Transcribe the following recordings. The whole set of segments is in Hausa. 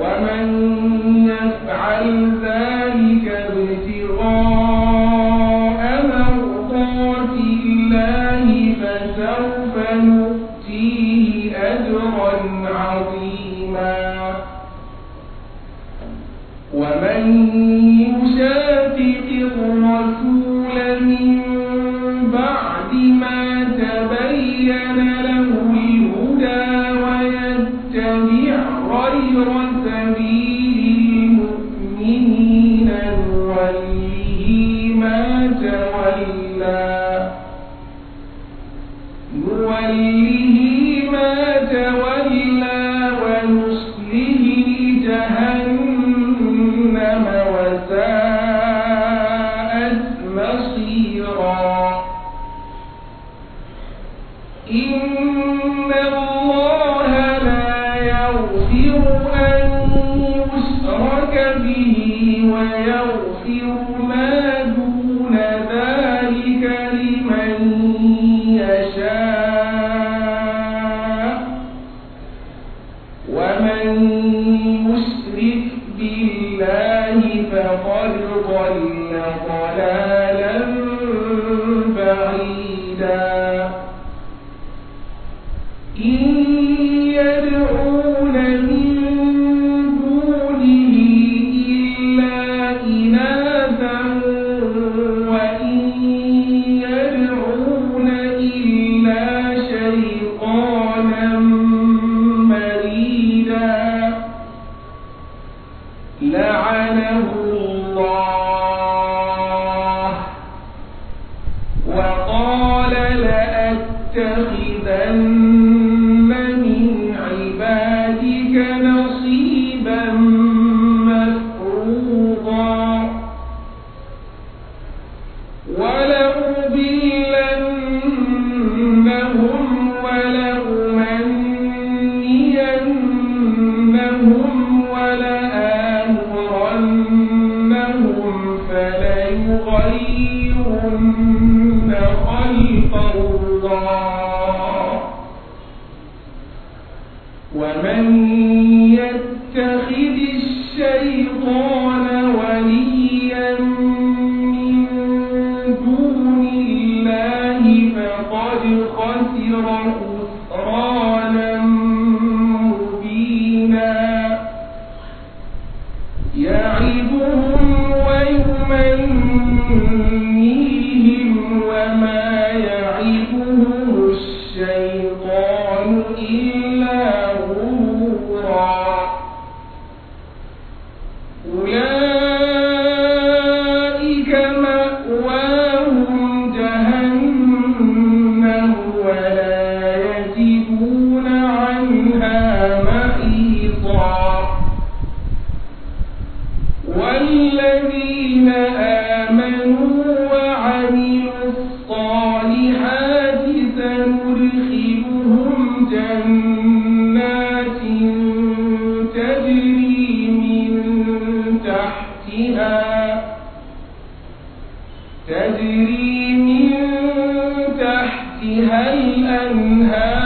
ومن يفعل ذلك تحتها تجري من تحتها الأنهار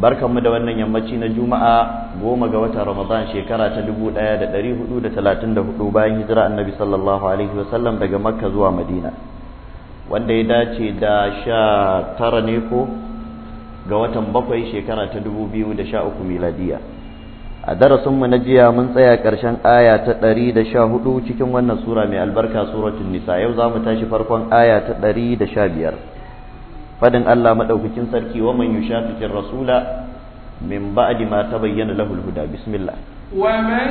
barkanmu da wannan yammaci na juma'a goma ga watan ramadan shekara ta dubu ɗaya da ɗari hudu da talatin da hudu bayan hijira annabi sallallahu alaihi wasallam daga makka zuwa madina wanda ya dace da sha tara ne ko ga watan bakwai shekara ta dubu biyu da sha uku miladiya a darasinmu na jiya mun tsaya ƙarshen aya ta ɗari da sha hudu cikin wannan sura mai albarka suratun nisa yau za mu tashi farkon aya ta ɗari da sha biyar فدن الله مدوكين سركي ومن يشاقق الرسول من بعد ما تبين له الهدى بسم الله ومن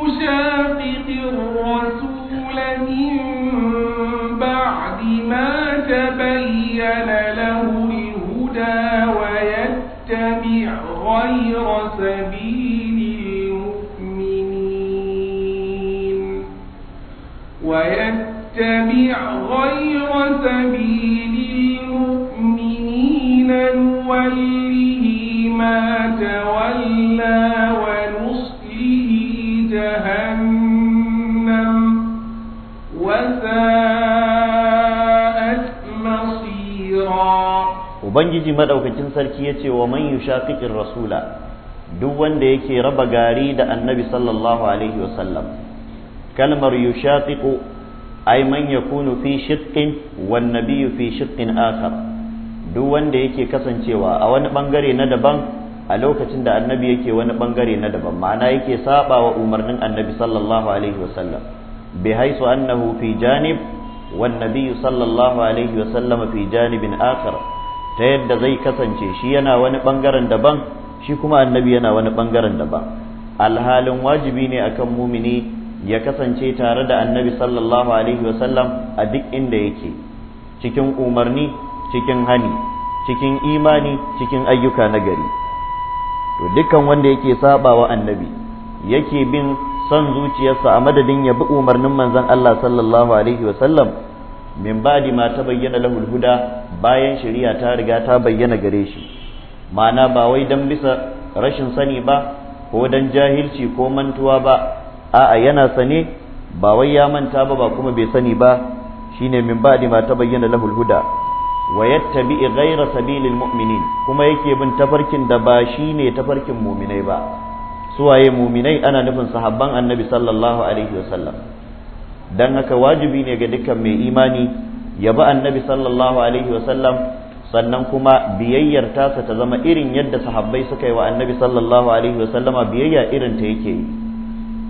يشاقق الرسول من بعد ما تبين له الهدى ويتبع غير سبيل المؤمنين ويتبع غير سبيل Ubangiji, maɗaukacin sarki ya ce wa مدعوك تنسركية rasula, duk wanda yake raba gari da annabi sallallahu alaihi wasallam kalmar yushaqiqu ay man yakunu fi shiqqin wan nabiyyu fi shiqqin akhar duk wanda yake kasancewa a wani bangare na daban a lokacin da annabi yake wani bangare na daban ma'ana yake saba wa umarnin annabi sallallahu alaihi wasallam bi haisu annahu fi janib wan nabiyyu sallallahu alaihi wasallam fi janibin akhar ta yadda zai kasance shi yana wani bangaren daban shi kuma annabi yana wani bangaren daban alhalin wajibi ne akan mumini ya kasance tare da annabi sallallahu alaihi wasallam a duk inda yake cikin umarni cikin hani cikin imani cikin ayyuka na gari to dukkan wanda yake sabawa annabi yake bin son zuciyarsa a madadin ya bi umarnin manzon Allah sallallahu alaihi wasallam min ba'di ma tabayyana lahu huda bayan shari'a ta riga ta bayyana gare shi ma'ana ba wai dan bisa rashin sani ba ko dan jahilci ko mantuwa ba a'a yana sane ba wai ya manta ba ba kuma bai sani ba shine min ba'di ma tabayyana lahu huda wa yattabi ghayra sabilil mu'minin kuma yake bin tafarkin da ba shi ne tafarkin mu'minai ba su waye mu'minai ana nufin sahabban annabi sallallahu alaihi haka wajibi ne ga dukkan mai imani ya bi annabi sallallahu sannan kuma biyayyar tasa ta zama irin yadda sahabbai suka yi wa annabi sallallahu alaihi biyayya irin ta yake yi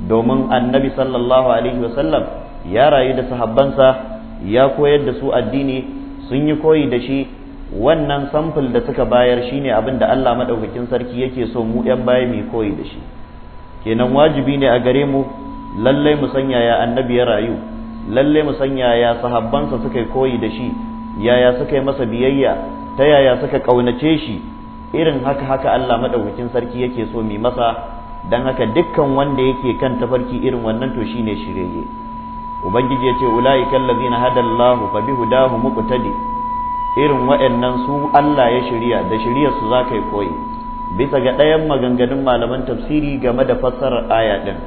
domin annabi sallallahu ya rayu da sahabbansa ya koyar da su addini sun yi koyi da shi wannan samfil da suka bayar shine abin da Allah maɗaukakin sarki yake so mu yan baya mai koyi da shi kenan wajibi ne a gare mu lallai mu sanya ya annabi ya rayu lallai mu sanya ya sahabbansa suka yi koyi da shi yaya suka yi masa biyayya ta yaya suka ƙaunace shi irin haka haka Allah maɗaukakin sarki yake so mu masa don haka dukkan wanda yake kan tafarki irin wannan to shine shirye ubangiji ya ce, yace ulaika allazina hadallahu fa bihudahu muqtadi irin wa'annan su Allah ya shirya da shirya su zakai koyi bisa ga ɗayan maganganun malaman tafsiri game da fassarar aya ɗin,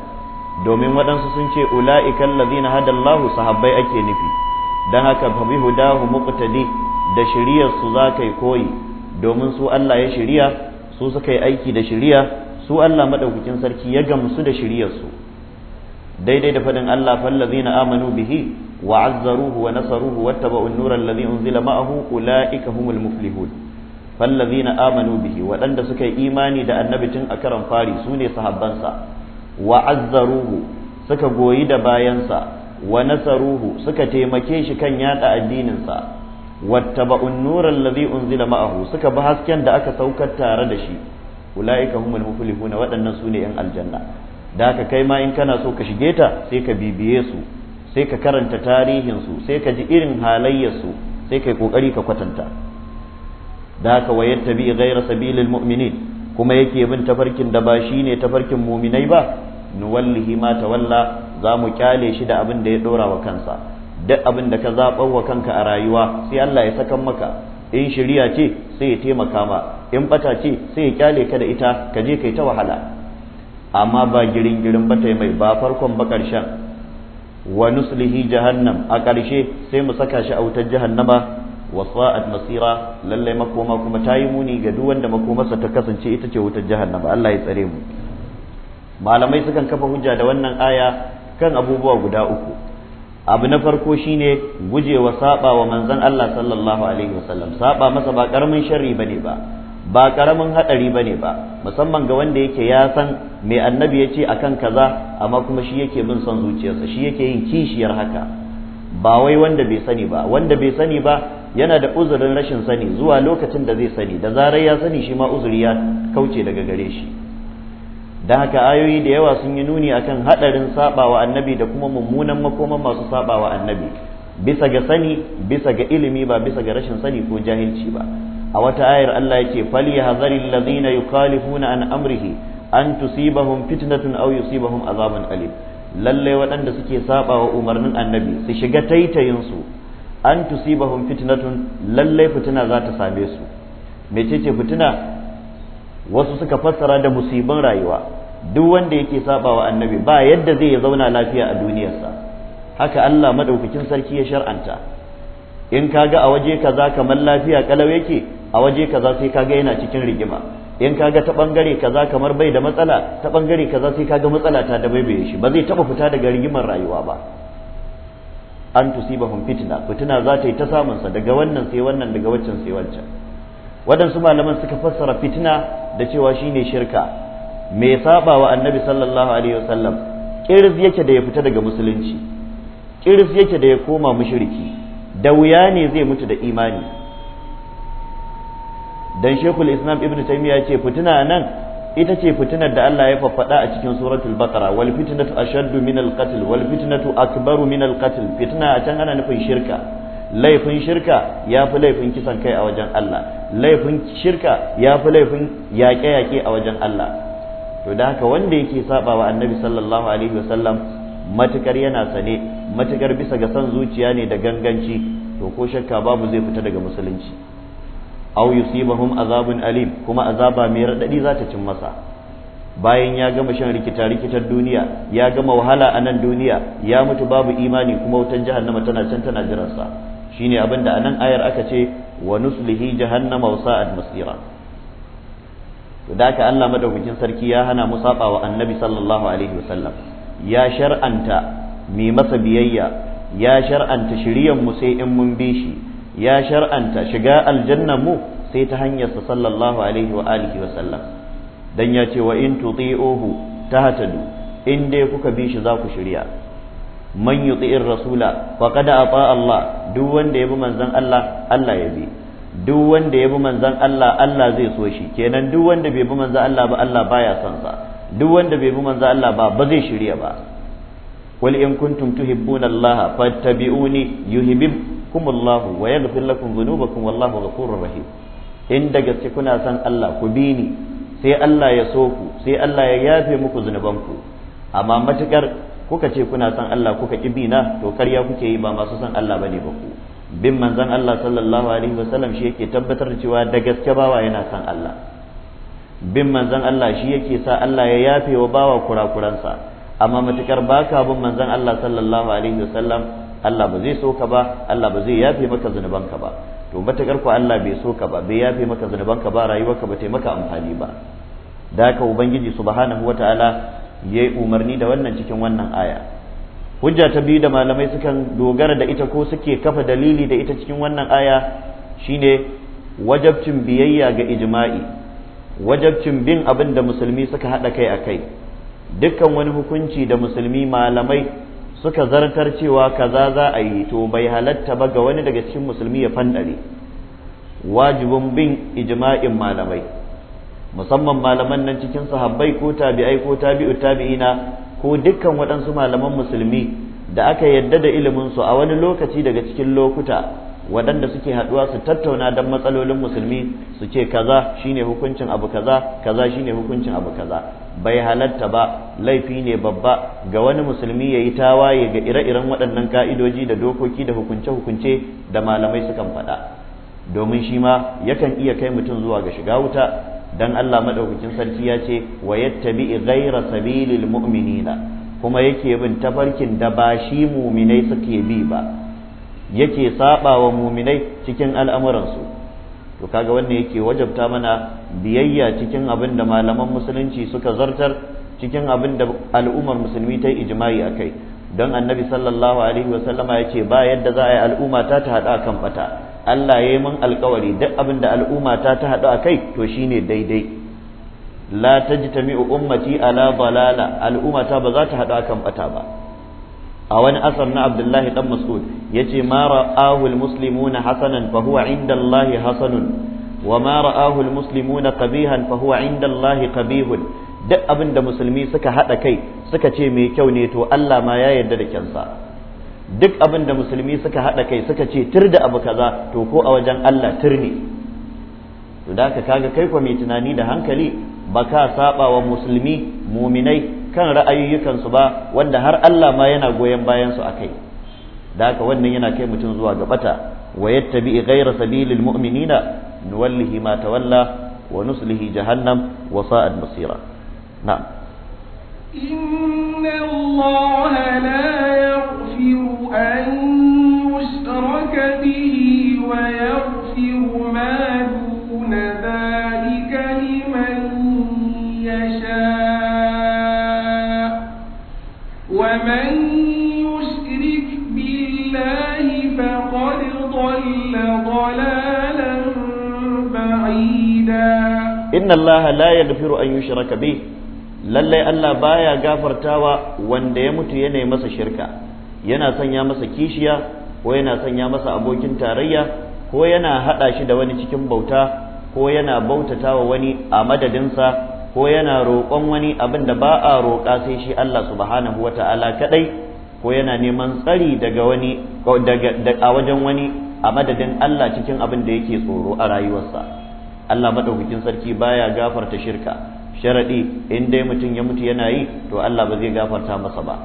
domin waɗansu sun ce ula'ika allazina hadallahu sahabbai ake nufi dan haka fa bihudahu muqtadi da shirya su zakai koyi domin su Allah ya shirya su suka yi aiki da shirya su Allah madaukakin sarki ya gamsu da shiryarsu su daidai da fadin Allah fallazina amanu bihi wa azzaruhu wa nasaruhu wattaba'u an-nura alladhi unzila ma'ahu ulaika humul muflihun fallazina amanu bihi waɗanda suka yi imani da annabi tun a karan fari sune sahabbansa wa azzaruhu suka goyi da bayansa wa nasaruhu suka taimake shi kan yada addininsa wattaba'u an-nura alladhi unzila ma'ahu suka bi hasken da aka saukar tare da shi ulaika humul muflihun waɗannan sune yan aljanna da haka kai ma in kana so ka shige ta sai ka bibiye su sai ka karanta tarihinsu sai ka ji irin halayyarsu sai ka yi kokari ka kwatanta da haka wayar bi ghaira sabilin mu'minin kuma yake bin tafarkin da ba shi ne tafarkin muminai ba nuwallihi ma tawalla za mu kyale shi da abin da ya dora wa kansa duk abin da ka zaɓar wa kanka a rayuwa sai Allah ya sakan maka in shirya ce sai ya taimaka ma in bata ce sai ya kyale ka da ita ka je kai ta wahala amma ba girin girin ba ta mai ba farkon ba ƙarshen wa nuslihi jahannam a ƙarshe sai mu saka shi a wutar jahannama wa sa'at masira lallai makoma kuma ta yi muni ga duk wanda makomarsa ta kasance ita ce wutar jahannama Allah ya tsare mu malamai sukan kafa hujja da wannan aya kan abubuwa guda uku abu na farko shine gujewa saba wa manzon Allah sallallahu alaihi wasallam saba masa ba karamin sharri ba, ne ba ba karamin hadari bane ba musamman ga wanda yake ya san mai annabi yace akan kaza amma kuma shi yake bin son zuciyarsa shi yake yin kishiyar haka ba wai wanda bai sani ba wanda bai sani ba yana da uzurin rashin sani zuwa lokacin da zai sani da zarar ya sani shi ma uzuri ya kauce daga gare shi don haka ayoyi da yawa sun yi nuni akan hadarin sabawa annabi da kuma mummunan makoman masu sabawa annabi bisa ga sani bisa ga ilimi ba bisa ga rashin sani ko jahilci ba a wata ayar Allah yake fali hazaril ladina yukhalifuna an amrihi an tusibahum fitnatun aw yusibahum azabun alim lalle waɗanda suke saba wa umarnin annabi su shiga taitayin su an tusibahum fitnatun lalle fitina za ta same su mecece fitina wasu suka fassara da musibin rayuwa duk wanda yake saba wa annabi ba yadda zai ya zauna lafiya a duniyarsa haka Allah maɗaukakin sarki ya shar'anta in kaga a waje kaza kamar lafiya kalau yake a waje kaza sai kaga yana cikin rigima in kaga ta bangare kaza kamar bai da matsala ta bangare kaza sai kaga matsala ta da baibaye shi ba zai taba fita daga rigimar rayuwa ba an tusibahum fitna fitna za ta yi ta samun sa daga wannan sai wannan daga waccan sai wancan waɗansu malaman suka fassara fitna da cewa shine shirka mai saba wa annabi sallallahu alaihi wasallam kiris yake da ya fita daga musulunci kiris yake da ya koma mushriki da wuya ne zai mutu da imani dan shekul islam ibnu taymiya ce fitina nan ita ce fitinar da Allah ya faffada a cikin suratul baqara wal fitnatu ashaddu min al qatl wal fitnatu akbaru min al qatl fitna a can ana nufin shirka laifin shirka ya fi laifin kisan kai a wajen Allah laifin shirka ya fi laifin yaƙe-yaƙe a wajen Allah to da haka wanda yake wa annabi sallallahu alaihi wasallam matukar yana sane matukar bisa ga son zuciya ne da ganganci to ko shakka babu zai fita daga musulunci aw yusibahum azabun alim kuma azaba mai raɗaɗi za ta cin masa bayan ya gama shan rikita rikitar duniya ya gama wahala a nan duniya ya mutu babu imani kuma wutan jahannama tana can tana jiransa shine abin da anan ayar aka ce wa nuslihi jahannama wa a masira to da aka Allah madaukakin sarki ya hana mu saba wa annabi sallallahu alaihi wasallam ya shar'anta mi masa biyayya ya shar'anta shiriyan mu sai in mun bi shi ya shar'anta shiga aljanna mu sai ta hanyar sa sallallahu alaihi wa alihi wa sallam dan ya ce wa in tuti'uhu tahtadu in dai kuka bi shi za ku shirya man yuti'ir rasula faqad ata Allah duk wanda ya bi manzon Allah Allah ya bi duk wanda ya bi manzon Allah Allah zai so shi kenan duk wanda bai bi manzon Allah ba Allah baya son sa duk wanda bai bi manzon Allah ba ba zai shirya ba wal in kuntum tuhibbuna Allah fattabi'uni yuhibbum kumullahu wa yaghfir lakum dhunubakum wallahu ghafurur rahim in da gaske kuna san Allah ku bi ni sai Allah ya so ku sai Allah ya yafe muku zunubanku amma matukar kuka ce kuna san Allah kuka ki bi na to karya kuke yi ba masu san Allah bane ba ku bin manzon Allah sallallahu alaihi wasallam shi yake tabbatar da cewa da gaske bawa yana san Allah bin manzon Allah shi yake sa Allah ya yafe wa bawa kurakuransa amma matukar baka bin manzon Allah sallallahu alaihi wasallam Allah ba zai so ka ba Allah ba zai yafe maka zunubanka ba to matakar ku Allah bai so ka ba bai yafe maka zunubanka ba rayuwarka ba ta maka amfani ba da haka ubangiji subhanahu wataala yayi umarni da wannan cikin wannan aya hujja ta biyu da malamai sukan dogara da ita ko suke kafa dalili da ita cikin wannan aya shine wajabcin biyayya ga ijma'i wajabcin bin abin da musulmi suka haɗa kai a kai dukkan wani hukunci da musulmi malamai suka zartar cewa kaza za a yi to bai halatta ba ga wani daga cikin musulmi ya fandare wajibin bin ijma'in malamai musamman malaman nan cikin sahabbai ko tabi'ai ko tabi'u tabi'ina ko dukkan waɗansu malaman musulmi da aka yadda da ilimin su a wani lokaci daga cikin lokuta waɗanda suke haɗuwa su tattauna don matsalolin musulmi su ce kaza shine hukuncin abu kaza kaza shine hukuncin abu kaza bai halatta ba laifi ne babba ga wani musulmi ya yi tawaye ga ire-iren waɗannan ka'idoji da dokoki da hukunce-hukunce da malamai sukan faɗa domin shi ma yakan iya kai mutum zuwa ga shiga wuta dan Allah madaukakin sarki ya ce wa yattabi ghaira sabilil mu'minina kuma yake bin tafarkin da ba shi muminai suke bi ba yake saba wa muminai cikin al'amuransu to kaga wanda yake wajabta mana biyayya cikin abin da malaman musulunci suka zartar cikin abin da al'ummar musulmi ta yi ijma'i a kai don annabi sallallahu alaihi wasallama ya ce ba yadda za a yi al'umma ta ta haɗu a kan bata allah ya yi min alkawari duk abin da al'umma ta ta haɗu a kai to shine daidai la ta tajtami'u ummati ala balala al'umma ba za ta haɗu a kan bata ba a wani asar na abdullahi dan mas'ud yace ma ra'ahu almuslimuna hasanan fa huwa inda allahi hasanun wa ma ra'ahu almuslimuna qabihan fa huwa inda allahi qabihun duk abin da musulmi suka hada kai suka ce mai kyau ne to Allah ma ya yarda da kyansa duk abin da musulmi suka hada kai suka ce tir da abu kaza to ko a wajen Allah tir ne to da ka kaga kai ko mai tunani da hankali ba ka saba wa musulmi muminai kan ra'ayoyinsu ba wanda har Allah ma yana goyen bayan su akai dan haka wannan yana kai mutun zuwa ga bata wa yattabi ghayra sabilil mu'minina nuwallihi ma tawalla wa nuslihi jahannam wa sa'ad masira na'am inna allaha la yaghfiru an yushraka bihi wa inna Allah la yaghfiru an yushraka bi lallai Allah baya gafartawa wanda ya mutu yana masa shirka yana sanya masa kishiya ko yana sanya masa abokin tarayya ko yana hada shi da wani cikin bauta ko yana bautatawa wani a madadinsa ko yana roƙon wani abin da ba a roƙa sai shi Allah subhanahu wata'ala kadai kaɗai ko yana neman tsari daga wani a wajen wani a madadin Allah cikin abin da yake tsoro a rayuwarsa Allah madaukakin sarki baya gafarta shirka sharadi in dai mutum ya mutu yana yi to Allah ba zai gafarta masa ba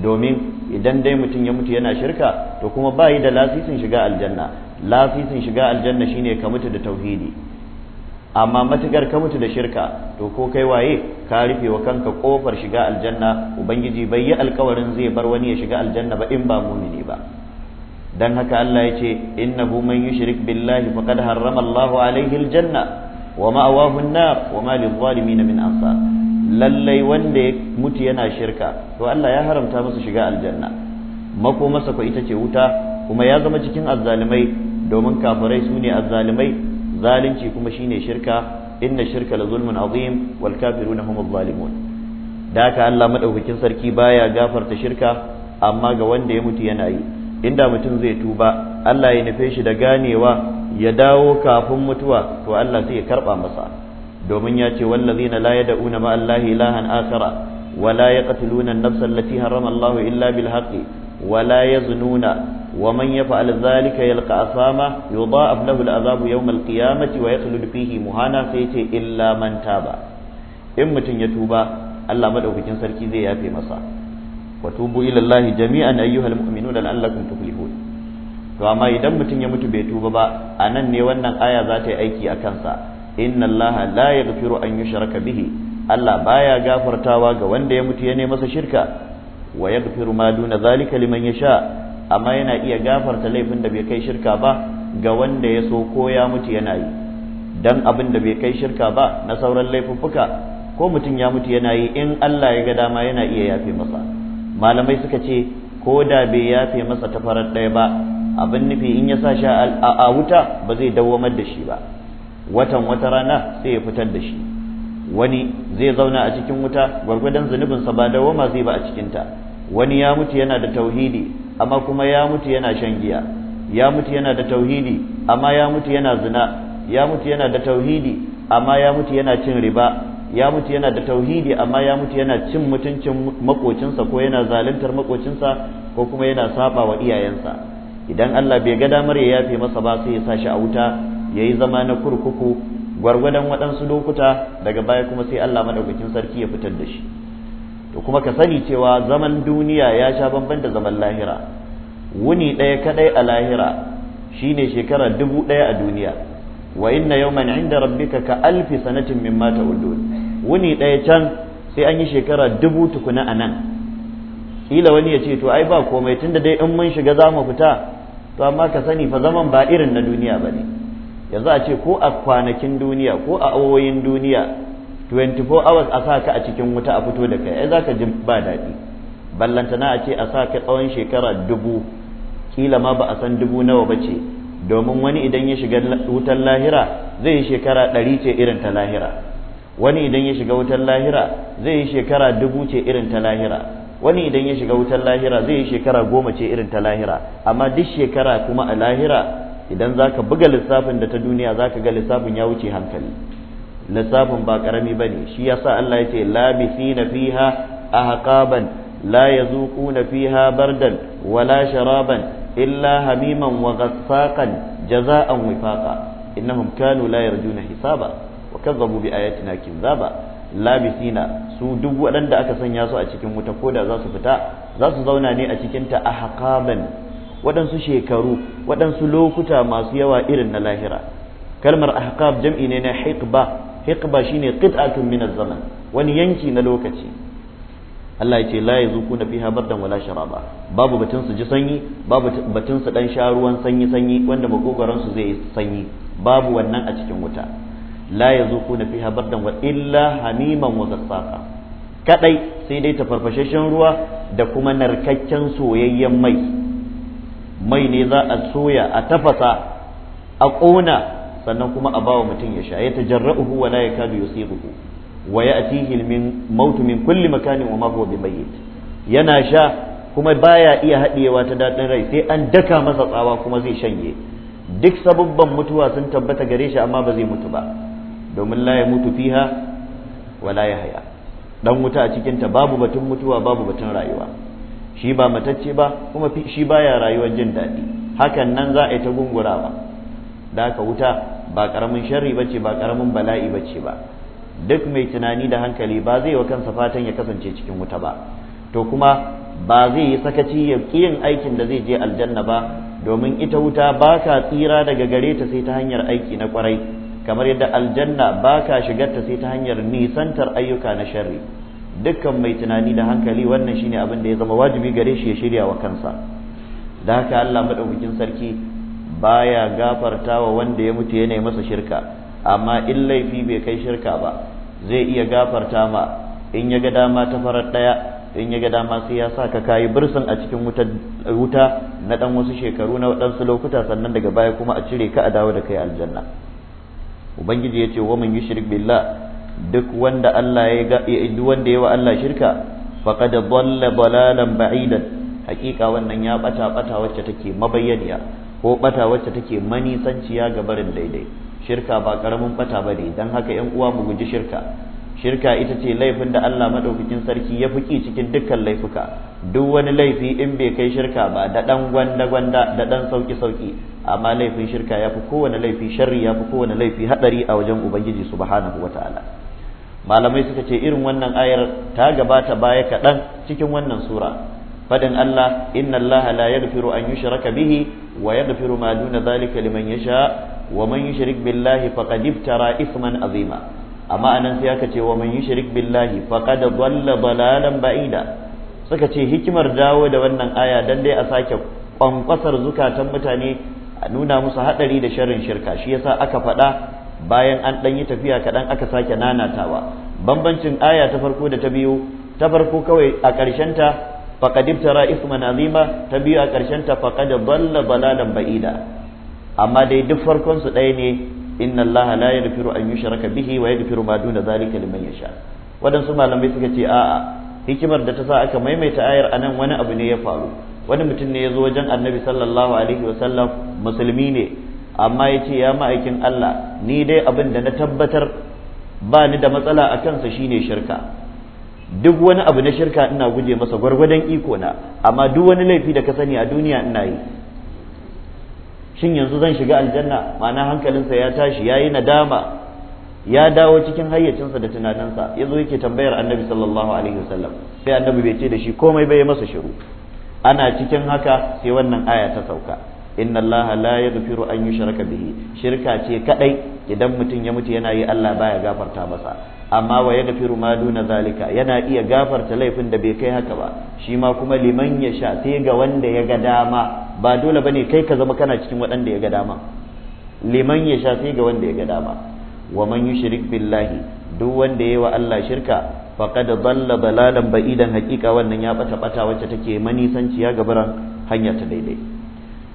domin idan dai mutum ya mutu yana shirka to kuma ba yi da lasisin shiga aljanna lasisin shiga aljanna shine ka mutu da tauhidi amma matukar ka mutu da shirka to ko kai waye ka rufe wa kanka kofar shiga aljanna ubangiji bai yi alkawarin zai bar wani ya shiga aljanna ba in ba mumini ba dan haka Allah ya ce innahu man yushrik billahi faqad harrama Allah alaihi aljanna wa ma'awahu an-nar wa ma lil-zalimin min ansar lallai wanda ya mutu yana shirka to Allah ya haramta masa shiga aljanna mako masa ko ita ce wuta kuma ya zama cikin azzalimai domin kafirai su ne azzalimai zalunci kuma shine shirka inna shirka la zulmun azim wal kafiruna humuz zalimun da haka Allah madaukakin sarki baya gafarta shirka amma ga wanda ya mutu yana yi inda mutum zai tuba Allah ya nufe shi da ganewa ya dawo kafin mutuwa to Allah sai ya karba masa domin ya ce wallazina la yad'una ma Allah ilahan akhara wa la yaqtuluna an-nafs allati harrama Allahu illa bil haqqi wa la yaznuna wa man yaf'al dhalika yalqa asama yudha'af lahu al-'adhabu yawm al-qiyamati wa yakhlud fihi muhana sai ce illa man taba in mutum ya tuba Allah madaukakin sarki zai yafe masa وتوبوا إلى الله جميعا أيها المؤمنون لعلكم تفلحون to amma idan mutum ya mutu bai tuba ba a nan ne wannan aya za ta yi aiki a kansa inna allaha la yaghfiru an yushraka bihi Allah baya gafartawa ga wanda ya mutu ya ne masa shirka wa yaghfiru ma duna zalika liman yasha amma yana iya gafarta laifin da bai kai shirka ba ga wanda ya so ko ya mutu yana yi dan abin da bai kai shirka ba na sauran laifuffuka ko mutum ya mutu yana yi in Allah ya ga dama yana iya yafe masa malamai suka ce ko da bai yafe masa ta farar ɗaya ba abin nufi in ya sa shi a wuta ba zai dawwamar da shi ba watan wata rana sai ya fitar da shi wani zai zauna a cikin wuta gwargwadon zunubinsa ba dawwama zai ba a cikinta wani ya mutu yana da tauhidi amma kuma ya mutu yana shan giya ya mutu yana da tauhidi amma ya mutu yana zina ya mutu yana da tauhidi amma ya mutu yana cin riba ya mutu yana da tauhidi amma ya mutu yana cin mutuncin makocinsa ko yana zaluntar makocinsa ko kuma yana saba wa iyayensa idan Allah bai ga damar ya yafe masa ba sai ya sa shi a wuta yayi zama na kurkuku gwargwadon waɗansu lokuta daga baya kuma sai Allah madaukakin sarki ya fitar da shi to kuma ka sani cewa zaman duniya ya sha bamban da zaman lahira wuni ɗaya kaɗai a lahira shine shekara dubu ɗaya a duniya wa inna yawman inda rabbika ka alfi sanatin mimma ta'udun wuni daya can sai an yi shekara dubu tukuna a nan kila wani ya ce to ai ba komai tunda dai in mun shiga za mu fita to amma ka sani fa zaman ba irin na duniya ba ne yanzu a ce ko a kwanakin duniya ko a awoyin duniya 24 hours a sa ka a cikin wuta a fito da kai ai za ka ji ba daɗi ballantana a ce a sa ka tsawon shekara dubu kila ma ba a san dubu nawa ba ce domin wani idan ya shiga wutar lahira zai yi shekara ɗari ce irin ta lahira wani idan ya shiga wutar lahira zai yi shekara dubu ce irin ta lahira wani idan ya shiga wutar lahira zai yi shekara goma ce irin ta lahira amma duk shekara kuma a lahira idan za ka buga lissafin da ta duniya za ka ga lissafin ya wuce hankali lissafin ba karami ba ne shi yasa Allah ya ce na fiha haƙaban la yazuquna fiha bardan wala sharaban illa hamiman wa ghassaqan jaza'an wifaqa ina kanu la yarjuna hisaba wa kazzabu labisina su duk waɗanda aka sanya su a cikin wuta ko da za su fita za su zauna ne a cikin ta ahqaban waɗansu shekaru waɗansu lokuta masu yawa irin na lahira kalmar ahqab jam'i ne na hiqba hiqba shine qit'atun min zaman wani yanki na lokaci Allah ya ce la fi fiha bardan wala sharaba babu batun su ji sanyi babu batun su dan sha ruwan sanyi sanyi wanda makogaran su zai sanyi babu wannan a cikin wuta la fi fiha bardan wa illa hamiman wa zassaka kadai sai dai tafarfashashen ruwa da kuma narkakken soyayyen mai mai ne za a soya a tafasa a ƙona sannan kuma a bawa mutum ya sha ya tajarra'uhu wala yakadu yusibuhu wa ya'tihi min mautu min kulli makanin wa ma huwa yana sha kuma baya iya haɗiyewa ta daɗin rai sai an daka masa tsawa kuma zai shanye duk sabubban mutuwa sun tabbata gare shi amma ba zai mutu ba domin la ya mutu fiha wa la ya haya dan wuta a cikin ta babu batun mutuwa babu batun rayuwa shi ba matacce ba kuma shi baya rayuwar jin daɗi hakan nan za a yi ta gungurawa da ka wuta ba ƙaramin sharri bace ba ƙaramin bala'i bace ba duk mai tunani da hankali ba zai wa kansa fatan ya kasance cikin wuta ba to kuma ba zai yi sakaci ya yin aikin da zai je aljanna ba domin ita wuta ba ka tsira daga gare ta sai ta hanyar aiki na kwarai kamar yadda aljanna ba ka ta sai ta hanyar nisantar ayyuka na sharri dukkan mai tunani da hankali wannan shine abin da ya zama wajibi gare shi ya shirya wa kansa da haka Allah madaukakin sarki baya gafartawa wanda ya mutu ya nemi masa shirka amma in laifi bai kai shirka ba zai iya gafarta ma in ya ga dama ta farar ɗaya in ya ga dama sai ya sa ka kayi bursan a cikin wuta na ɗan wasu shekaru na waɗansu lokuta sannan daga baya kuma a cire ka a dawo da kai aljanna ubangiji ya ce wa man yushrik billah duk wanda Allah ya duk wanda ya wa Allah shirka faqad dhalla dalalan ba'idan hakika wannan ya bata bata wacce take mabayyaniya ko bata wacce take manisanciya ga barin daidai shirka ba karamin bata ne don haka yan uwa mu guji shirka shirka ita ce laifin da Allah madaukakin sarki ya fuki cikin dukkan laifuka duk wani laifi in bai kai shirka ba da ɗan gwanda gwanda da ɗan sauki sauki amma laifin shirka ya fi kowane laifi sharri fi kowane laifi haɗari a wajen ubangiji subhanahu ta'ala malamai suka ce irin wannan ayar ta gabata baya kaɗan cikin wannan sura fadin Allah inna Allah la yaghfiru an yushraka bihi wa yaghfiru ma duna zalika liman yasha wa man yushrik billahi faqad iftara isman azima amma anan sai aka ce wa man yushrik billahi faqad dhalla dalalan ba'ida suka ce hikimar dawo da wannan aya dan dai a sake kwankwasar zukatan mutane a nuna musu hadari da sharrin shirka shi yasa aka faɗa bayan an ɗan tafiya kaɗan aka sake nanatawa bambancin aya ta farko da ta biyu ta farko kawai a ta faqad ibtara ithman azima ta biyu a ta faqad dalla balalan ba'ida amma dai duk farkon su ɗaya ne inna allaha la yaghfiru an yushraka bihi wa yaghfiru ma duna zalika liman yasha wadansu malamai suka ce a'a hikimar da ta sa aka maimaita ayar anan wani abu ne ya faru wani mutum ne ya zo wajen annabi sallallahu alaihi wasallam musulmi ne amma ya ce ya ma'aikin Allah ni dai abin da na tabbatar ba ni da matsala a kansa shine shirka duk wani abu na shirka ina guje masa gwargwadon iko na amma duk wani laifi da ka sani a duniya ina yi shin yanzu zan shiga aljanna ma'ana hankalinsa ya tashi ya yi nadama ya dawo cikin hayyacinsa da tunaninsa ya zo yake tambayar annabi sallallahu alaihi wasallam sai annabi bai ce da shi komai bai masa shiru ana cikin haka sai wannan aya ta sauka inna allaha la yaghfiru an yushraka bihi shirka ce kadai idan mutum ya mutu yana yi Allah baya gafarta masa amma wa yaghfiru ma duna zalika yana iya gafarta laifin da bai kai haka ba shi ma kuma liman ya sha sai ga wanda ya ga dama ba dole bane kai ka zama kana cikin waɗanda ya ga dama liman ya sha sai ga wanda ya ga dama wa man yushrik billahi duk wanda yayi wa Allah shirka faqad dalla dalalan ba'idan haqiqa wannan ya bata bata wacce take manisanciya ga baran hanya ta daidai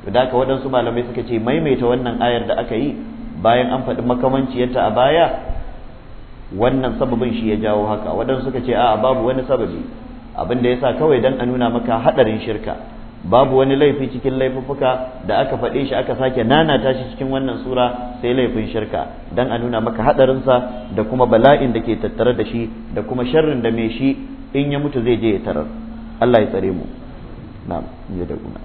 to da ka wadansu malamai suka ce maimaita wannan ayar da aka yi bayan an faɗi makamanciyarta a baya wannan sababin shi ya jawo haka waɗansu suka ce a'a babu wani sababi abin da yasa kawai dan a nuna maka haɗarin shirka babu wani laifi cikin laifuffuka da aka faɗe shi aka sake nanata shi cikin wannan sura sai laifin shirka dan a nuna maka haɗarinsa da kuma bala'in da ke tattare da shi da kuma sharrin da mai shi in ya mutu zai je ya tarar Allah ya tsare mu na'am ya da guna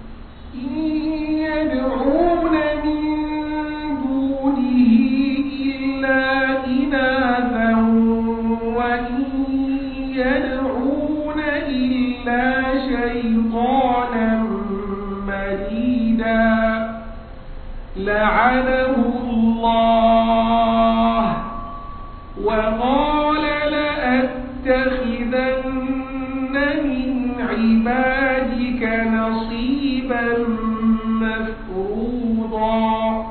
يدعون إلا شيطانا لعنه الله وقال لأتخذن من عبادك نصيبا مفروضا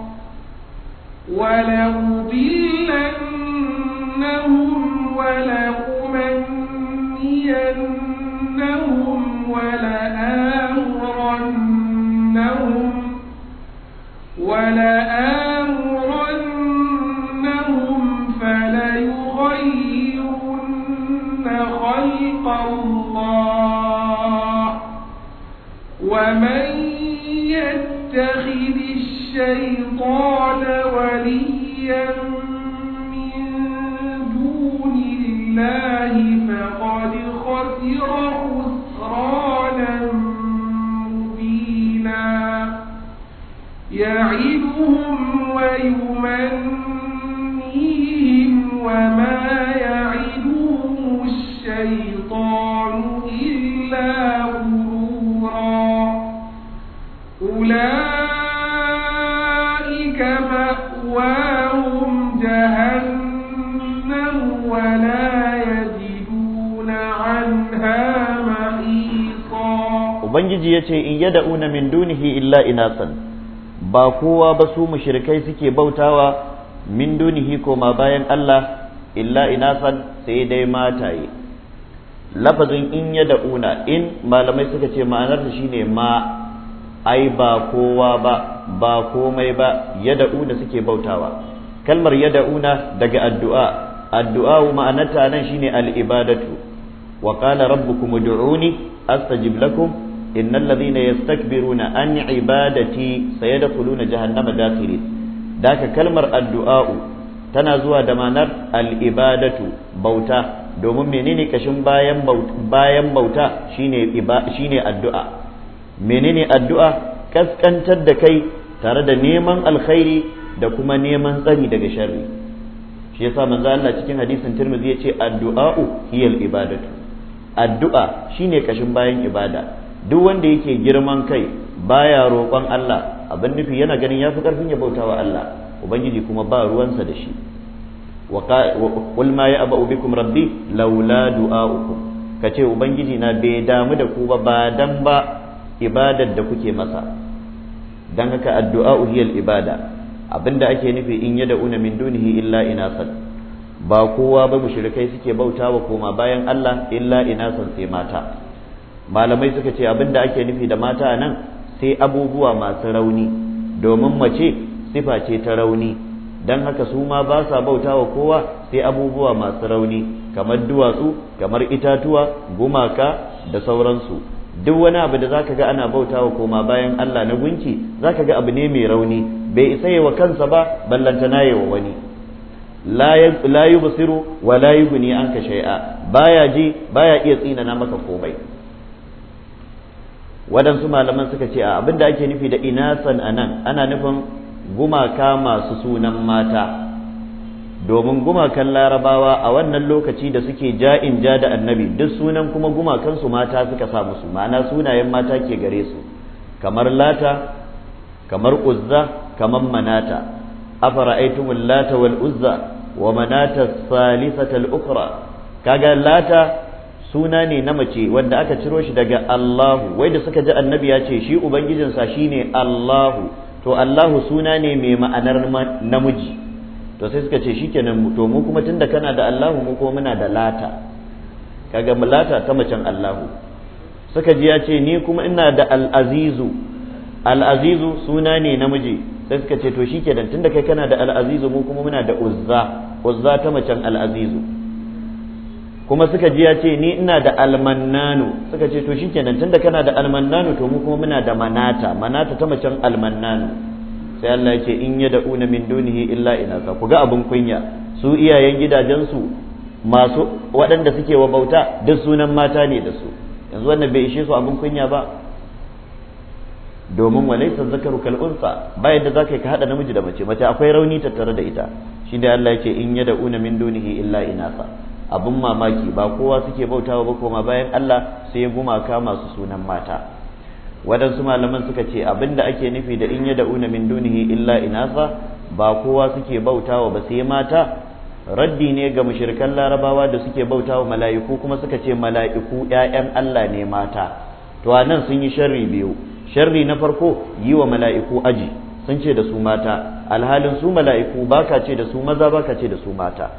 ولأضلنهم ولأمنينهم ولآمرنهم ولآمرنهم فليغيرن خلق الله ومن يتخذ الشيطان ubangiji ya ce in una min dunihi illa inasan ba kowa ba su mushrikai suke bautawa min dunihi koma bayan Allah illa inasan sai dai mataye lafazin in una in malamai suka ce ma'anar shine ma ai ba kowa ba ba komai ba una suke bautawa kalmar una daga addu'a addu'a ma'anarta nan shine al-ibadatu wa qala rabbukum ud'uni astajib lakum innal ladhina yastakbiruna an ibadati sayadkhuluna jahannama dakhirin daka kalmar addu'a'u tana zuwa da ma'anar al'ibadatu bauta domin menene kashin bayan bayan bauta shine shine addu'a menene addu'a kaskantar da kai tare da neman alkhairi da kuma neman tsari daga sharri shi yasa manzo Allah cikin hadisin Tirmidhi yace addu'a'u hiyal ibadatu addu'a shine kashin bayan ibada duk wanda yake girman kai baya roƙon Allah abin nufi yana ganin ya fi ƙarfin ya bauta Allah ubangiji kuma ba ruwansa da shi qul ma ya aba bikum rabbi laula du'aukum kace ubangiji na bai damu da ku ba ba dan ba ibadar da kuke masa dan haka addu'a hiya ibada abinda ake nufi in una min dunihi illa inasan ba kowa ba mushrikai suke bautawa koma bayan Allah illa inasan sai mata malamai suka ce abin da ake nufi da mata nan sai abubuwa masu rauni domin mace sifa ce ta rauni don haka su ma ba sa bauta wa kowa sai abubuwa masu rauni kamar duwatsu kamar itatuwa gumaka da sauransu duk wani abu da zaka ga ana bauta wa koma bayan Allah na gunki zaka ga abu ne mai rauni bai isa wa kansa ba ballantana yi wa wani la basiru wa la an anka shai'a baya ji baya iya tsinana maka komai waɗansu malaman suka ce a abin da ake nufi da inasan a nan ana nufin gumaka masu sunan mata domin gumakan larabawa a wannan lokaci da suke ja'in ja da annabi duk sunan kuma gumakansu mata suka sa musu ma'ana sunayen mata ke gare su kamar lata kamar uzza kamar manata afara'aytumul lata wal uzza wa manata salisatal ukra kaga lata suna ne na mace wanda aka ciro shi daga Allahu wai da suka ji annabi ya ce shi ubangijinsa shine Allahu to Allahu suna ne mai ma'anar namiji to sai suka ce shikenan to mu kuma tunda kana da Allahu mu kuma muna da lata kaga lata ta macen Allahu suka ji ya ce ni kuma ina da al-azizu al-azizu suna ne namiji sai suka ce to shikenan tunda kai kana da al-azizu mu kuma muna da uzza uzza ta macen al-azizu kuma suka ji ya ce ni ina da almannanu suka ce to shikenan tunda kana da almannanu to mu kuma muna da manata manata ta macen almannanu sai Allah ya ce in yad'una min dunihi illa inasa ku ga abun kunya su iyayen gidajensu masu waɗanda suke wa bauta duk sunan mata ne da su yanzu wannan bai ishe su abun kunya ba domin walaysa zakaru kal unsa ba yadda zaka ka hada namiji da mace mace akwai rauni tattare da ita shi da Allah ya ce in yad'una min dunihi illa inasa abin mamaki ba kowa suke bautawa ba koma bayan Allah sai ya gumaka masu sunan mata waɗansu malaman suka ce abin da ake nufi da in una min dunihi illa inasa ba kowa suke bautawa ba sai mata raddi ne ga mushirikan larabawa da suke bauta wa mala'iku kuma suka ce mala'iku ƴaƴan Allah ne mata to anan sun yi sharri biyu sharri na farko yi wa mala'iku aji sun ce da su mata alhalin su mala'iku baka ce da su maza baka ce da su mata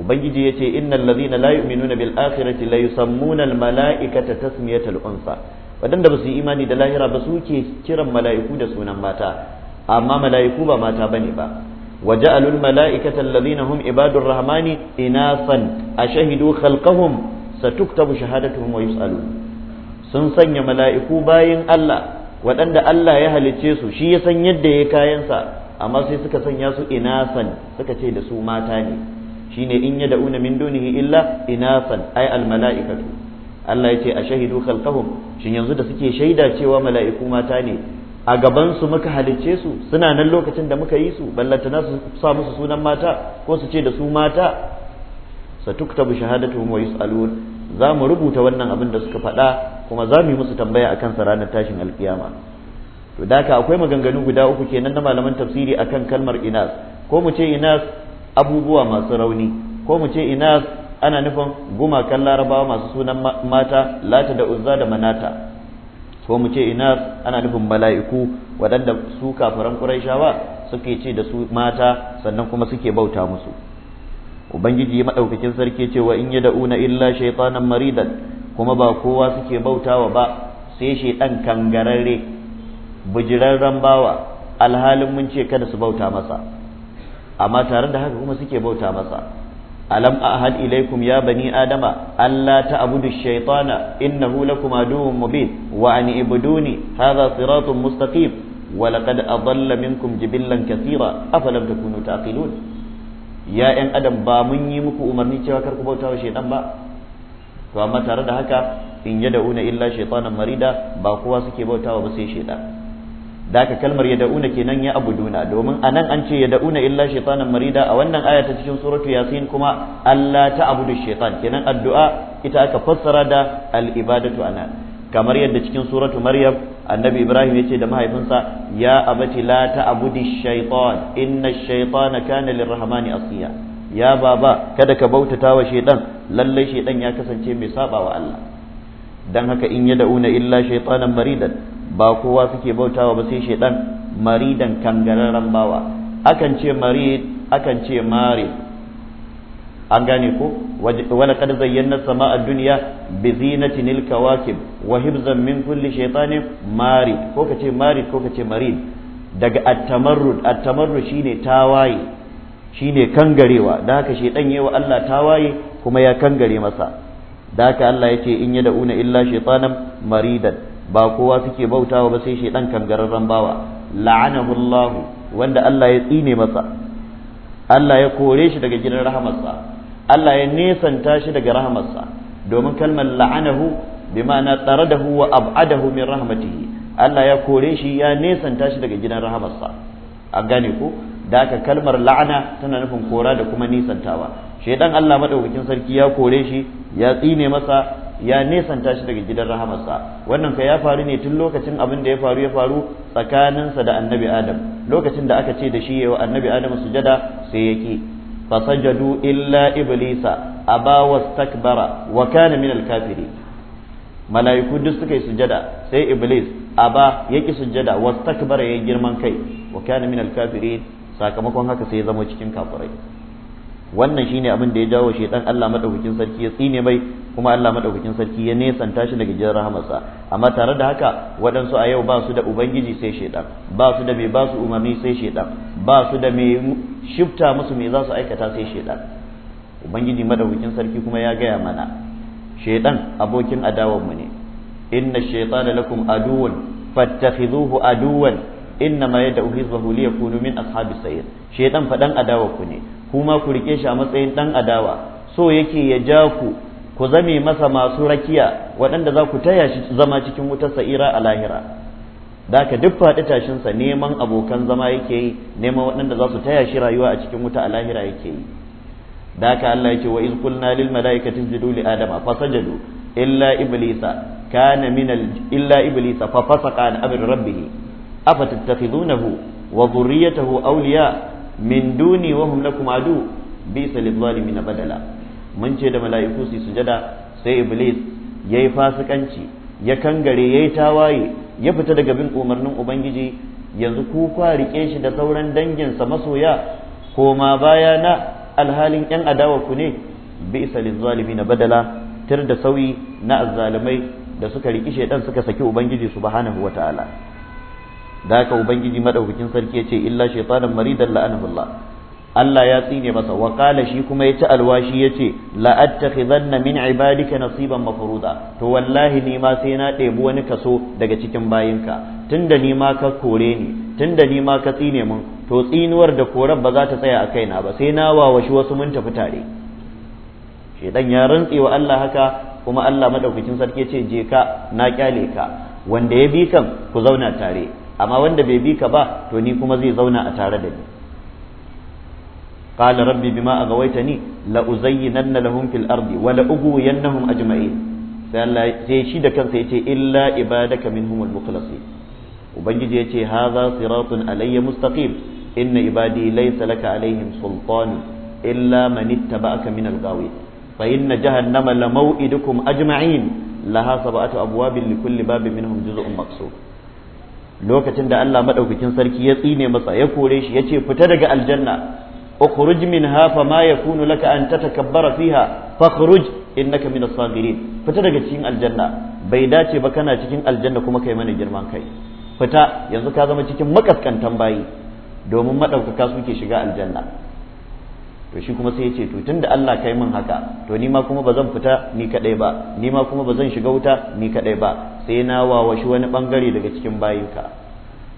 ubangiji yace innal ladhina la yu'minuna bil akhirati la yusammuna al mala'ikata tasmiyatal unsa wadanda ba su yi imani da lahira ba suke kiran mala'iku da sunan mata amma mala'iku ba mata bane ba waje mala'ikatan lazina وجعلوا الملائكة الذين هم عباد الرحمن إناثا satuk خلقهم ستكتب شهادتهم ويسألون sun sanya mala'iku bayan Allah waɗanda Allah ya halicce su shi ya san yadda ya kayansa amma sai suka sanya su inasan suka ce da su mata ne shine in ya da'una min dunihi illa inasan ay al mala'ikatu Allah yace a shahidu khalqahum shin yanzu da suke shaida cewa mala'iku mata ne a gaban su muka halicce su suna nan lokacin da muka yi su ballantana su sa musu sunan mata ko su ce da su mata satuktabu shahadatuhum wa yus'alun za mu rubuta wannan abin da suka faɗa kuma za mu yi musu tambaya akan sa ranar tashin alkiyama to da akwai maganganu guda uku kenan na malaman tafsiri akan kalmar inas ko mu ce inas abubuwa masu rauni ko mu ce ina ana nufin gumakan larabawa masu sunan mata lata da uzza da manata ko mu ce ina ana nufin mala'iku waɗanda su kafiran ƙuraishawa suke ce da su mata sannan kuma suke bauta musu ubangiji maɗaukakin sarki cewa in ya da'una illa shaitanan maridan kuma ba kowa suke bautawa ba sai shaitan kangararre bijirarren bawa alhalin mun ce kada su bauta masa amma tare da haka kuma suke bauta masa alam ahad ilaikum ya bani adama alla ta'budu ash-shaytana innahu lakum aduwwun mubin wa an ibuduni hadha siratun mustaqim wa laqad adalla minkum jibillan kathira afalam takunu taqilun ya ƴan adam ba mun yi muku umarni cewa kar ku bauta wa shaytan ba to amma tare da haka in yad'una illa shaytanan marida ba kowa suke bautawa ba sai shaytan da aka kalmar ya da'una kenan ya abuduna domin a nan an ce ya da'una illa shaitanan marida a wannan aya ta cikin suratu yasin kuma Allah ta abudu shaitan kenan addu'a ita aka fassara da al-ibadatu ana kamar yadda cikin suratu maryam annabi ibrahim ya ce da mahaifinsa ya abati la ta abudi shaitan inna shaitana kana lirrahmani asiya ya baba kada ka bautata wa shaitan lalle shaitan ya kasance mai saba Allah dan haka in ya da'una illa shaitanan maridan ba kowa suke bautawa ba sai shaidan maridan kangararren bawa akan ce marid akan ce marid an gane ko wani kad zayyana sama a duniya bi zinatin alkawakib wa hibzan min kulli shaytanin marid ko ka ce marid ko ka ce marid daga at-tamarrud at-tamarrud shine tawaye shine kangarewa da haka shaytan yayi wa Allah tawaye kuma ya kangare masa da haka Allah yace in yad'una illa shaytanan maridan ba kowa suke bautawa ba sai shaidan kangararren bawa la'anahu Allah wanda Allah ya tsine masa Allah ya kore shi daga gidan rahamarsa Allah ya nesanta shi daga rahamarsa domin kalmar la'anahu bi ma'ana taradahu wa ab'adahu min rahmatihi Allah ya kore shi ya nesanta shi daga gidan rahamarsa a gane ko da aka kalmar la'ana tana nufin kora da kuma nisantawa shaidan Allah madaukakin sarki ya kore shi ya tsine masa ya nesanta shi daga gidan rahamarsa wannan ka ya faru ne tun lokacin abin da ya faru ya faru tsakaninsa da annabi adam lokacin da aka ce da shi wa annabi adam sujada sai yake fasajadu illa iblisa aba wastakbara wa kana min alkafiri mala'iku duk suka yi sujada sai iblis aba yake sujada wastakbara ya girman kai wa kana min alkafiri sakamakon haka sai ya zama cikin kafirai wannan shine abin da ya jawo shedan Allah madaukakin sarki ya tsine mai kuma Allah madaukakin sarki ya nesanta shi daga jin rahamarsa amma tare da haka waɗansu a yau ba su da ubangiji sai shedan ba su da mai ba su umarni sai shedan ba su da mai shifta musu mai za su aikata sai shedan ubangiji madaukakin sarki kuma ya gaya mana shedan abokin adawar ne inna shaytana lakum aduwwan fattakhidhuhu aduwwan inna ma yad'u hizbahu liyakunu min ashabis sayyid shaytan fadan adawa ne kuma ku rike shi a matsayin dan adawa so yake ya ja ku ku zame masa masu rakiya waɗanda za ku taya shi zama cikin wutar sa'ira a lahira da ka duk faɗi tashinsa neman abokan zama yake yi neman waɗanda za su taya shi rayuwa a cikin wuta a lahira yake yi da ka Allah ya wa iz qulna lil malaikati isjudu li adama sajadu illa iblisa kana min illa iblisa fa fasaqa an amri rabbih afatattakhidunahu wa dhurriyyatahu awliya min duni wa hum lakum adu bi lil zalimin badala mun ce da mala'iku su sujada sai iblis yayi fasikanci ya kangare yayi tawaye ya fita daga bin umarnin ubangiji yanzu ku kwa rike shi da sauran danginsa masoya ko ma baya na alhalin yan adawa ku ne bi lil zalimin badala tir da sauyi na azzalumai da suka riki dan suka saki ubangiji subhanahu wataala da haka ubangiji madaukakin sarki yace illa shaytanan maridan la'anahullah Allah ya tsine masa wa kala shi kuma yace alwashi yace la attakhidanna min ibadika nasiban mafruda to wallahi ni ma sai na ɗebi wani kaso daga cikin bayinka tunda ni ma ka kore ni tunda ni ma ka tsine mun to tsinuwar da korar ba za ta tsaya a kaina ba sai na wawashi wasu mun tafi tare shedan ya rantse wa Allah haka kuma Allah madaukakin sarki yace je ka na kyale ka wanda ya bi kan ku zauna tare amma wanda bai bi ka ba to ni kuma zai zauna a tare da ni قال ربي بما أغويتني لأزينن لهم في الأرض ولأغوينهم أجمعين sai shi da kansa ya ce illa ibadaka minhumul mukhlasin ubangiji ya ce haza siratun alayya mustaqim inna ibadi laysa laka alaihim sultan illa man ittaba'aka min al-ghawi fa inna jahannama la maw'idukum ajma'in laha sab'atu abwabin likulli babin minhum juz'un maqsud lokacin da Allah maɗaukakin sarki ya tsine masa ya kore shi ya ce fita daga aljanna ukhruj minha ma yakunu laka an tatakabbara fiha fakhruj innaka min as-sagirin fita daga cikin aljanna bai dace ba kana cikin aljanna kuma kai mana girman kai fita yanzu ka zama cikin makaskantan bayi domin maɗaukaka suke shiga aljanna to shi kuma sai ya ce to tunda Allah kai min haka to ni ma kuma ba zan fita ni kadai ba ni ma kuma ba zan shiga wuta ni kadai ba sai na wawashi wani bangare daga cikin bayinka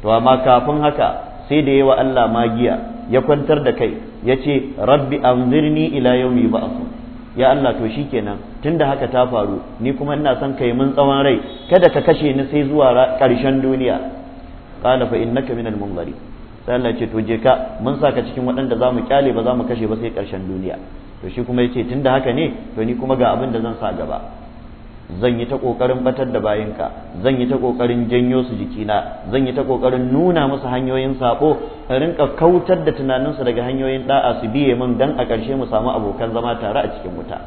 to amma kafin haka sai da yawa Allah magiya ya kwantar da kai ya ce rabbi anzirni ila yawmi ba'ath ya Allah to shi shikenan tunda haka ta faru ni kuma ina son kai mun tsawon rai kada ka kashe ni sai zuwa karshen duniya qala fa innaka minal munzari sai Allah ce to je ka mun saka cikin waɗanda za mu kyale ba za mu kashe ba sai ƙarshen duniya to shi kuma yace tunda haka ne to ni kuma ga abin da zan sa gaba zan yi ta kokarin batar da bayinka zan yi ta kokarin janyo su jikina zan yi ta kokarin nuna musu hanyoyin sako in rinka kautar da tunaninsu daga hanyoyin da'a su biye min dan a ƙarshe mu samu abokan zama tare a cikin wuta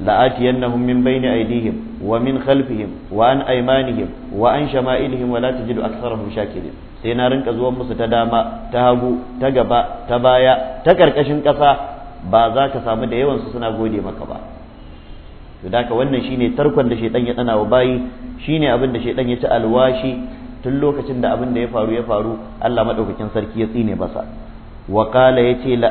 wa لآتينهم من بين أيديهم ومن خلفهم وعن wala ta ji ولا تجد أكثرهم shakiri sai na rinka zuwan musu ta dama ta hagu ta gaba ta baya ta karkashin ƙasa ba za ka samu da yawansu suna gode maka ba to wannan shine tarkon da shaitan ya tsana wa bayi shine abin da shaitan ya ci alwashi tun lokacin da abin da ya faru ya faru Allah madaukakin sarki ya tsine masa wakala ya ce la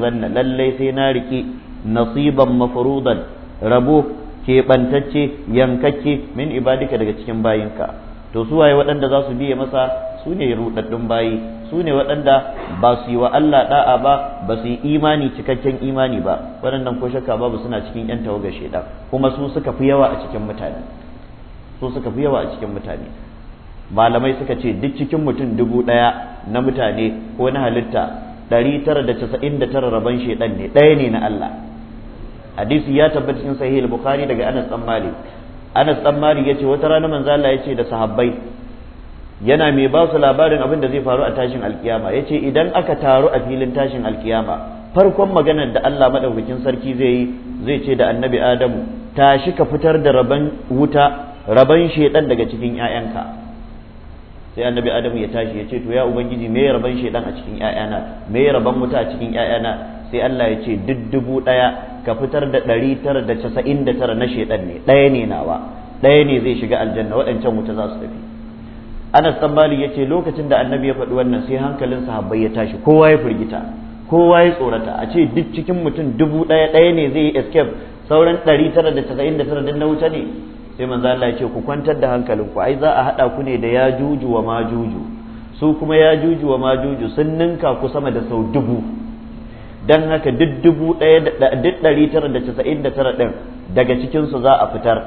banna lallai sai na riki nasiban mafurudan. rabo keɓantacce yankakke min ibadika daga cikin bayinka to su waye waɗanda za su biye masa su ne ruɗaɗɗun bayi su ne waɗanda ba su wa Allah ɗa'a ba ba su yi imani cikakken imani ba waɗannan ko shakka babu suna cikin yan tawaga shaidan kuma su suka fi yawa a cikin mutane su suka fi yawa a cikin mutane malamai suka ce duk cikin mutum dubu ɗaya na mutane ko na halitta ɗari tara da casa'in da tara rabon shaidan ne ɗaya ne na Allah hadisi ya tabbata cikin sahih al-bukhari daga Anas dan Malik Anas dan Malik yace wata rana manzo Allah yace da sahabbai yana mai ba su labarin abin da zai faru a tashin alkiyama yace idan aka taru a filin tashin alkiyama farkon maganar da Allah madaukakin sarki zai yi zai ce da annabi Adamu tashi ka fitar da raban wuta raban shedan daga cikin ƴaƴanka sai annabi Adamu ya tashi ya ce to ya ubangiji me raban shedan a cikin ƴaƴana me raban wuta a cikin ƴaƴana sai Allah ya ce duk dubu ɗaya ka fitar da ɗari tara da casa'in tara na shaiɗan ne ɗaya ne nawa ɗaya ne zai shiga aljanna waɗancan wuta za su tafi anas dan ya ce lokacin da annabi ya faɗi wannan sai hankalin sahabbai ya tashi kowa ya firgita kowa ya tsorata a ce duk cikin mutum dubu ɗaya ɗaya ne zai yi escape sauran ɗari tara da casa'in tara na wuta ne sai manzo Allah ya ce ku kwantar da ku ai za a haɗa ku ne da ya juju wa ma juju su kuma ya juju wa ma juju sun ninka ku sama da sau dubu dan haka duk dubu ɗaya duk ɗari tara da casa'in da tara ɗin daga cikinsu za a fitar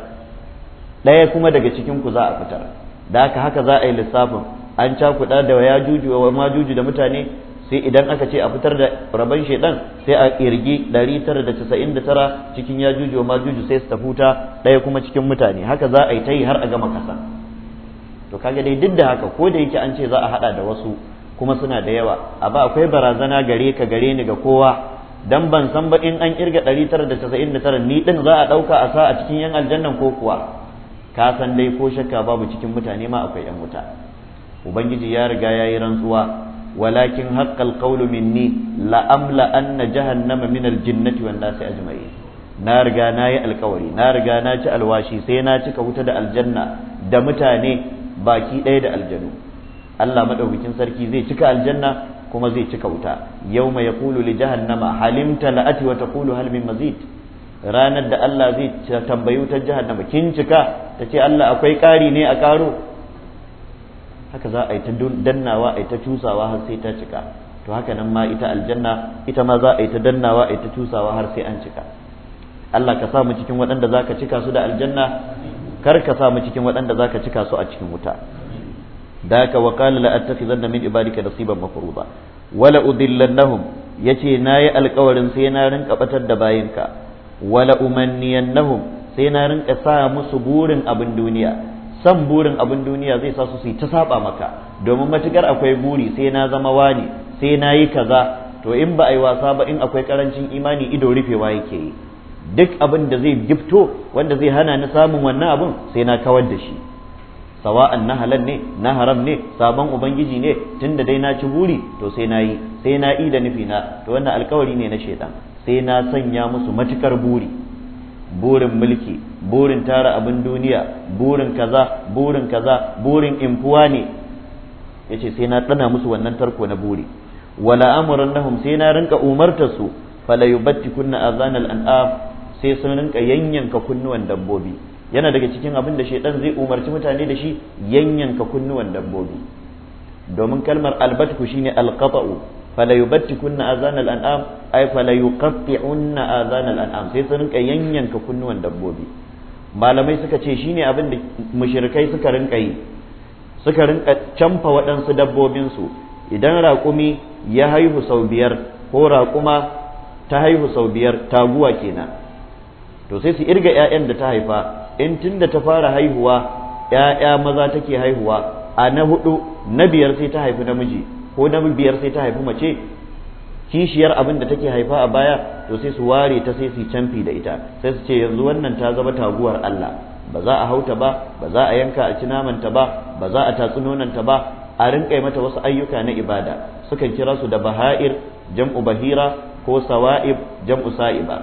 ɗaya kuma daga cikinku za a fitar da haka haka za a yi lissafin an cakuɗa da ya juju wa ma juju da mutane sai idan aka ce a fitar da rabon shaidan sai a kirgi tara cikin ya juju wa juju sai su tafi wuta ɗaya kuma cikin mutane haka za a yi ta yi har a gama kasa to kaga dai duk da haka ko da yake an ce za a hada da wasu kuma suna da yawa ba akwai barazana gare ka gare ni ga kowa dan ban san ba in an kirga 999 ni din za a dauka a sa a cikin yan aljannan ko kuwa ka san dai ko shakka babu cikin mutane ma akwai yan wuta ubangiji ya riga ya yi rantsuwa walakin haqqal qawlu minni la amla anna jahannama min aljinnati wan nasi ajma'in na riga na yi alkawari na riga na ci alwashi sai na cika wuta da aljanna da mutane baki ɗaya da aljanu Allah madaukakin sarki zai cika aljanna kuma zai cika wuta yawma yaqulu li jahannama halimta la'ati wa taqulu hal min mazid ranar da Allah zai tambayi wutar jahannama kin cika tace Allah akwai ƙari ne a karo haka za a yi ta dannawa a yi ta cusawa har sai ta cika to haka nan ma ita aljanna ita ma za a yi ta dannawa a yi ta cusawa har sai an cika Allah ka sa mu cikin waɗanda za ka cika su da aljanna kar ka sa mu cikin waɗanda za ka cika su a cikin wuta daka wa kala la attakhizanna min ibadika nasiban ba. wala udillannahum yace nayi alƙawarin sai na rinka batar da bayinka wala umanniyannahum sai na rinka sa musu burin abin duniya san burin abin duniya zai sa su su ta saba maka domin matukar akwai buri sai na zama wani sai na yi kaza to in ba a yi wasa ba in akwai karancin imani ido rufewa yake yi duk abin da zai gifto wanda zai hana ni samun wannan abin sai na kawar da shi sawa'an na halal ne na haram ne sabon ubangiji ne tunda dai na ci buri to sai na yi sai na yi da nufi na to wannan alkawari ne na shaitan sai na sanya musu matukar buri burin mulki burin tara abin duniya burin kaza burin kaza burin imfuwa ne yace sai na tsana musu wannan tarko na buri wala nahum sai na rinka umartar su fala yubattikunna azanal an'am sai sun rinka yanyanka kunnuwan dabbobi yana daga cikin abin da shaidan zai umarci mutane da shi yanyanka kunnuwan dabbobi domin kalmar albatku shine alqata'u fala yubattikunna azan al'am ay fala yuqatti'unna azan al'am sai su rinka yanyanka kunnuwan dabbobi malamai suka ce shine abin da mushrikai suka rinka yi suka rinka canfa waɗansu su idan raƙumi ya haihu sau biyar ko raƙuma ta haihu sau biyar taguwa kenan to sai su irga 'ya'yan da ta haifa in tunda ta fara haihuwa ‘ya'ya maza take haihuwa a na hudu na biyar sai ta haifi namiji ko na biyar sai ta haifi mace kishiyar abin da take haifa a baya to sai su ware ta sai su canfi da ita sai su ce yanzu wannan ta zama taguwar Allah ba za a hauta ba ba za a yanka a ci namanta ba ba za a tatsi nonanta ba a rinƙa mata wasu ayyuka na ibada sukan kira su da baha'ir jam'u bahira ko sawa'ib jam'u sa'iba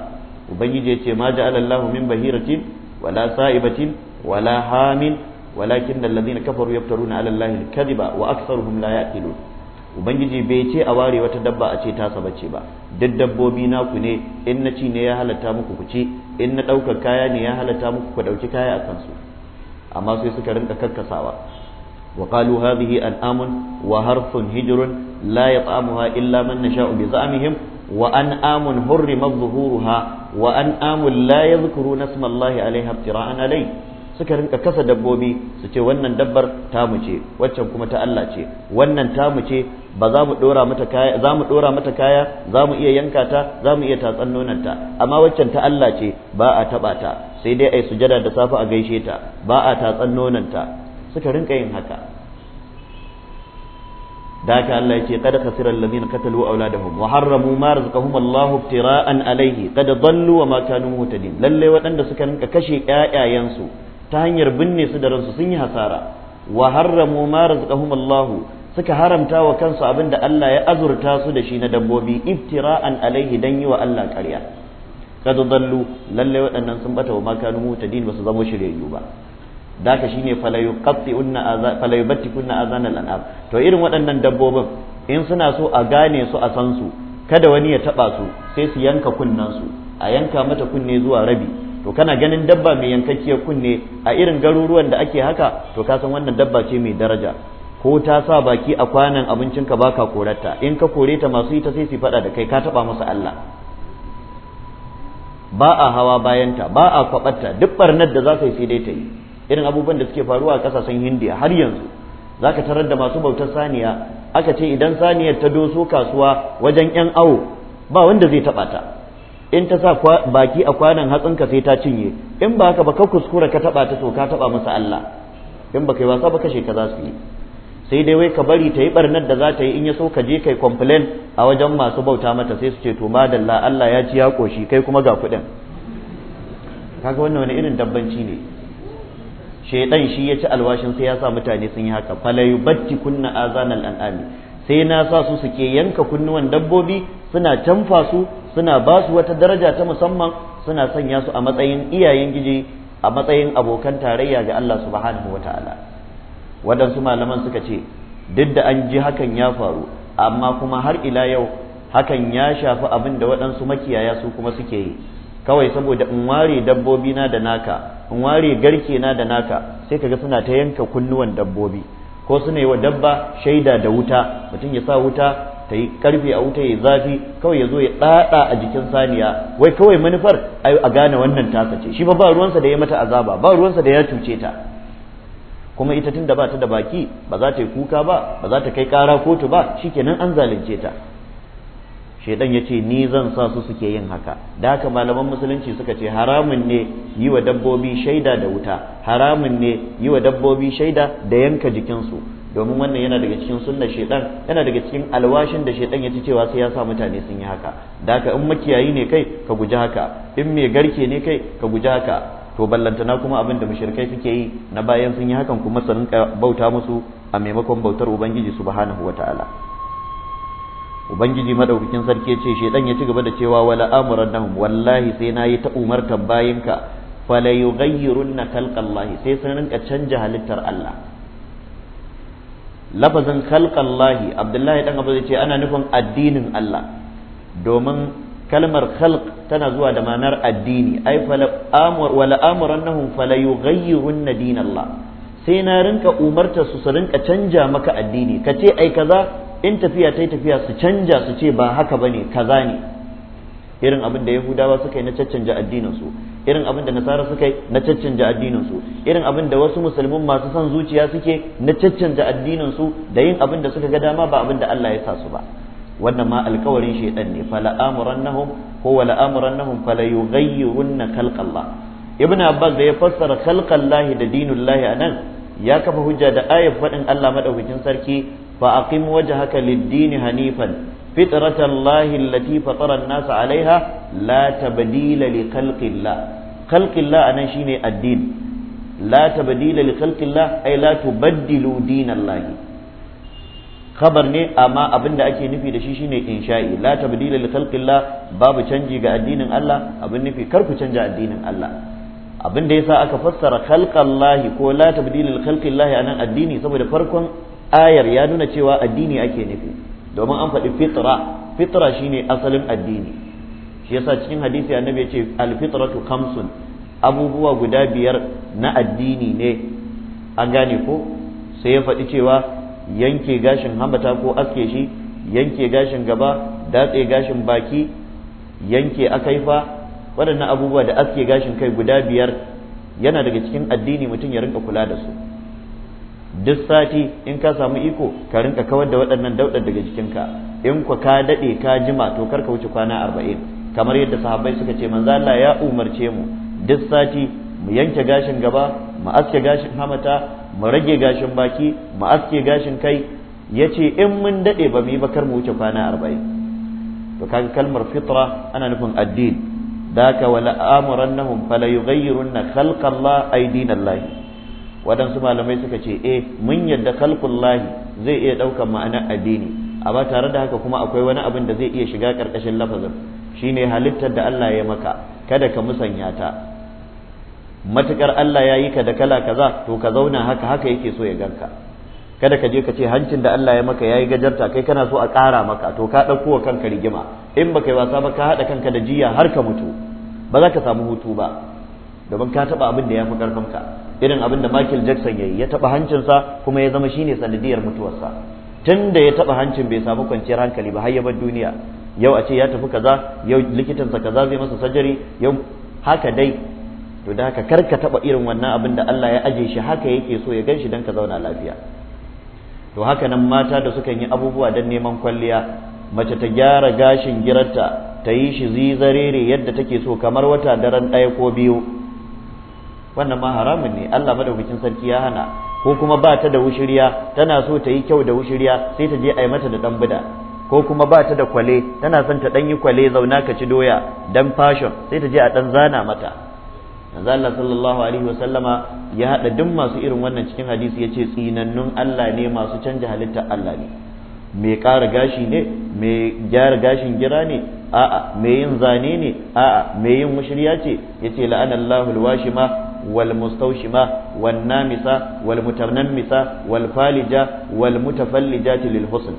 ubangiji ya ce ma ja'alallahu min bahiratin wala sa'ibatin wala hamin walakin allazina kafaru yaftaruna ala allahi alkadhiba wa aktharuhum la yaqilun ubangiji bai ce a ware wata dabba a ce tasa bace ba duk dabbobi naku ne in na ci ne ya halatta muku ku ci in na ɗaukar kaya ne ya halatta muku ku ɗauki kaya a kansu amma sai suka rinka kakkasawa wa qalu hadhihi an'amun wa harfun hijrun la yat'amuha illa man nasha'u bi za'mihim wa an amun hurri zuhuruha wa an amun la yadhkuruna isma alaiha suka rinka kasa dabbobi su ce wannan dabbar tamu ce waccan kuma ta Allah ce wannan tamu ce ba za mu dora mata kaya za mu dora mata kaya za mu iya yanka ta za mu iya tatsan ta amma waccan ta Allah ce ba a taba ta sai dai ai sujada da safe a gaishe ta ba a tatsan suka rinka yin haka da haka Allah yake qad khasira allazina qatalu auladahum wa harramu ma razaqahum Allahu iftira'an alayhi qad dhallu wa ma kanu muhtadin lalle waɗanda suka rinka kashe ƴaƴayensu ta hanyar binne su da ransu sun yi hasara wa harramu ma razaqahum Allahu suka haramta wa kansu abin da Allah ya azurta su da shi na dabbobi iftira'an alaihi dan yi wa Allah ƙarya kada dallu lalle waɗannan sun bata wa makanu mutadin ba su zamo shiryayyu ba daka shine batti kunna azanal an'am to irin waɗannan dabbobin in suna so a gane su a san su kada wani ya taba su sai su yanka kunnan su a yanka mata kunne zuwa rabi to kana ganin dabba mai yankakkiyar kunne a irin garuruwan da ake haka to ka san wannan dabba ce mai daraja ko ta sa baki a kwanan abincin abincinka baka korarta in ka kore ta masu ita sai su faɗa da kai ka taɓa masa Allah ba a hawa bayanta ba a kwaɓarta duk ɓarnar da za ka yi sai dai ta yi irin abubuwan da suke faruwa a kasashen hindiya har yanzu za ka tarar da masu bautar saniya aka ce idan saniyar ta doso kasuwa wajen yan awo ba wanda zai taba ta in ta sa baki a kwanan hatsinka sai ta cinye in ba haka ba ka kuskura ka taba ta to ka taba masa Allah in ba kai wasa ba kashe ka za su yi sai dai wai ka bari ta yi barnar da za ta yi in ya so ka je kai complain a wajen masu bauta mata sai su ce to madalla Allah ya ci ya koshi kai kuma ga kuɗin kaga wannan wani irin dabbanci ne shaitan shi ya ci alwashin sai ya sa mutane sun yi haka falayu batti kunna azanan an'ami sai na sa su suke yanka kunnuwan dabbobi suna canfa su suna ba su wata daraja ta musamman suna sanya su a matsayin iyayen giji a matsayin abokan tarayya ga Allah subhanahu wataala waɗansu malaman suka ce duk da an ji hakan ya faru amma kuma har ila yau hakan ya shafi abinda da waɗansu makiyaya su kuma suke yi kawai saboda in ware dabbobi na da naka in ware garke na da naka sai kaga suna ta yanka kunnuwan dabbobi ko suna yi wa dabba shaida da wuta mutum ya sa wuta ta yi karfe a wuta ya zafi kawai ya zo ya ɗaɗa a jikin saniya wai kawai manufar a gane wannan tasa ce shi ba ba ruwansa da ya mata azaba ba ruwansa da ya cuce ta kuma ita tun da ba ta da baki ba za ta yi kuka ba ba za ta kai kara kotu ba shikenan an zalunce ta shaidan ya ce ni zan sa su suke yin haka da haka malaman musulunci suka ce haramun ne yi wa dabbobi shaida da wuta haramun ne yi wa dabbobi shaida da yanka jikinsu domin wannan yana daga cikin sunnar shaidan yana daga cikin alwashin da shaidan ya ci cewa sai ya sa mutane sun yi haka da haka in makiyayi ne kai ka guji haka in mai garke ne kai ka guji haka to ballantana kuma abin da mushrikai suke yi na bayan sun yi hakan kuma su rinka bauta musu a maimakon bautar ubangiji subhanahu wataala ubangiji madaukakin sarki ce shedan ya ci gaba da cewa wala amurannahum wallahi sai nayi ta umartan bayinka fala yughayyirunna khalqallahi sai sun rinka canja halittar Allah lafazin khalqallahi abdullahi dan abu ce ana nufin addinin Allah domin kalmar khalq tana zuwa da ma'anar addini ai fala amur wala amurannahum fala yughayyirunna dinallah sai na rinka umarta su su rinka canja maka addini kace ai kaza in tafiya ta yi tafiya su canja su ce ba haka ba ne kaza ne irin abin da yahudawa suka yi na caccanja addininsu irin abin da nasara suka yi na caccanja addininsu irin abin da wasu musulmin masu son zuciya suke na caccanja addininsu da yin abin da suka ga dama ba abin da Allah ya sa su ba wannan ma alkawarin shaidan ne fala amurannahum ko wala amurannahum fala yughayyirunna khalqallah ibnu abbas da ya fassara khalqallahi da dinullahi anan ya kafa hujja da ayat fadin Allah madaukakin sarki فأقم وجهك للدين هنيفا فطرة الله التي فطر الناس عليها لا تبديل لخلق الله خلق الله أنا شيني الدين لا تبديل لخلق الله أي لا تبدلوا دين الله خبر ne amma abin da ake nufi da shi shine insha'i la tabdila li khalqillah babu canji ga addinin Allah abin nufi kar ku canja addinin Allah abin da yasa aka fassara khalqallahi ko la tabdila li khalqillahi anan addini saboda farkon ayar ya nuna cewa addini ake nufi domin an faɗi fitra fitra shine asalin addini shi yasa cikin hadisi annabi ya ce alfitratu kamsun abubuwa guda biyar na addini ne an gane ko sai ya faɗi cewa yanke gashin hambata ko aske shi yanke gashin gaba datse gashin baki yanke akaifa waɗannan abubuwa da aske gashin kai guda biyar yana daga cikin addini mutum ya rinka kula da su duk sati in ka samu iko ka rinka kawar da waɗannan daudar daga jikinka in ku ka daɗe ka jima to kar ka wuce kwana arba'in kamar yadda sahabbai suka ce manzo Allah ya umarce mu duk sati mu yanke gashin gaba mu aske gashin hamata mu rage gashin baki mu aske gashin kai yace in mun daɗe ba mu yi ba kar mu wuce kwana arba'in to kaga kalmar fitra ana nufin addini ذاك ولا آمرنهم فلا يغيرن خلق الله أي دين الله wadansu malamai suka ce eh mun yadda kalkullahi zai iya ɗaukar ma'anar addini amma tare da haka kuma akwai wani abin da zai iya shiga ƙarƙashin lafazin shine halittar da Allah ya maka kada ka musanya ta matukar Allah ya yi ka da kala kaza to ka zauna haka haka yake so ya ganka kada ka je ka ce hancin da Allah ya maka yayi gajarta kai kana so a ƙara maka to ka ɗauko wa kanka rigima in baka yi wasa ba ka haɗa kanka da jiya har ka mutu ba za ka samu hutu ba domin ka taɓa abin da ya fi ka irin abin da Michael Jackson ya yi ya taɓa hancinsa kuma ya zama shine sanadiyar mutuwarsa tun da ya taɓa hancin bai samu kwanciyar hankali ba har ya bar duniya yau a ce ya tafi kaza yau likitansa kaza zai masa sajari yau haka dai to da haka karka taɓa irin wannan abin da Allah ya aje shi haka yake so ya gan shi don ka zauna lafiya to haka nan mata da sukan yi abubuwa don neman kwalliya mace ta gyara gashin girarta ta yi shi zizarere yadda take so kamar wata daren ɗaya ko biyu wannan ma haramun ne Allah madaukakin sarki ya hana ko kuma ba ta da wushiriya tana so ta yi kyau da wushiriya sai ta je a yi mata da dan bida ko kuma ba ta da kwale tana son ta dan yi kwale zauna ka ci doya dan fashion sai ta je a dan zana mata manzo Allah sallallahu alaihi wasallama ya hada duk masu irin wannan cikin hadisi yace tsinannun Allah ne masu canja halitta Allah ne mai ƙara gashi ne mai gyara gashin gira ne a'a mai yin zane ne a'a mai yin mushriya ce yace la'anallahu alwashima wal mustawshima wan namisa wal mutanammisa wal falija wal husn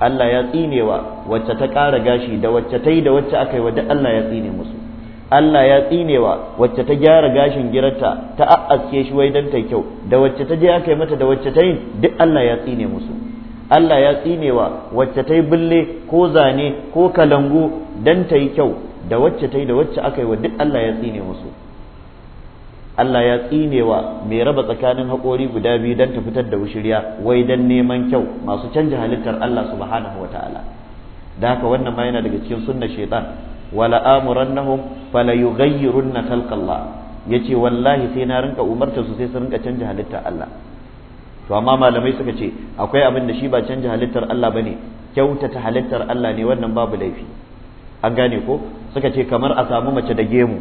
Allah ya tsinewa wacce ta ƙara gashi da wacce ta yi da wacce aka yi wa duk Allah ya tsine musu Allah ya tsinewa wacce ta gyara gashin girarta ta a'aske shi wai don ta kyau da wacce ta je aka yi mata da wacce ta yi duk Allah ya tsine musu Allah ya tsinewa wacce ta yi bille ko zane ko kalangu dan ta yi kyau da wacce ta yi da wacce aka yi wa duk Allah ya tsine musu Allah ya tsine wa mai raba tsakanin haƙori guda biyu don ta fitar da wushirya wai don neman kyau masu canja halittar Allah subhanahu wa ta'ala da haka wannan ma yana daga cikin sunna shaitan wala amurannahum fala yughayyirunna khalqallah yace wallahi sai na rinka umarta su sai su rinka canja halittar Allah to amma malamai suka ce akwai abin da shi ba canja halittar Allah bane kyautata halittar Allah ne wannan babu laifi an gane ko suka ce kamar a samu mace da gemu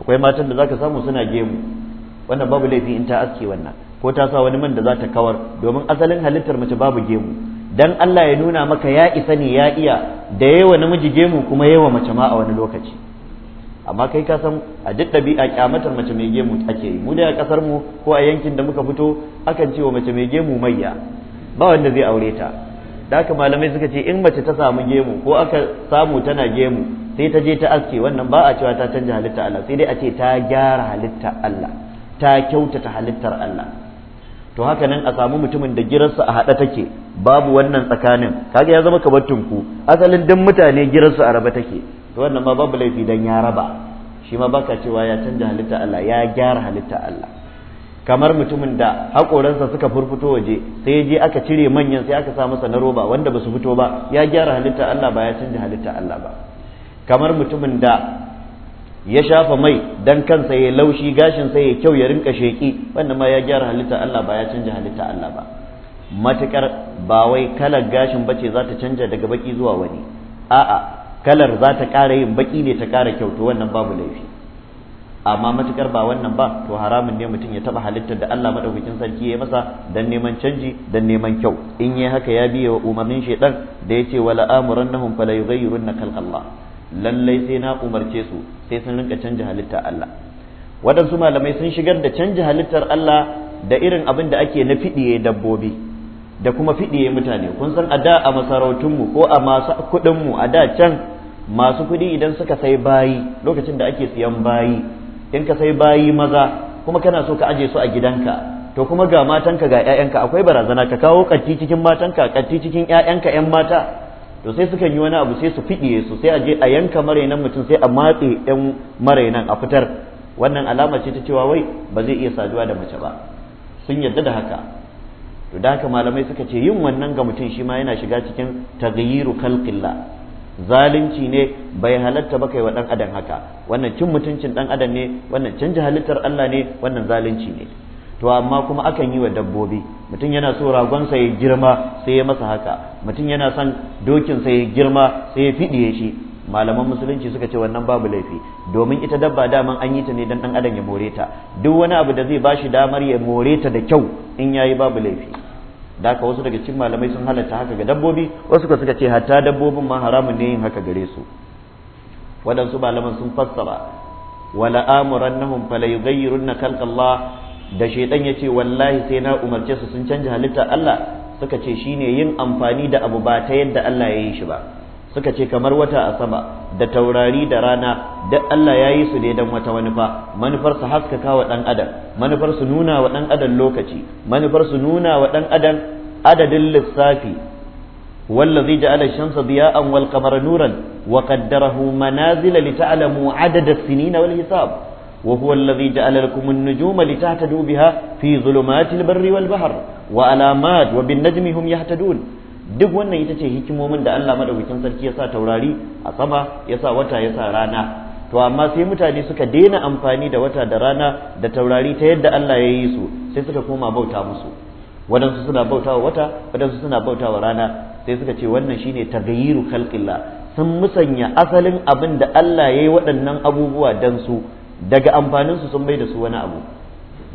akwai matan da zaka samu suna gemu wannan babu laifi in ta aske wannan ko ta sa wani man da za ta kawar domin asalin halittar mace babu gemu dan Allah ya nuna maka ya isa ne ya iya da yawa namiji gemu kuma yawa mace ma a wani lokaci amma kai ka san a duk ɗabi'a kyamatar mace mai gemu ake yi mu da a kasar mu ko a yankin da muka fito akan ce wa mace mai gemu mayya ba wanda zai aure ta da haka malamai suka ce in mace ta samu gemu ko aka samu tana gemu sai ta je ta aske wannan ba a cewa ta canja halitta Allah sai dai a ce ta gyara halitta Allah ta kyautata halittar Allah to haka nan a samu mutumin da girarsa a haɗa take babu wannan tsakanin kaga ya zama kamar tunku asalin duk mutane girarsa a raba take to wannan ma babu laifi dan ya raba shi ma baka cewa ya canja halitta Allah ya gyara halitta Allah kamar mutumin da haƙoransa suka furfuto waje sai je aka cire manyan sai aka sa masa na roba wanda ba su fito ba ya gyara halitta Allah ba ya canja halitta Allah ba kamar mutumin da ya shafa mai dan kansa ya laushi gashin sai ya kyau ya rinka sheki wanda ma ya gyara halitta Allah ba ya canja halitta Allah ba matukar ba wai kalar gashin bace za ta canja daga baki zuwa wani a'a kalar za ta ƙara yin baki ne ta ƙara kyautu wannan babu laifi amma matukar ba wannan ba to haramun ne mutum ya taba halittar da Allah madaukakin sarki ya masa dan neman canji dan neman kyau in yi haka ya biye wa umarnin shedan da yace wala amurannahum fala yughayyirunna khalqallah lallai sai na umarce su sai sun rinka canja halittar Allah waɗansu malamai sun shigar da canja halittar Allah da irin abin da ake na fidiye dabbobi da kuma fidiye mutane kun san a da a masarautunmu ko a masu kuɗinmu a da can masu kuɗi idan suka sai bayi lokacin da ake siyan bayi in ka sai bayi maza kuma kana so ka aje su a gidanka to kuma ga matanka ga 'ya'yanka akwai barazana ka kawo katti cikin matanka katti cikin 'ya'yanka 'yan mata to sai sukan yi wani abu sai su fiɗiye su sai a je a yanka marainan mutum sai a matse 'yan marainan a fitar wannan alama ce ta cewa wai ba zai iya saduwa da mace ba sun yarda da haka to da haka malamai suka ce yin wannan ga mutum shi ma yana shiga cikin taghayyiru khalqillah zalunci ne bai halatta ba kai wa dan adam haka wannan cin mutuncin dan adam ne wannan canja halittar Allah ne wannan zalunci ne to amma kuma akan yi wa dabbobi mutum yana so ragon ragonsa ya girma sai ya masa haka mutum yana son dokin sa ya girma sai ya fidiye shi malaman musulunci suka ce wannan babu laifi domin ita dabba daman an yi ta ne dan dan adam ya more ta duk wani abu da zai bashi damar ya more ta da kyau in yayi babu laifi da haka wasu daga cikin malamai sun halatta haka ga dabbobi wasu ka suka ce hatta dabbobin ma haramun ne yin haka gare su waɗansu malaman sun fassara wala amurannahum fala yughayyirunna khalqallah da ya yace wallahi sai na umarce su sun canja halitta Allah suka ce shine yin amfani da abu ba ta yadda Allah ya yi shi ba suka ce kamar wata a sama da taurari da rana da Allah ya yi su ne don wata manufa manufar su haskaka wa ɗan adam manufar su nuna wa ɗan adam lokaci manufar su nuna wa ɗan adam adadin lissafi wallazi ja'ala shamsa diya'an wal qamara nuran wa qaddarahu manazila lita'lamu adada as-sinina wal hisab وهو الذي جعل لكم النجوم لتهتدوا بها في ظلمات البر والبحر وعلامات وبالنجم هم يهتدون duk wannan ita ce hikimomin da Allah madaukakin sarki ya sa taurari a sama ya sa wata ya sa rana to amma sai mutane suka daina amfani da wata da rana da taurari ta yadda Allah ya yi su sai suka koma bauta musu waɗansu suna bauta wa wata waɗansu suna bauta wa rana sai suka ce wannan shine tagayiru khalqillah sun musanya asalin abin da Allah ya yi waɗannan abubuwa dan su daga amfanin su sun bai da su wani abu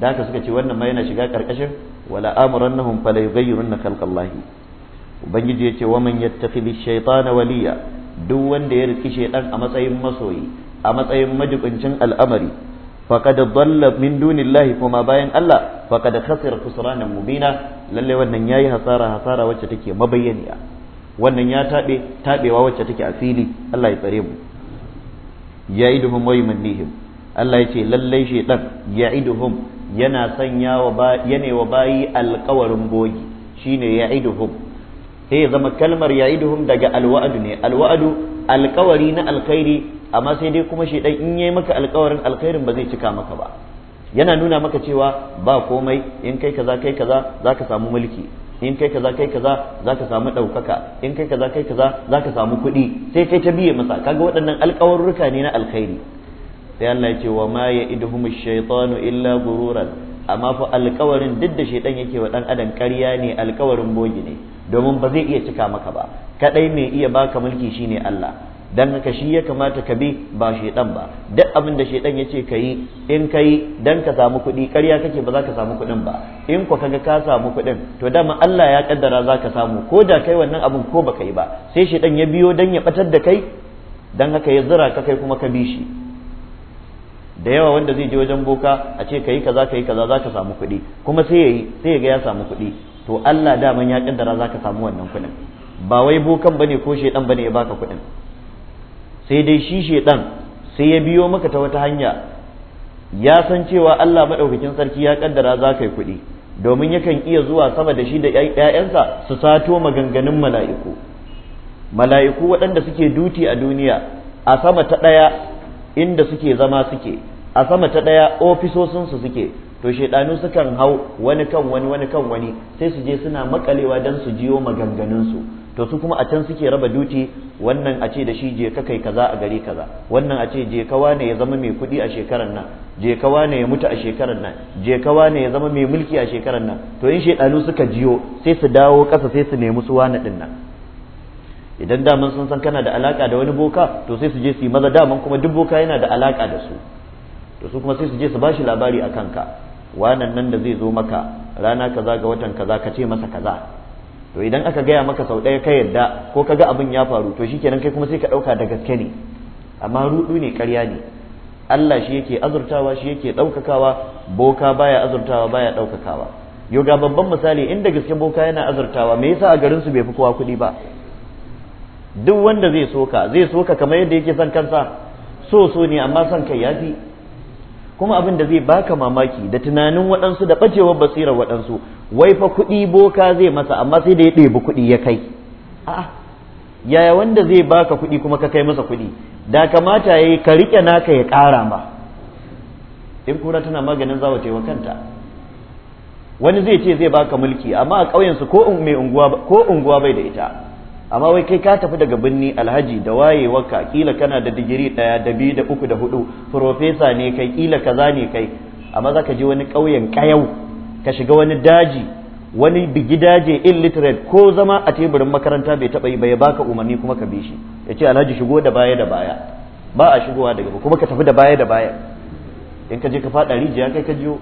da haka suka ce wannan ma yana shiga karkashin wala amurannahum fala yughayyirunna khalqallahi ubangiji ce wa man yattakhidhi shaytana waliya duk wanda ya riki shaytan a matsayin masoyi a matsayin majibincin al'amari faqad dalla min dunillahi kuma bayan Allah faqad khasira khusranan mubina lalle wannan yayi hasara hasara wacce take mabayyaniya wannan ya tabe tabewa wacce take a fili Allah ya tsare mu ya'iduhum wa yumannihim Allah ce lalle shaytan ya'iduhum yana sanya wa yana wa bayi alqawarin bogi shine ya'iduhum sai ya zama kalmar ya'iduhum daga alwa'adu ne alwa'adu alkawari na alkhairi amma sai dai kuma shedan in yayi maka alkawarin alkhairin ba zai cika maka ba yana nuna maka cewa ba komai in kai kaza kai kaza zaka samu mulki in kai kaza kai kaza zaka samu ɗaukaka in kai kaza kai kaza zaka samu kuɗi sai kai ta biye masa kaga waɗannan alkawarruka ne na alkhairi sai Allah ya ce wa ma ya'iduhum ash-shaytanu illa gururan amma fa alkawarin duk da shedan yake wa dan adam ƙarya ne alkawarin bogi ne domin ba zai iya cika maka ba kadai mai iya baka mulki shine Allah dan haka shi ya kamata ka bi ba shedan ba duk abin da shedan ya ce yi in kayi dan ka samu kuɗi ƙarya kake ba za ka samu kuɗin ba in ko kaga ka samu kuɗin to dama Allah ya kaddara za ka samu ko da kai wannan abin ko baka yi ba sai shedan ya biyo dan ya batar da kai dan haka ya zira ka kai kuma ka bi shi da yawa wanda zai je wajen boka a ce kayi kaza kayi kaza zaka samu kuɗi kuma sai yayi sai ga ya samu kuɗi to Allah daman ya kaddara zaka samu wannan kuɗin ba wai bokan bane ko shedan bane ya baka kuɗin sai dai shi shedan sai ya biyo maka ta wata hanya ya san cewa Allah madaukakin sarki ya kaddara zaka yi kuɗi domin yakan iya zuwa sama da shi da ƴaƴansa su sato maganganun mala'iku mala'iku waɗanda suke duti a duniya a sama ta ɗaya inda suke zama suke a sama ta ɗaya ofisosinsu suke to shaidanu sukan hau wani kan wani wani kan wani sai su je suna makalewa don su jiyo maganganunsu to su kuma a can suke raba duti wannan a ce da shi je ka kai kaza a gari kaza wannan a ce je kawa ne ya zama mai kuɗi a shekarar nan je kawa ne ya mutu a shekarar nan je kawa ne ya zama mai mulki a shekarar nan to in shaidanu suka jiyo sai su dawo ƙasa sai su nemi su wani ɗin nan idan daman sun san kana da alaka da wani boka to sai su je su yi maza daman kuma duk boka yana da alaka da su to su kuma sai su je su bashi labari a kanka wanan nan da zai zo maka rana kaza ga watan kaza ka ce masa kaza to idan aka gaya maka sau ɗaya ka yadda ko kaga abin ya faru to shikenan kai kuma sai ka ɗauka da gaske ne amma rudu ne ƙarya ne Allah shi yake azurtawa shi yake ɗaukakawa boka baya azurtawa baya ɗaukakawa yau ga babban misali inda gaske boka yana azurtawa me yasa a garin su bai fi kowa kuɗi ba duk wanda zai soka zai soka kamar yadda yake son kansa so so ne amma son kai yafi kuma abin da zai baka mamaki da tunanin waɗansu da ɓacewar basirar waɗansu wai fa kuɗi boka zai masa amma sai da ya ɗebi kuɗi ya kai a'a yaya wanda zai baka kuɗi kuma ka kai masa kuɗi da kamata yayi, ka riƙe naka ya ƙara ma in kura tana maganin zawa wa kanta wani zai ce zai baka mulki amma a ƙauyensu ko unguwa ko unguwa bai da ita amma wai kai ka tafi daga birni alhaji da wayewarka kila kana da digiri daya da biyu da uku da hudu profesa ne kai kila kaza ne kai amma za ka je wani ƙauyen ƙayau ka shiga wani daji wani bigi daji illiterate ko zama a teburin makaranta bai taɓa yi bai baka umarni kuma ka bi shi ya ce alhaji shigo da baya da baya ba a shigowa daga kuma ka tafi da baya da baya in ka je ka faɗa rijiya kai ka jiyo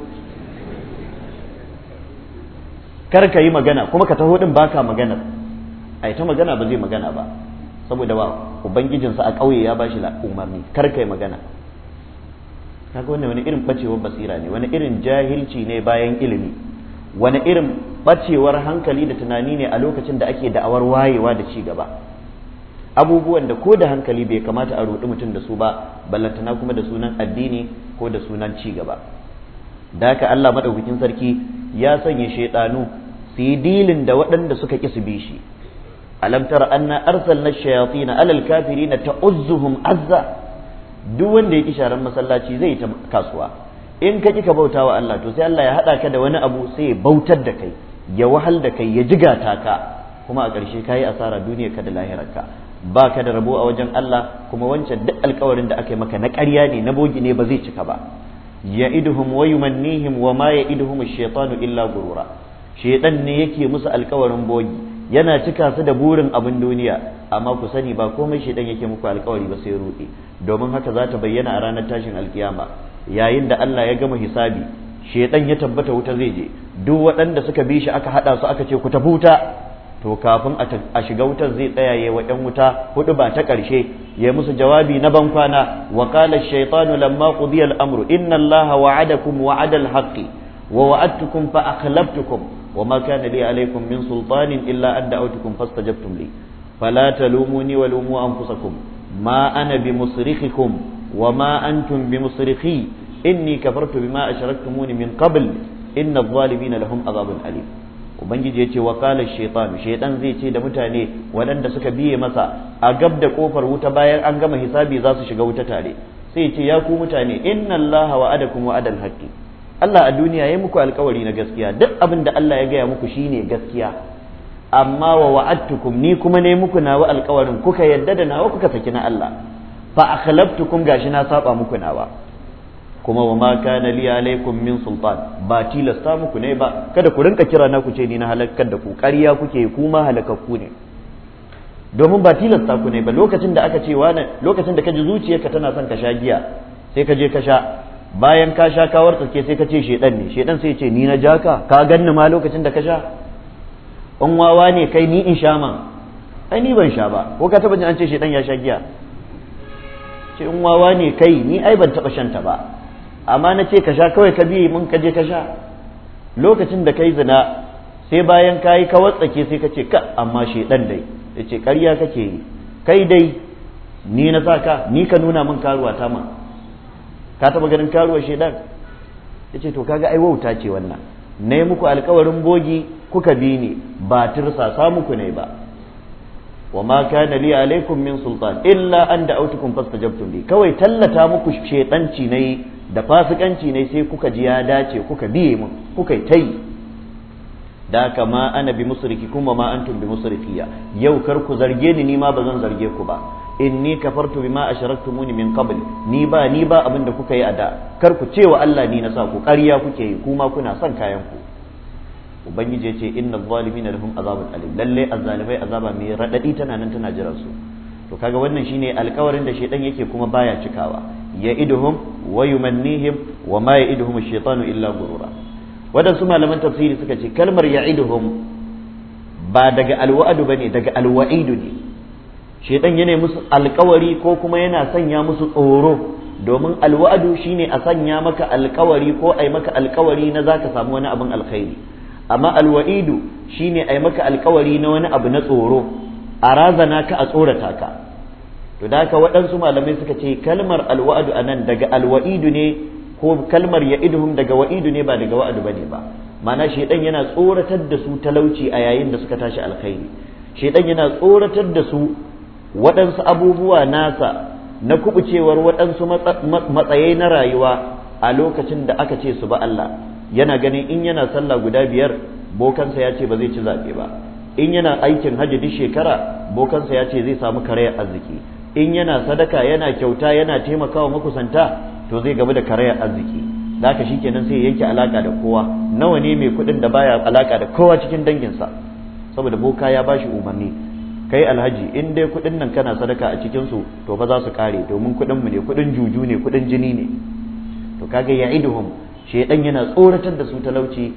kar ka yi magana kuma ka taho din baka maganar ai ta magana ba zai magana ba saboda ba ubangijinsa a ƙauye ya bashi umarni kar kai magana kaga wannan wani irin bacewar basira ne wani irin jahilci ne bayan ilimi wani irin bacewar hankali da tunani ne a lokacin da ake da'awar wayewa da ci gaba abubuwan da ko da hankali bai kamata a roɗi mutum da su ba ballantana kuma da sunan addini ko da sunan ci gaba da haka Allah madaukakin sarki ya sanya shaidanu su yi dilin da waɗanda suka ƙi su bi shi Alamtar alam tara anna arsalna shayatin alal kafirina ta'uzzuhum azza duk wanda ya ki sharan masallaci zai ta kasuwa in ka ki ka bauta wa Allah to sai Allah ya hada ka da wani abu sai ya bautar da kai ya wahal da kai ya jigata ka kuma a ƙarshe ka yi asara duniyar ka da lahirarka ba ka da rabo a wajen Allah kuma wancan duk alkawarin da aka yi maka na ƙarya ne na bogi ne ba zai cika ba ya'iduhum wa yumannihim wa ma ya'iduhum ash-shaytanu illa gurura shaytan ne yake musu alkawarin bogi yana cika su da burin abin duniya amma ku sani ba komai shi dan yake muku alkawari ba sai ruɗe domin haka za ta bayyana a ranar tashin alkiyama yayin da Allah ya gama hisabi shedan ya tabbata wuta zai je duk waɗanda suka bi shi aka haɗa su aka ce ku tafi wuta to kafin a shiga wutar zai tsayaye wa ɗan wuta hudu ba ta ƙarshe ya musu jawabi na ban kwana wa qala ash-shaytanu lamma qudiya al-amru inna allaha wa'adakum wa'ada al-haqqi wa wa'adtukum fa akhlaftukum وما كان لي عليكم من سلطان إلا أن دعوتكم فاستجبتم لي فلا تلوموني ولوموا أنفسكم ما أنا بمصرخكم وما أنتم بمصرخي إني كفرت بما أشركتموني من قبل إن الظالمين لهم عذاب أليم ubangiji ya ce wa kala shaitan shaitan zai ce da mutane waɗanda suka biye masa a gab da kofar wuta bayan an gama hisabi za su shiga wuta tare sai ce ya ku mutane inna allaha wa'adakum wa'adal haqqi Allah a duniya ya muku alkawari na gaskiya duk abin da Allah ya gaya muku shine gaskiya amma wa wa'adtukum ni kuma ne muku nawa alkawarin kuka yadda da nawa kuka saki na Allah fa akhlaftukum gashi na saba muku nawa kuma wa ma kana li alaikum min sultan ba tilasta muku ne ba kada ku rinka kira na ku ce ni na halakkar da ku ƙarya kuke ku ma halakakku ne domin ba tilasta ku ne ba lokacin da aka ce wani lokacin da ka ji zuciyarka tana son ka sha giya sai ka je ka sha bayan ka sha ka wartsake sai ka ce shedan ne shedan sai ce ni na ja ka ka ganni ma lokacin da ka sha in wawa ne kai ni in sha ma ai ni ban sha ba ko ka taba jin an ce shedan ya sha giya ce in wawa ne kai ni ai ban taba shanta ba amma na ce ka sha kawai ka biye mun ka je ka sha lokacin da kai zina sai bayan ka yi ka watsake sai ka ce ka amma shedan dai ya ce ƙarya kake yi kai dai ni na sa ka ni ka nuna min karuwa ta ma ka taba ganin karuwar shedan ya ce to kaga ai wauta ce wannan na yi muku alkawarin bogi kuka bi ni ba samu muku ne ba wa ma kana li alaikum min sultan illa an da'awtukum fastajabtum li kawai tallata muku shedanci ne da fasikanci ne sai kuka ji ya dace kuka biye mu kuka yi tayi da haka ma ana bi musriki kuma ma antum bi musrikiya yau kar ku zarge ni ni ma ba zan zarge ku ba inni kafartu bima asharaktumuni min qabl ni ba ni ba abin da kuka yi a da kar ku cewa Allah ni na sa ku ƙarya kuke yi kuma kuna son kayan ku ubangiji ya ce innal zalimina lahum azabun alim lalle azzalimai azaba mai radadi tana nan tana jiran su to kaga wannan shine alkawarin da shedan yake kuma baya cikawa ya iduhum wa yumannihim wa ma ya iduhum ash-shaytanu illa gurura waɗansu malaman tafsiri suka ce kalmar ya'iduhum ba daga alwa'adu bane daga alwa'idu ne shedan yana musu alkawari ko kuma yana sanya musu tsoro domin alwa'adu shine a sanya maka alkawari ko ai maka alkawari na zaka samu wani abin alkhairi amma alwa'idu shine ai maka alkawari na wani abu na tsoro a razana ka a tsorata ka to da haka waɗansu malamai suka ce kalmar alwa'adu a nan daga alwa'idu ne ko kalmar ya idhum daga wa'idu ne ba daga wa'adu bane ba ma'ana shaidan yana tsoratar da su talauci a yayin da suka tashi alkhairi shaidan yana tsoratar da su waɗansu abubuwa nasa na kubucewar waɗansu matsayai na rayuwa a lokacin da aka ce su ba Allah yana ganin in yana sallah guda biyar bokansa ya ce ba zai ci zaɓe ba in yana aikin hajji duk shekara bokansa ya ce zai samu karayar arziki in yana sadaka yana kyauta yana taimakawa makusanta to zai gaba da karayar arziki da haka shikenan sai yanke alaka da kowa nawa ne mai kuɗin da baya alaka da kowa cikin danginsa saboda boka ya bashi umarni kai alhaji in dai kuɗin nan kana sadaka a cikin su to ba za su kare domin kuɗin mu ne kuɗin juju ne kuɗin jini ne to kaga iduhum shedan yana tsoratar da su talauci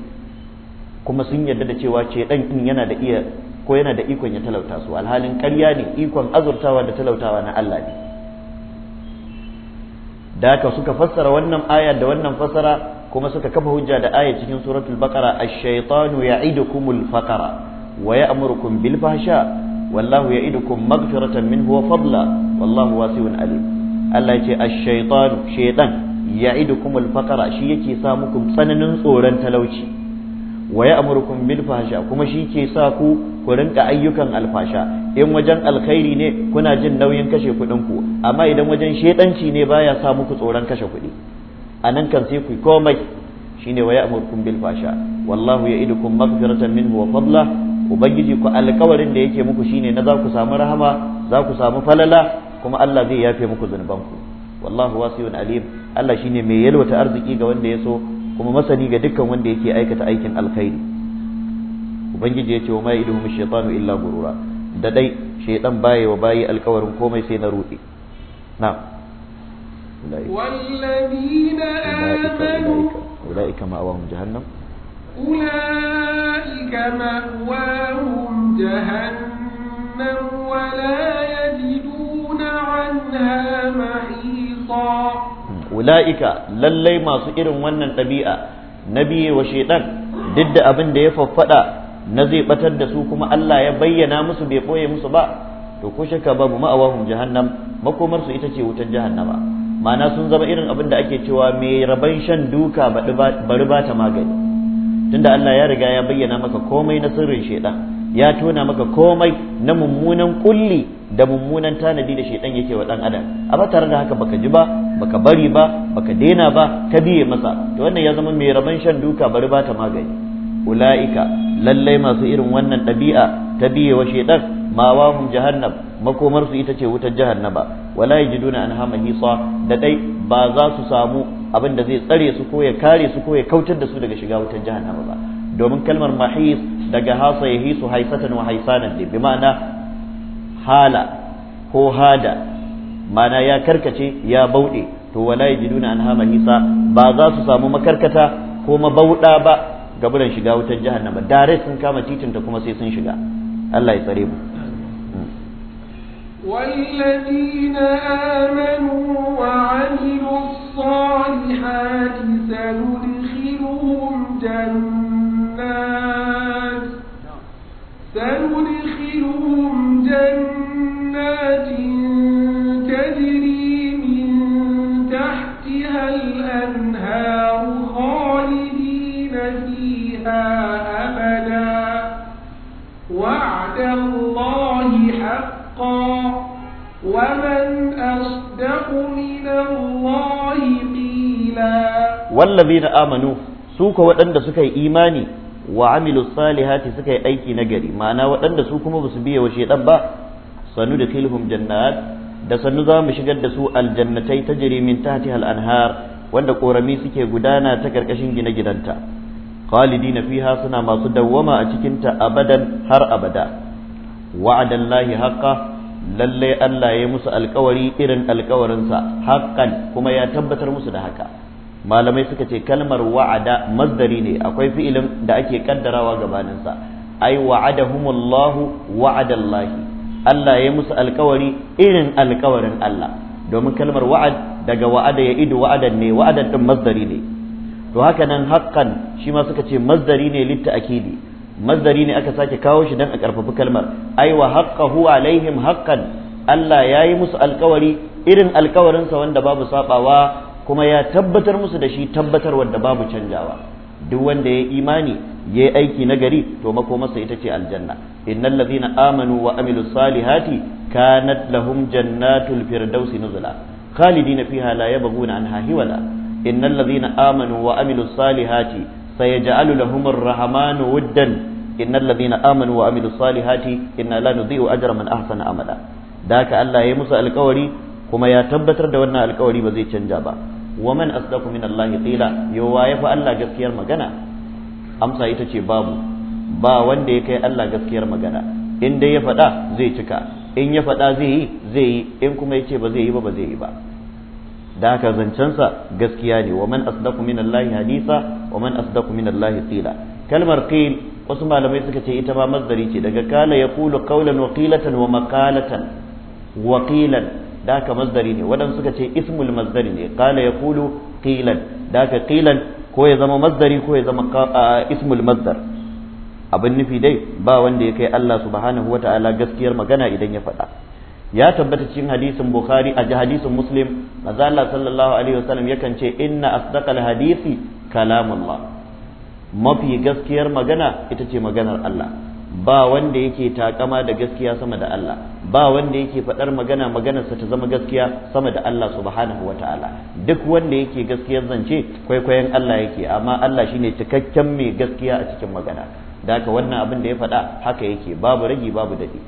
kuma sun yarda da cewa shedan din yana da iya ko yana da ikon ya talauta su alhalin karya ne ikon azurtawa da talautawa na Allah ne da haka suka fassara wannan aya da wannan fassara kuma suka kafa hujja da aya cikin suratul baqara ash-shaytanu ya'idukumul faqara wa ya'murukum bil fahsha wallahu ya'idukum maghfiratan minhu wa fadla wallahu wasi'un alim Allah ya ce ash-shaytanu shaytan ya'idukumul faqara shi yake sa muku tsananin tsoron talauci wa amurkun bil fahsha kuma shi ke sa ku ku rinka ayyukan alfasha in wajen alkhairi ne kuna jin nauyin kashe kuɗin ku amma idan wajen shedanci ne baya sa muku tsoron kashe kuɗi anan kan sai ku komai shine wa ya'murukum bil fahsha wallahu ya'idukum maghfiratan minhu wa fadla ubangiji ku alkawarin da yake muku shine na za ku samu rahama za ku samu falala kuma Allah zai yafe muku zunubanku wallahu wasi'un alim Allah shine mai yalwata arziki ga wanda ya so kuma masani ga dukkan wanda yake aikata aikin alkhairi ubangiji ya ce wa ma'iduhum shaytanu illa gurura da dai shaytan baya wa bayi alkawarin komai sai na ruɗe na'am والذين آمنوا أولئك مأواهم جهنم أولئك مأواهم جهنم ولا يجدون عنها محيطا ula'ika lallai masu irin wannan ɗabi'a na biye wa shaidan duk da abin da ya faffada na zai batar da su kuma Allah ya bayyana musu bai ɓoye musu ba to ko shakka babu ma'awahum jahannam makomar su ita ce wutar jahannama ma'ana sun zama irin abin da ake cewa mai raban shan duka bari ba ta magani tunda Allah ya riga ya bayyana maka komai na sirrin shaidan ya tona maka komai na mummunan kulli da mummunan tanadi da shaidan yake wa dan adam ba tare da haka baka ji ba baka bari ba baka daina ba ka biye masa to wannan ya zama mai raban shan duka bari ba ta magani ulaika lallai masu irin wannan ɗabi'a ta biye wa shaidan wahum jahannam makomar su ita ce wutar jahannama wala yajiduna anha mahisa da dai ba za su samu abin da zai tsare su ko ya kare su ko ya kautar da su daga shiga wutar jahannama ba domin kalmar mahis daga hasa ya hisu haisatan wa haisanan bi ma'ana hala ko hada mana ya karkace ya bauɗe to wala an hama nisa ba za su samu makarkata ko mabauɗa ba gaburan shiga wutar jahannama dare sun kama titinta kuma sai sun shiga Allah ya tsare mu hmm. والذين آمنوا وعملوا الصالحات سندخلهم جنات سندخلهم جنات تجري من تحتها الأنهار خالدين فيها أبدا وعد الله حقا ومن أصدق من الله قيلا والذين آمنوا سوك وأن سكي إيماني wa amilu salihati suka yi aiki na gari ma'ana waɗanda su kuma basu biye wa shedan ba sanu da kilhum jannat da sannu za mu shigar da su aljannatai ta jiri min tahtiha hal anhar wanda korami suke gudana ta karkashin gine gidanta khalidina fiha suna masu dawwama a cikin ta abadan har abada wa'adallahi haqqan lalle Allah ya musu alkawari irin alkawarinsa haqqan kuma ya tabbatar musu da haka malamai suka ce kalmar wa'ada masdari ne akwai fi'ilin da ake kaddarawa gabaninsa ai wa'adahumullahu wa'adallahi Allah ya musu alkawari irin alkawarin Allah domin kalmar wa'ad daga wa'ada ya idu wa'adan ne wa'adan din masdari ne to haka nan haqqan shi ma suka ce masdari ne litta akidi masdari ne aka sake kawo shi dan a karfafi kalmar ai wa haqqahu alaihim haqqan Allah ya yi musu alkawari irin alkawarinsa wanda babu sabawa kuma ya tabbatar musu da shi tabbatar wadda babu canjawa duk wanda ya imani ya aiki na gari to makomarsa ita ce aljanna innal ladhina amanu wa amilus salihati kanat lahum jannatul firdausi nuzula khalidina fiha la yabghuna anha hiwala innal ladhina amanu wa amilus salihati sayaj'alu lahumur rahmanu wuddan innal ladhina amanu wa amilus salihati inna la nudhi'u ajra man ahsana amala da haka Allah ya musu alkawari kuma ya tabbatar da wannan alkawari ba zai canja ba wa man asdaqu min Allah qila yawa ya Allah gaskiyar magana amsa ita ce babu ba wanda ya kai Allah gaskiyar magana in dai ya faɗa zai cika in ya faɗa zai yi zai yi in kuma ya ce ba zai yi ba ba zai yi ba da haka zancensa gaskiya ne wa man asdaqu min Allah hadisa wa asdaqu min Allah qila kalmar qil wasu malamai suka ce ita ma mazari ce daga kala yaqulu qawlan wa qilatan wa maqalatan wa qilan da haka masdari ne waɗansu suka ce ismul masdari ne qala yaqulu qilan da haka qilan ko ya zama masdari ko ya zama ismul abin nufi dai ba wanda ya kai Allah subhanahu wata'ala gaskiyar magana idan ya faɗa ya tabbata cikin hadisin bukhari a hadisin muslim manzo Allah sallallahu alaihi wasallam yakan ce inna asdaqal hadisi kalamullah mafi gaskiyar magana ita ce maganar Allah ba wanda yake takama da gaskiya sama da Allah ba wanda yake faɗar magana maganarsa ta zama gaskiya sama da Allah subhanahu wataala duk wanda yake gaskiyar zance kwaikwayon Allah yake amma Allah shine cikakken mai gaskiya a cikin magana da haka wannan abin da ya faɗa haka yake babu ragi babu dadi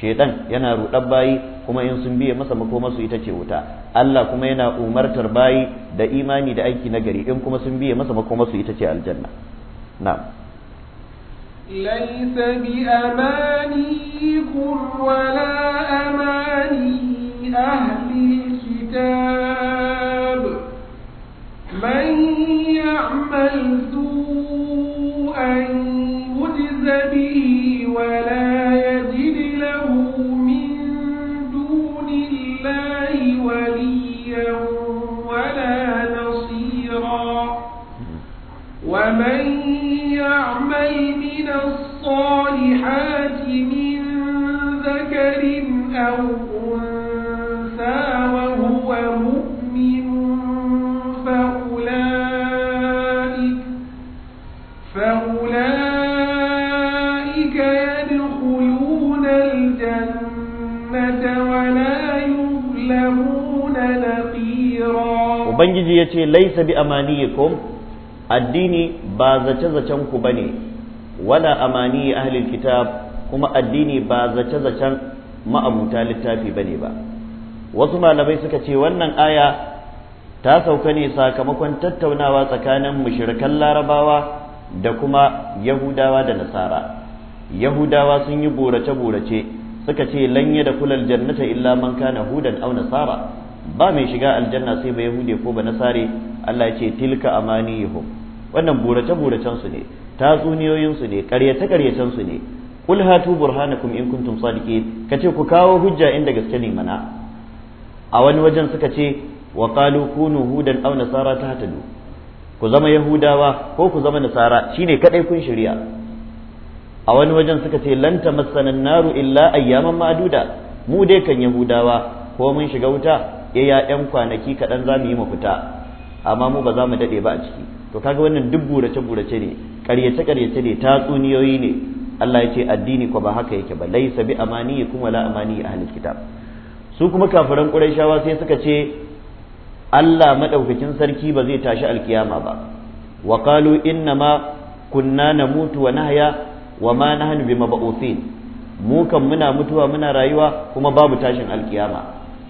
shaitan yana ruɗar bayi kuma in sun biye masa makomarsu ita ce wuta Allah kuma yana umartar bayi da imani da aiki na gari in kuma sun biye masa makomarsu ita ce aljanna na'am ليس بأمانيكم ولا أماني أهل الكتاب من يعمل سوءا يجز به ولا يجد له من دون الله وليا ولا نصيرا ومن يعمل من الصالحات من ذكر أو أنثى وهو مؤمن فأولئك, فأولئك يدخلون الجنة ولا يظلمون نقيرا وبنجي يتي ليس بأمانيكم addini ba zace-zacen ku bane wala amani ahlil kitab kuma addini ba zace-zacen ma'abuta littafi ba ne ba wasu malamai suka ce wannan aya ta sauka ne sakamakon tattaunawa tsakanin mushrikan larabawa da kuma yahudawa da nasara yahudawa sun yi burace-burace suka ce lanye da kulal jannata illa man kana hudan aw nasara ba mai shiga aljanna sai ba yahude ko ba nasare Allah ya ce tilka amaniyuhum wannan burace buracen su ne tatsuniyoyinsu su ne karyace karyacen su ne kul hatu burhanakum in kuntum sadiqin kace ku kawo hujja inda gaske ne mana a wani wajen suka ce wa qalu kunu hudan aw nasara tahtadu ku zama yahudawa ko ku zama nasara shine kadai kun shirya a wani wajen suka ce lan tamassana naru illa ayyaman ma'duda mu dai kan yahudawa ko mun shiga wuta ya yan kwanaki kaɗan za mu yi mafita? amma mu ba za mu daɗe ba a ciki to kaga wannan duk burace burace ne ƙaryace ƙaryace ne tatsuniyoyi ne Allah ya ce addini ko ba haka yake ba laisa bi kuma wala amani ahli kitab su kuma kafiran quraishawa sai suka ce Allah madaukakin sarki ba zai tashi alkiyama ba wa qalu ma kunna namutu wa nahya wa ma nahnu mab'uthin mu kan muna mutuwa muna rayuwa kuma babu tashin alkiyama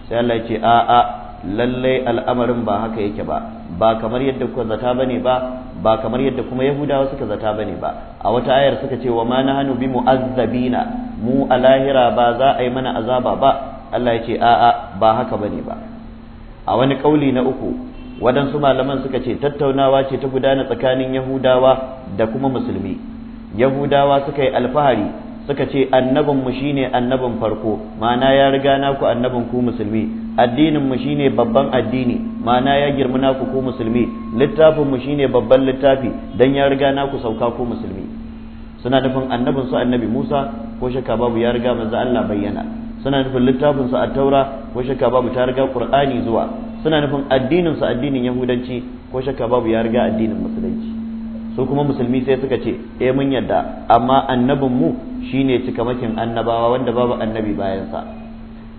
sai Allah ya ce a'a lallai al'amarin ba haka yake ba ba kamar yadda kuka zata bane ba ba kamar yadda kuma yahudawa suka zata bane ba a wata ayar suka ce wa ma hannu bi mu'azzabina mu a lahira ba za a yi mana azaba ba Allah ya ce a'a ba haka bane ba a wani kauli na uku waɗansu malaman suka ce tattaunawa ce ta gudana tsakanin yahudawa da kuma musulmi yahudawa suka yi alfahari suka ce annabinmu shine annabin farko ma'ana ya riga naku annabin ku musulmi addininmu shine babban addini ma'ana ya girma naku ku musulmi littafinmu shine babban littafi dan ya riga naku sauka ku musulmi suna nufin annabin su annabi Musa ko shakka babu ya riga manzo Allah bayyana suna nufin littafin su at-taura ko shakka babu ta riga qur'ani zuwa suna nufin addinin su addinin yahudanci ko shakka babu ya riga addinin musulunci su kuma musulmi sai suka ce eh mun yadda amma annabin mu shine cikamakin annabawa wanda babu annabi bayansa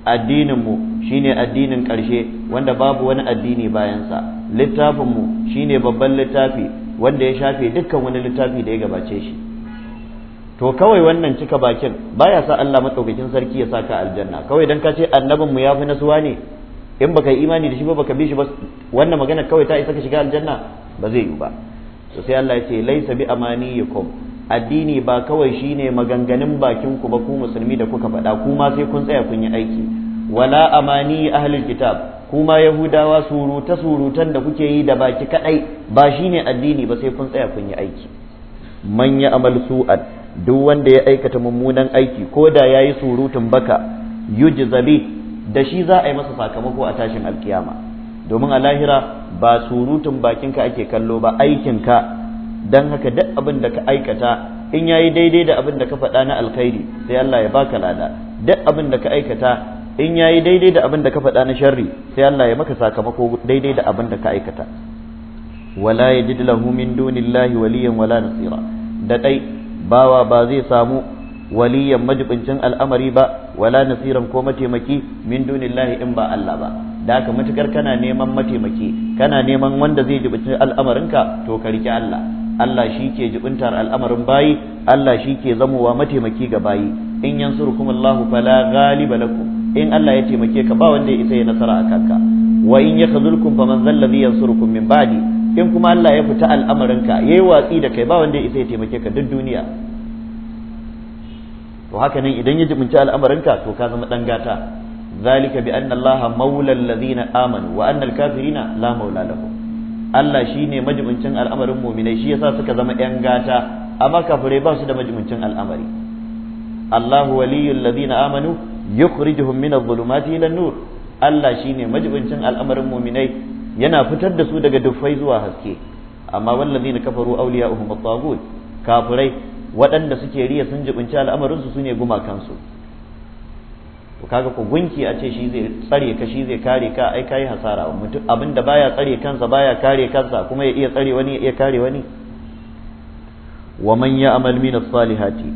addinin mu shine addinin karshe wanda babu wani addini bayansa littafin mu shine babban littafi wanda ya shafe dukkan wani littafi da ya gabace shi to kawai wannan cika bakin baya sa Allah matsaukakin sarki ya saka aljanna kawai dan ka ce annabin mu fi nasuwa ne in baka yi imani da shi ba baka bi shi ba wannan magana kawai ta isa ka shiga aljanna ba zai yi ba to sai Allah ya ce laisa bi amaniyikum addini ba kawai shine maganganun bakin ku ba ku musulmi da kuka faɗa kuma sai kun tsaya kun yi aiki wala amani ahlul kitab kuma yahudawa suruta surutan da kuke yi da baki kadai ba shine addini ba sai kun tsaya kun yi aiki man ya amal su'at duk wanda ya aikata mummunan aiki ko da yayi surutun baka yujzabi da shi za a yi masa sakamako a tashin alkiyama domin a lahira ba surutun bakinka ake kallo ba aikinka don haka duk abin da ka aikata in ya yi daidai da abin da ka faɗa na alkhairi sai Allah ya baka lada duk abin da ka aikata in ya yi daidai da abin da ka faɗa na sharri sai Allah ya maka sakamako daidai da abin da ka aikata wala ya yajid lahu min dunillahi waliyan wala nasira da dai bawa ba zai samu waliyan majibincin al'amari ba wala nasiran ko mataimaki min dunillahi in ba Allah ba da matukar kana neman mataimaki kana neman wanda zai jibinci al'amarinka to ka riki Allah Allah shi ke jibintar al'amarin bayi Allah shi ke zamowa mataimaki ga bayi in yansurukum Allahu fala ghaliba lakum in Allah ya taimake ka ba wanda ya isa ya nasara a kanka wa in yakhzulkum faman zal ladhi yansurukum min ba'di in kuma Allah ya fita al'amarinka yayi watsi da kai ba wanda ya isa ya taimake ka duk duniya to haka nan idan ya jibinci al'amarinka to ka zama dan gata ذلك بأن الله مولى الذين آمنوا وأن الكافرين لا مولى لهم Allah shi ne majibincin al'amarin muminai shi yasa suka zama ‘yan gata amma kafirai ba su da majibincin al'amari Allahu waliyul ladina amanu yukhrijuhum min adh-dhulumati ila nur Allah shi ne majibincin al'amarin muminai yana fitar da su daga duffai zuwa haske amma wallazina kafaru awliya'uhum at-taghut kafirai waɗanda suke riya sun jibinci al'amarin su sune gumakansu to kaga ko gunki a ce shi zai tsare ka shi zai kare ka ai kai hasara mutum abin da baya tsare kansa baya kare kansa kuma ya iya tsare wani ya iya kare wani wa man ya'mal min as-salihati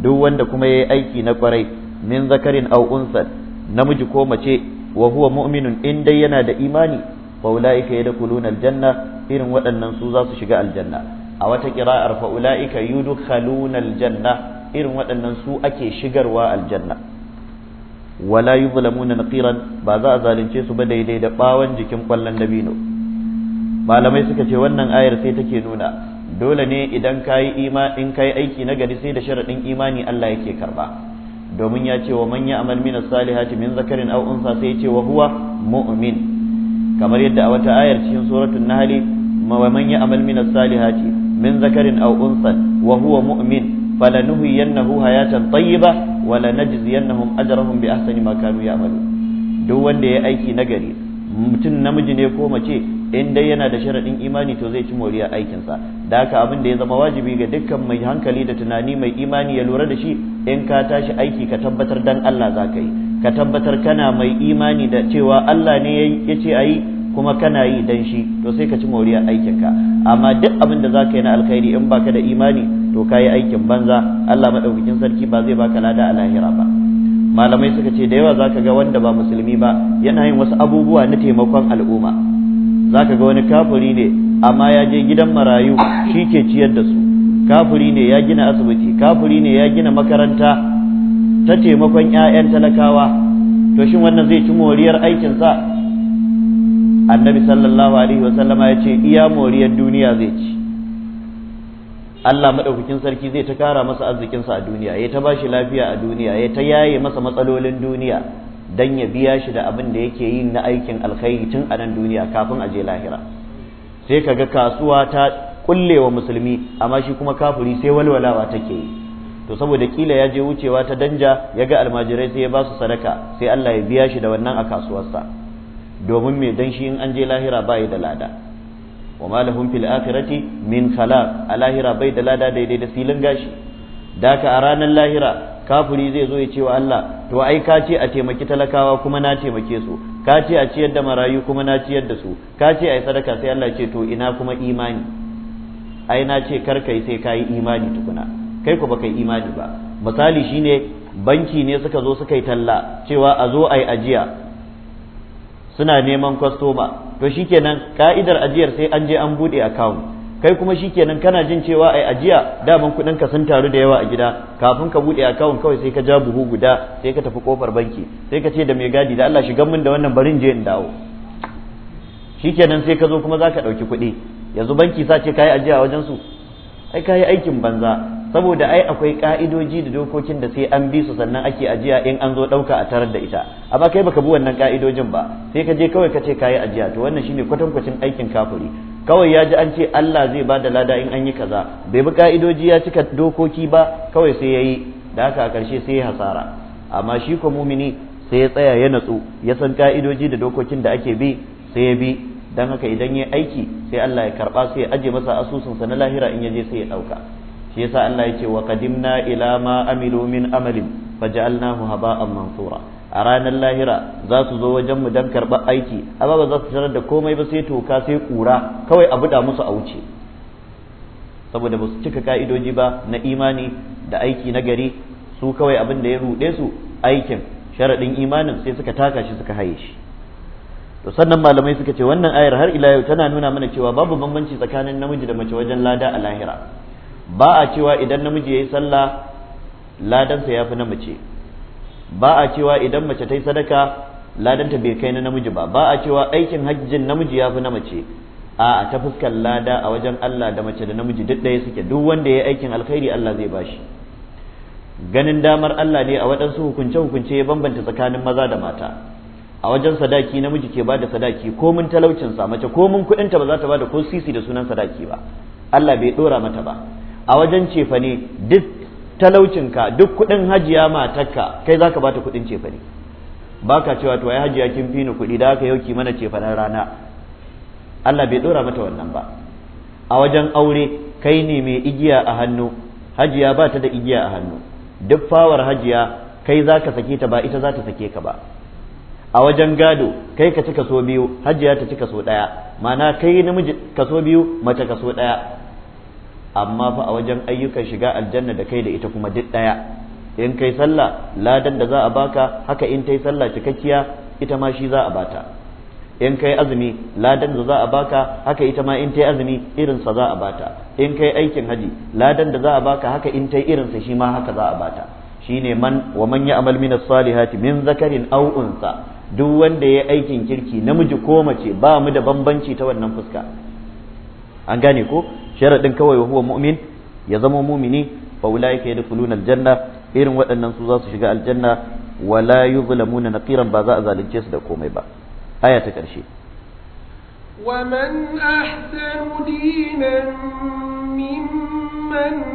duk wanda kuma yayi aiki na kwarai min zakarin aw unsa namiji ko mace wa huwa mu'minun in dai yana da imani fa ulaika yadkhuluna al-janna irin waɗannan su za su shiga aljanna a wata qira'ar fa ulaika yudkhaluna al-janna irin waɗannan su ake shigarwa aljanna wala yuzlamuna naqiran ba za a zalunce su ba daidai da bawan jikin kwallon dabino malamai suka ce wannan ayar sai take nuna dole ne idan kayi yi in kayi aiki na gari sai da sharaɗin imani Allah yake karba domin ya ce wa manya ya'mal min salihati min zakarin aw unsa sai ce wa huwa mu'min kamar yadda a wata ayar cikin suratul nahl wa man ya'mal min as-salihati min zakarin aw unsa wa huwa mu'min falanuhyiyannahu hayatan tayyibah wala najziyannahum ajrahum bi ahsani ma kanu ya'malu duk wanda ya aiki nagari mutum namiji ne ko mace in dai yana da sharaɗin imani to zai ci aikin aikinsa da haka abin da ya zama wajibi ga dukkan mai hankali da tunani mai imani ya lura da shi in ka tashi aiki ka tabbatar dan Allah za ka yi ka tabbatar kana mai imani da cewa Allah ne ya ce a yi kuma kana yi dan shi to sai ka ci moriyar aikinka amma duk abin da ka yi na alkhairi in baka da imani to ka yi aikin banza Allah madaukakin sarki ba zai baka lada a lahira ba malamai suka ce da yawa zaka ga wanda ba musulmi ba yana yin wasu abubuwa na taimakon al'umma zaka ga wani kafiri ne amma ya je gidan marayu shi ke ciyar da su kafiri ne ya gina asibiti kafiri ne ya gina makaranta ta taimakon 'ya'yan talakawa to shin wannan zai ci moriyar aikinsa annabi sallallahu alaihi wasallama ya ce iya moriyar duniya zai ci Allah maɗaukakin sarki zai ta kara masa arzikinsa a duniya ya ta bashi lafiya a duniya ya ta yaye masa matsalolin duniya don ya biya shi da abin da yake yi na aikin alkhairi tun a nan duniya kafin a je lahira sai ga kasuwa ta ƙulle wa musulmi amma shi kuma kafuri sai walwalawa take yi to saboda kila ya je wucewa ta danja ya ga almajirai sai ya ba su sadaka sai Allah ya biya shi da wannan a kasuwarsa domin me dan shi in an je lahira bai da lada wa ma lahum fil akhirati min khalaq a lahira bai da lada daidai da filin gashi daka a ranar lahira kafiri zai zo ya ce wa Allah to ai ka ce a taimaki talakawa kuma na taimake su ka ce a ciyar da marayu kuma na ciyar da su ka ce ai sadaka sai Allah ce to ina kuma imani ai na ce kar kai sai kai imani tukuna kai ku baka imani ba misali shine banki ne suka zo suka yi talla cewa a zo ai ajiya suna neman kwastoma to shikenan ka'idar ajiyar sai an je an bude account kai kuma shikenan kana jin cewa ai ajiya daman kudin ka sun taru da yawa a gida kafin ka bude account kawai sai ka ja buhu guda sai ka tafi kofar banki sai ka ce da mai gadi da Allah shigan min da wannan barin je in dawo shikenan sai ka zo kuma za ka ɗauki kuɗi yanzu banki sa ce kai ajiya wajen su ai kai aikin banza saboda ai akwai ka'idoji da dokokin da sai an bi su sannan ake ajiya in an zo ɗauka a tarar da ita amma kai baka bi wannan ka'idojin ba sai ka je kawai ka ce kayi ajiya to wannan shine kwatankwacin aikin kafuri kawai ya ji an ce Allah zai ba da lada in an yi kaza bai bi ka'idoji ya cika dokoki ba kawai sai ya yi da haka a ƙarshe sai ya hasara amma shi ko mumini sai ya tsaya ya natsu ya san ka'idoji da dokokin da ake bi sai ya bi dan haka idan ya aiki sai Allah ya karba sai ya aje masa asusunsa na lahira in ya je sai ya ɗauka shi yasa Allah yake wa qadimna ila ma amilu min amalin faj'alnahu haba'an mansura a ranar lahira za su zo wajen mu dan karɓar aiki amma ba za su tarar da komai ba sai toka sai kura kawai a buɗa musu a wuce saboda ba su cika ka'idoji ba na imani da aiki na gari su kawai abin da ya ruɗe su aikin sharaɗin imanin sai suka taka shi suka haye shi to sannan malamai suka ce wannan ayar har ila yau tana nuna mana cewa babu bambanci tsakanin namiji da mace wajen lada a lahira ba a cewa idan namiji ya yi sallah ladansa ya fi na mace ba a cewa idan mace ta yi sadaka ladanta bai kai na namiji ba ba a cewa aikin hajjin namiji ya fi na mace a ta fuskar lada a wajen Allah da mace da namiji duk ɗaya suke duk wanda ya yi aikin alkhairi Allah zai bashi ganin damar Allah ne a waɗansu hukunce hukunce ya bambanta tsakanin maza da mata a wajen sadaki namiji ke bada sadaki ko mun talaucinsa mace ko mun kuɗinta ba za ta bada ko sisi da sunan sadaki ba Allah bai ɗora mata ba a wajen cefane duk talaucinka duk kuɗin hajiya matarka kai za ka bata kuɗin cefane ba ka cewa to ai hajiya kin fi kuɗi da aka yauki mana cefanen rana Allah bai ɗora mata wannan ba a wajen aure kai ne mai igiya a hannu hajiya ba ta da igiya a hannu duk fawar hajiya kai za ka sake ta ba ita za ta sake ka ba a wajen gado kai ka ci kaso biyu hajiya ta ci kaso ɗaya Ma'ana kai namiji kaso biyu mace kaso ɗaya amma fa a wajen ayyukan shiga aljanna da kai da ita kuma duk daya in kai sallah ladan da za a baka haka in tai sallah cikakkiya ita ma shi za a bata in kai azumi ladan da za a baka haka ita ma in tai azumi irin sa za a bata in kai aikin haji ladan da za a baka haka in tai irin sa shi ma haka za a bata shine man wa man ya'mal min salihati min zakarin aw unsa duk wanda ya aikin kirki namiji ko mace ba mu da bambanci ta wannan fuska an gane ko sharadin kawai huwa mu'min ya zama mumini fa ulaika yadkhuluna aljanna irin waɗannan su za su shiga aljanna wala yuzlamuna naqiran ba za a zalunce su da komai ba aya ta ƙarshe ومن أحسن دينا ممن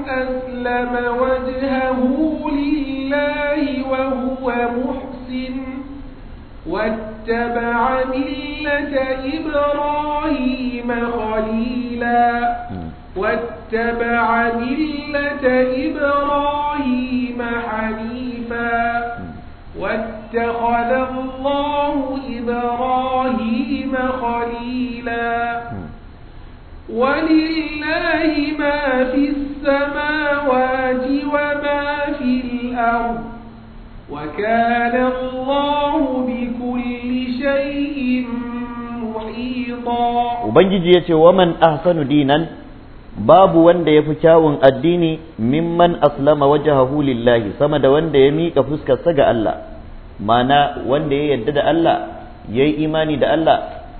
أسلم وجهه لله وهو محسن واتبع ملة إبراهيم خليلا واتبع ملة إبراهيم حنيفا واتخذ الله إبراهيم خليلا ولله ما في السماوات وما في الأرض وكان الله بكل شيء محيطا وبنجي يتي ومن أحسن دينا babu wanda ya fi kyawun addini mimman aslama wajahahu lillahi sama da wanda ya miƙa fuskarsa ga Allah mana wanda ya yarda da Allah ya yi imani da Allah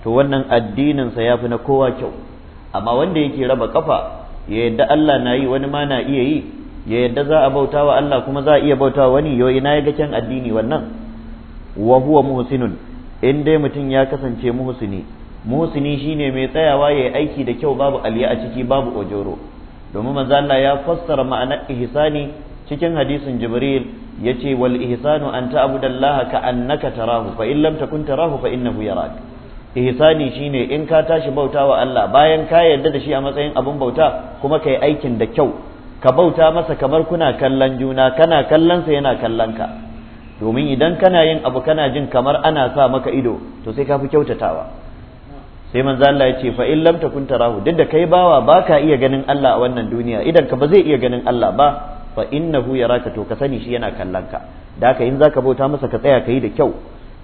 to wannan addininsa ya fi na kowa kyau amma wanda yake raba kafa ya yarda Allah na yi wani ma na iya yi ya yadda za a bauta wa Allah kuma za a iya bauta wani yo ina ya ga can addini wannan wa huwa muhsinun in dai mutum ya kasance muhsini muhsini shine mai tsayawa yayi aiki da kyau babu aliya a ciki babu ojoro domin manzo Allah ya fassara ma'anar ihsani cikin hadisin Jibril yace wal ihsanu an ta'budallaha ka annaka tarahu fa in lam takun tarahu fa innahu yarak ihsani shine in ka tashi bauta wa Allah bayan ka yarda da shi a matsayin abun bauta kuma kai aikin da kyau ka bauta masa kamar kuna kallon juna kana kallonsa yana kallon ka domin idan kana yin abu kana jin kamar ana sa maka ido to sai ka fi kyautatawa sai manzo Allah ya ce fa in lam takun tarahu duk da kai bawa baka iya ganin Allah a wannan duniya idan ka ba zai iya ganin Allah ba fa innahu yaraka to ka sani shi yana kallon ka da haka in zaka bauta masa ka tsaya kai da kyau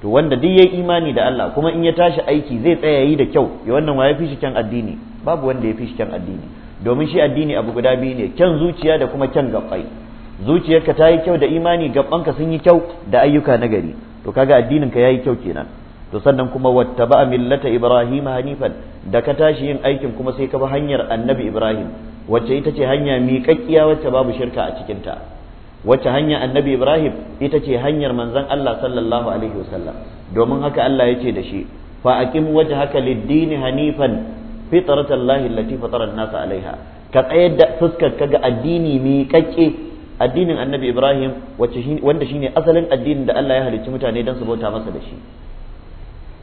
to wanda duk yayi imani da Allah kuma in ya tashi aiki zai tsaya yi da kyau ya wannan wa ya fi shi addini babu wanda ya fi shi addini domin shi addini abu guda biyu ne kyan zuciya da kuma kyan gabbai zuciyarka ta yi kyau da imani gabbanka sun yi kyau da ayyuka na gari to kaga addinin ka yi kyau kenan to sannan kuma wattaba millata ibrahim hanifan da ka tashi yin aikin kuma sai ka bi hanyar annabi ibrahim wacce ita ce hanya miƙaƙƙiya wacce babu shirka a cikin ta wacce hanya annabi ibrahim ita ce hanyar manzon Allah sallallahu alaihi wasallam domin haka Allah ya ce da shi fa aqim wajhaka lid-din hanifan fitratan lahi allati fatara alaiha ka tsayar da fuskar ka ga addini mai kakke addinin annabi ibrahim wacce wanda shine asalin addinin da Allah ya halicci mutane dan su bauta masa da shi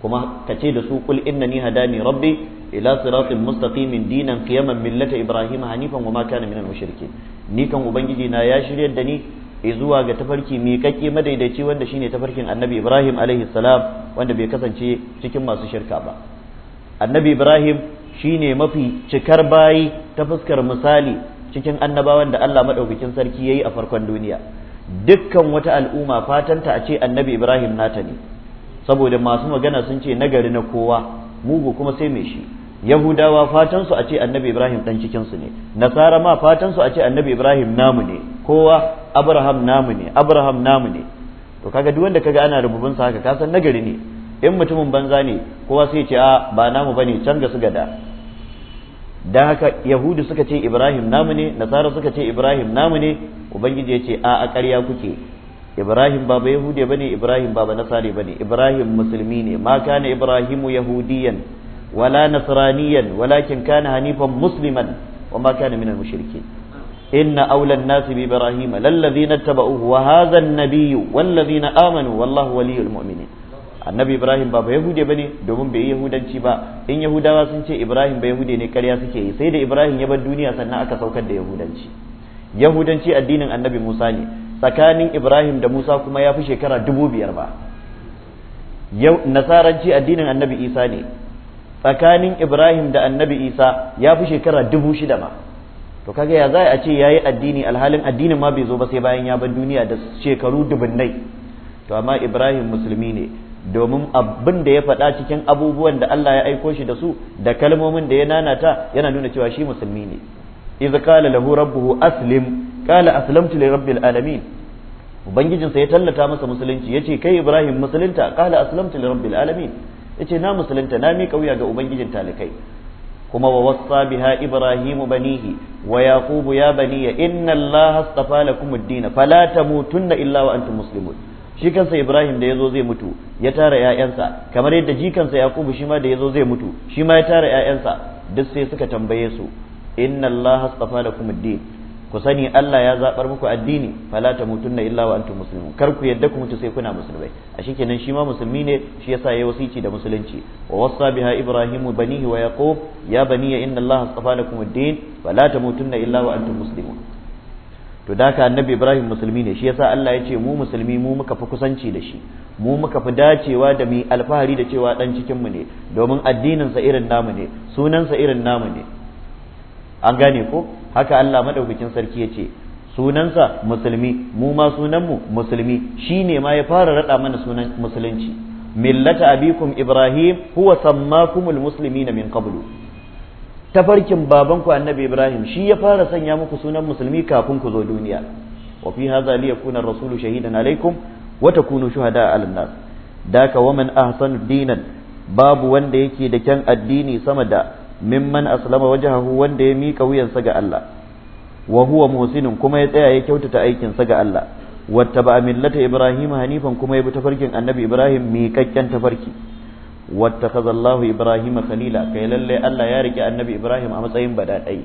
kuma ka ce da su kul innani hadani rabbi ila siratin mustaqimin dinan qiyaman millata ibrahim hanifan wa ma kana minal mushrikin ni kan ubangiji na ya shiryar da ni zuwa ga tafarki mai kakke madaidaici wanda shine tafarkin annabi ibrahim alaihi salam wanda bai kasance cikin masu shirka ba annabi ibrahim Shi ne mafi cikar bayi ta fuskar misali cikin annabawan da Allah maɗaukakin sarki ya yi a farkon duniya dukkan wata al'umma fatanta a ce annabi Ibrahim nata ne saboda masu magana sun ce nagari na kowa mugu kuma sai mai shi yahudawa fatansu a ce annabi ibrahim dan cikinsu ne nasara ma fatansu a ce annabi ibrahim namu ne kowa abraham namu ne abraham namu ne to kaga duk wanda kaga ana rububinsa haka kasan nagari ne in mutumin banza ne kowa sai ce a ah, ba namu bane can ga su gada da haka yahudu suka ce ibrahim namu ne nasara suka ce ibrahim namu ne ubangiji ya ce a a ƙarya kuke ibrahim baba ba ne ibrahim baba nasari ne ibrahim musulmi ne ma kana ibrahimu yahudiyan wala nasraniyan walakin kana hanifan musliman wa ma kana aulan mushrikin إن أولى الناس بإبراهيم للذين اتبعوه وهذا النبي والذين آمنوا والله ولي المؤمنين annabi ibrahim ba yahude bane domin bai yahudanci ba in yahudawa sun ce ibrahim ba yahude ne karya suke yi sai da ibrahim ya bar duniya sannan aka saukar da yahudanci yahudanci addinin annabi musa ne tsakanin ibrahim da musa kuma ya fi shekara dubu biyar ba nasaranci addinin annabi isa ne tsakanin ibrahim da annabi isa ya fi shekara dubu shida ma to kaga ya za a ce ya yi addini alhalin addinin ma bai zo ba sai bayan ya bar duniya da shekaru dubunnai to amma ibrahim musulmi ne domin abin da ya faɗa cikin abubuwan da Allah ya aiko shi da su da kalmomin da ya nanata yana nuna cewa shi musulmi ne idza qala lahu rabbuhu aslim qala aslamtu li rabbil alamin ubangijinsa ya tallata masa musulunci yace kai ibrahim musulunta qala aslamtu li rabbil alamin yace na musulunta na miƙa wuya ga ubangijin talikai kuma wa wassa biha ibrahim banihi wa yakubu ya bani inna allaha astafa lakum ad-din fala tamutunna illa wa antum muslimun shi kansa Ibrahim da yazo zai mutu ya tara 'ya'yansa kamar yadda jikansa Yakubu shi ma da yazo zai mutu shi ma ya tara 'ya'yansa duk sai suka tambaye su inna Allah astafa lakum ad-din ku sani Allah ya zabar muku addini fala tamutunna illa wa antum muslimun kar ku yadda ku mutu sai kuna musulmai a shikenan shi ma musulmi ne shi yasa ya wasici da musulunci wa wassa biha ibrahimu banihi wa yaqub ya baniya inna Allah astafa lakum ad-din fala tamutunna illa wa antum muslimun to da haka annabi ibrahim musulmi ne shi yasa Allah ya ce mu musulmi mu muka fi kusanci da shi mu muka fi dacewa da mu alfahari da cewa dan cikin mu ne domin addinin sa irin namu ne sunansa irin namu ne an gane ko haka Allah madaukakin sarki ya ce sunansa musulmi mu ma sunanmu musulmi shine ma ya fara raɗa mana sunan musulunci millata abikum ibrahim huwa sammakumul muslimina min qablu tafarkin babanku annabi ibrahim shi ya fara sanya muku sunan musulmi kafin ku zo duniya wa fi hadha li yakuna rasulu shahidan alaikum wa takunu shuhada ala nas daka wa man ahsanu dinan babu wanda yake da kyan addini sama da mimman aslama wajahahu wanda ya mika wuyansa ga Allah wa huwa muhsinun kuma ya tsaya ya kyautata aikinsa ga Allah wattaba millata ibrahim hanifan kuma ya bi tafarkin annabi ibrahim miƙaƙƙen tafarki wattakhadha Allahu Ibrahima khalila kai lallai Allah ya rike annabi Ibrahim a matsayin badadai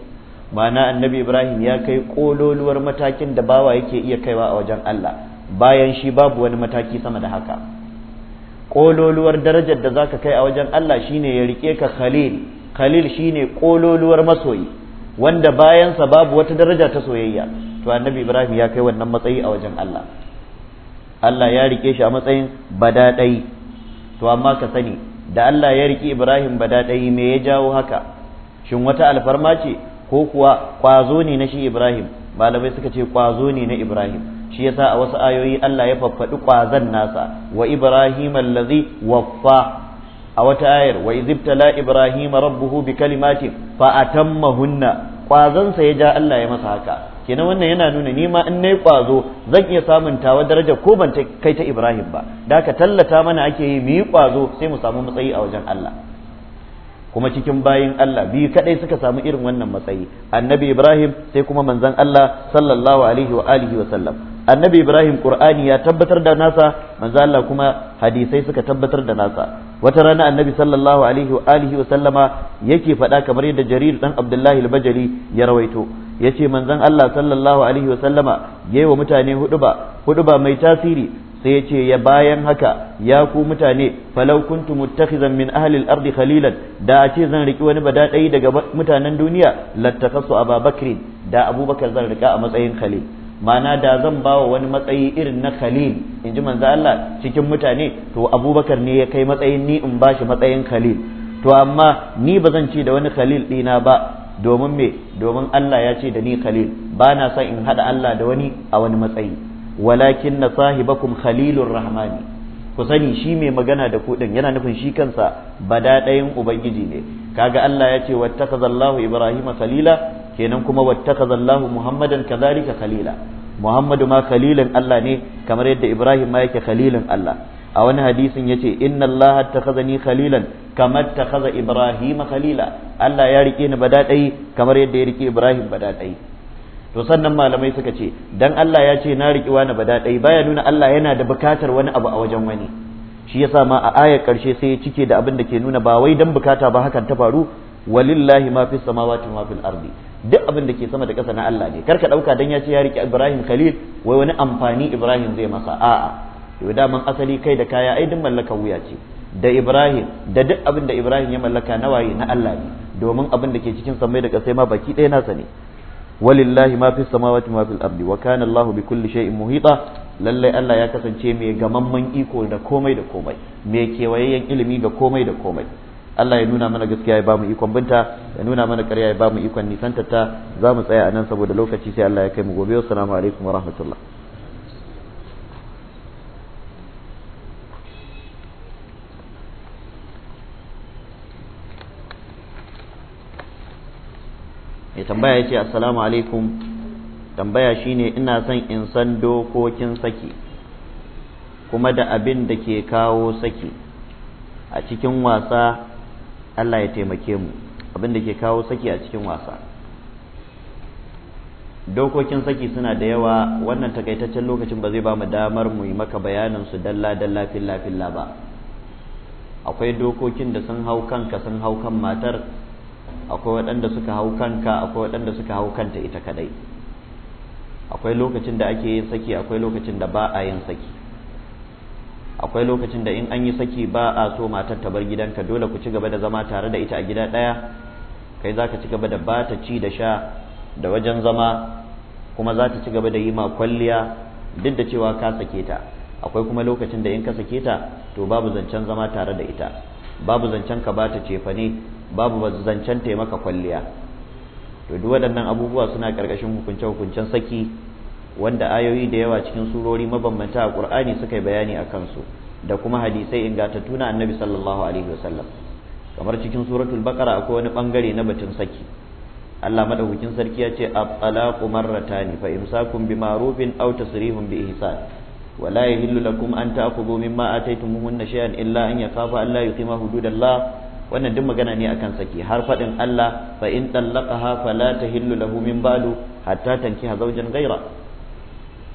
ma'ana annabi Ibrahim ya kai kololuwar matakin da bawa yake iya kaiwa a wajen Allah bayan shi babu wani mataki sama da haka kololuwar darajar da zaka kai a wajen Allah shine ya rike ka khalil khalil shine kololuwar masoyi wanda bayansa babu wata daraja ta soyayya to annabi Ibrahim ya kai wannan matsayi a wajen Allah Allah ya rike shi a matsayin badadai to amma ka sani da Allah ya riki Ibrahim badadai me ya jawo haka shin wata alfarma ce ko kuwa kwazo ne na shi Ibrahim malamai suka ce kwazo ne na Ibrahim shi yasa a wasu ayoyi Allah ya faffaɗi kwazan nasa wa Ibrahim allazi waffa a wata ayar wa izibtala Ibrahim rabbuhu bi kalimatin fa atammahunna kwazansa ya ja Allah ya masa haka kenan wannan yana nuna ni ma in nayi kwazo zan iya samun tawa daraja ko ban kai ta Ibrahim ba da ka tallata mana ake yi mu yi kwazo sai mu samu matsayi a wajen Allah kuma cikin bayin Allah biyu kadai suka samu irin wannan matsayi annabi Ibrahim sai kuma manzon Allah sallallahu alaihi wa alihi wa sallam annabi Ibrahim Qur'ani ya tabbatar da nasa manzon Allah kuma hadisai suka tabbatar da nasa wata rana annabi sallallahu alaihi wa alihi wa sallama yake faɗa kamar yadda Jarir dan Abdullahi al-Bajali ya rawaito ya ce manzon Allah sallallahu alaihi wasallama ya yi wa mutane hudu ba mai tasiri sai ya ce ya bayan haka ya ku mutane falau kuntu muttakhizan min ahli al-ard khalilan da a ce zan riki wani badadai daga mutanen duniya a babakri da abubakar zan rika a matsayin khalil mana da zan bawa wani matsayi irin na khalil in ji manzo Allah cikin mutane to abubakar ne ya kai matsayin ni in ba shi matsayin khalil to amma ni ba zan ce da wani khalil dina ba domin me domin Allah ya ce da ni khalil ba na son in haɗa Allah da wani a wani matsayi walakin na sahibakum khalilur rahmani ku sani shi mai magana da ku din yana nufin shi kansa bada ɗayan ubangiji ne kaga Allah ya ce wattakazallahu ibrahima khalila kenan kuma wattakazallahu muhammadan kadhalika khalila muhammadu ma khalilan Allah ne kamar yadda ibrahim ma yake khalilan Allah a wani hadisin yace inna Allah khalilan kamar ta haza ibrahim khalila Allah ya rike ni badadai kamar yadda ya rike ibrahim badadai to sannan malamai suka ce dan Allah ya ce na riki wani badadai baya nuna Allah yana da bukatar wani abu a wajen wani shi yasa ma a ayar karshe sai ya cike da abin da ke nuna ba wai dan bukata ba hakan ta faru walillahi ma fis samawati ma fil ardi duk abin da ke sama da ƙasa na Allah ne karka dauka dan ya ce ya rike ibrahim khalil wai wani amfani ibrahim zai masa a'a to daman asali kai da kaya ai duk mallakar wuya ce da Ibrahim da duk abin da Ibrahim ya mallaka na waye na Allah ne domin abin da ke cikin samai da sai ma baki ɗaya nasa ne walillahi ma fi samawati ma fil ardi wa kana Allahu bi kulli shay'in muhita lallai Allah ya kasance mai gamamman iko da komai da komai mai kewayayyen ilimi ga komai da komai Allah ya nuna mana gaskiya ya bamu ikon binta ya nuna mana ƙarya ya mu ikon nisan ta za mu tsaya a nan saboda lokaci sai Allah ya kai mu gobe assalamu alaikum wa rahmatullah mai tambaya ya ce assalamu alaikum tambaya shine ina son in san dokokin saki kuma da abin da ke kawo saki a cikin wasa Allah ya taimake mu abin da ke kawo saki a cikin wasa dokokin saki suna da yawa wannan takaitaccen lokacin ba zai ba mu damar mu yi maka bayanin su dalla dalla filla filla ba akwai dokokin da sun hau kanka sun hau kan matar akwai waɗanda suka hau kanka akwai waɗanda suka hau kanta ita kadai akwai lokacin da ake yin saki akwai lokacin da ba a yin saki akwai lokacin da in an yi saki ba a so matar ta bar gidanka dole ku ci gaba da zama tare da ita a gida ɗaya kai za ka ci gaba da ba ta ci da sha da wajen zama kuma za ta ci gaba da yi ma kwalliya duk da cewa ka sake ta akwai kuma lokacin da in ka sake ta to babu zancen zama tare da ita babu zancen ka bata cefa ne babu zancen taimaka kwalliya to duk waɗannan abubuwa suna ƙarƙashin hukunce-hukuncen saki wanda ayoyi da yawa cikin surori mabambanta a ƙur'ani suka yi bayani a kansu da kuma hadisai ingantattu na annabi sallallahu alaihi wasallam kamar cikin suratul baqara akwai wani bangare na batun saki Allah madaukakin sarki ya ce at-talaqu marratani fa imsakum bi ma'rufin aw tasrihun bi ihsan Wala la yahillu lakum an ta'khudhu mimma ataytumuhunna shay'an illa an yakhafa an la yuqima hududallah wannan duk magana ne akan saki har faɗin Allah fa in tallaqaha fala tahillu lahu min ba'du hatta tankiha zawjan gaira.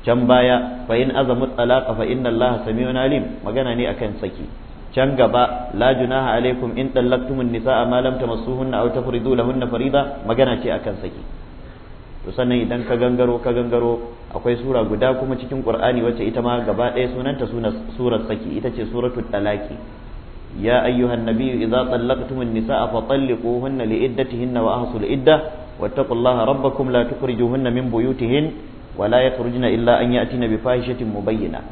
can baya fa in azamu talaqa fa inna Allah sami'un alim magana ne akan saki can gaba la junaha alaikum in tallaqtumun nisaa ma lam tamassuhunna aw tafridu lahunna farida magana ce akan saki to sannan idan ka gangaro ka gangaro akwai sura guda kuma cikin qur'ani wacce ita ma gaba ɗaya sunanta surar saki ita ce suratul talaqi يا أيها النبي إذا طلقتم النساء فطلقوهن لإدتهن وأحصوا العدة واتقوا الله ربكم لا تخرجوهن من بيوتهن ولا يخرجن إلا أن يأتين بفاحشة مبينة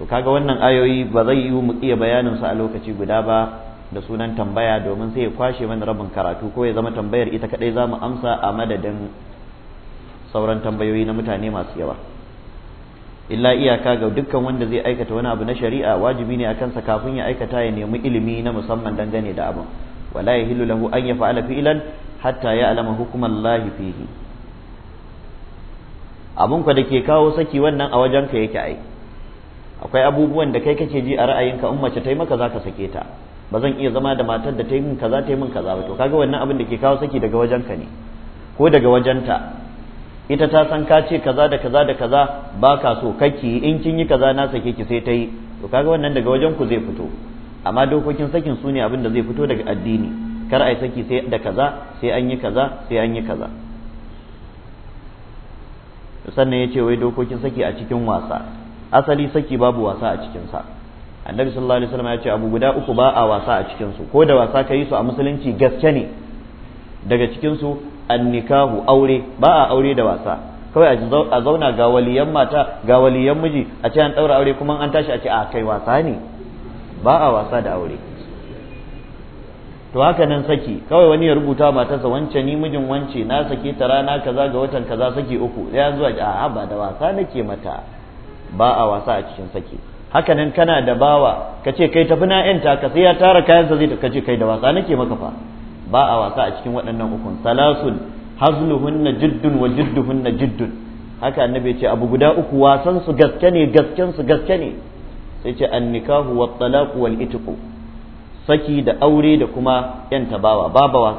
to kaga wannan ayoyi ba zai yi mu iya bayanin sa a lokaci guda ba da sunan tambaya domin sai ya kwashe mana rabin karatu ko ya zama tambayar ita kadai za mu amsa a madadin sauran tambayoyi na mutane masu yawa illa iyaka ga dukkan wanda zai aikata wani abu na shari'a wajibi ne akan sa kafin ya aikata ya nemi ilimi na musamman dangane da abin wala yahillu lahu an yaf'ala fi'lan hatta ya'lama hukumallahi fihi abun ka dake kawo saki wannan a wajen ka yake ai akwai abubuwan da kai kake ji a ra'ayinka in mace ta yi maka zaka sake ta ba zan iya zama da matar da ta yi min kaza ta yi min kaza ba to kaga wannan abin da ke kawo saki daga wajen ka ne ko daga wajenta ita ta san ka ce kaza da kaza da kaza ba ka so kake in kin yi kaza na sake ki sai ta yi to kaga wannan daga wajen ku zai fito amma dokokin sakin su ne abin da zai fito daga addini kar ai saki sai da kaza sai an yi kaza sai an yi kaza sannan ya ce wai dokokin saki a cikin wasa asali saki babu wasa a cikinsa annabi sallallahu alaihi wasallam ya ce abu guda uku ba a wasa a cikinsu ko da wasa ka yi su a musulunci gaske ne daga cikinsu annikahu aure ba a aure da wasa kawai a zauna ga waliyan mata ga waliyan miji a ce an daura aure kuma an tashi a ce a kai wasa ne ba a wasa da aure to haka nan saki kawai wani ya rubuta matarsa wance ni mijin wance na sake ta rana kaza ga watan kaza saki uku sai an zuwa a ba da wasa nake mata ba a wasa a cikin saki haka nan kana da bawa kace kai tafi na ka sai ya tara kayansa zai ta kace kai da wasa nake maka fa ba a wasa a cikin waɗannan ukun salasun hazluhunna jiddun wa jidduhunna jiddun haka annabi ce abu guda uku wasan su gaske ne gasken su gaske ne sai ce annikahu wat talaq wal saki da aure da kuma yan tabawa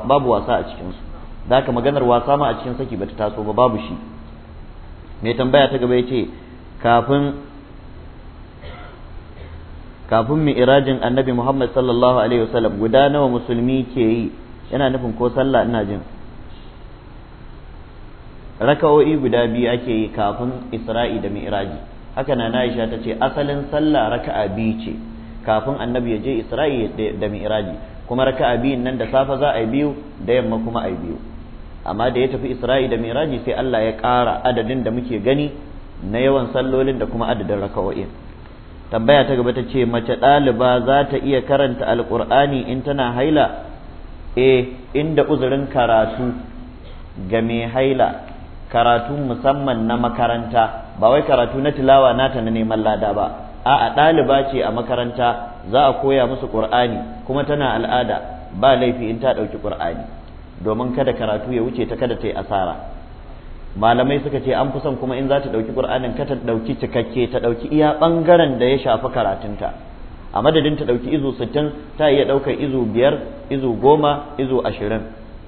babu wasa a cikin su zaka maganar wasa ma a cikin saki bata taso ba babu shi mai tambaya ta gaba yace kafin kafin mi'irajin annabi Muhammad sallallahu alaihi wasallam guda nawa musulmi ke yi yana nufin ko sallah ina jin raka'o'i guda biyu ake yi kafin isra'i da mi'raji haka na Aisha ta ce asalin sallah raka'a biyu ce kafin annabi ya je isra'i da mi'raji kuma raka'a biyun nan da safe za a yi biyu da yamma kuma a yi biyu amma da ya tafi isra'i da mi'raji sai Allah ya ƙara adadin da muke gani na yawan sallolin da kuma adadin raka'o'i tambaya ta gaba ta ce mace ɗaliba za ta iya karanta alƙur'ani in tana haila eh inda uzurin karatu ga haila karatu musamman na makaranta ba wai karatu na tilawa nata na neman lada ba a'a ɗaliba ce a makaranta za a koya musu ƙur'ani kuma tana al'ada ba laifi in ta ɗauki ƙur'ani domin kada karatu ya wuce ta kada ta yi asara malamai suka ce an fi son kuma in za ta ɗauki ƙur'anin ka ta ɗauki cikakke ta ɗauki iya ɓangaren da ya shafi karatunta a madadin ta ɗauki izo sittin ta iya ɗaukar izo biyar izo goma izo ashirin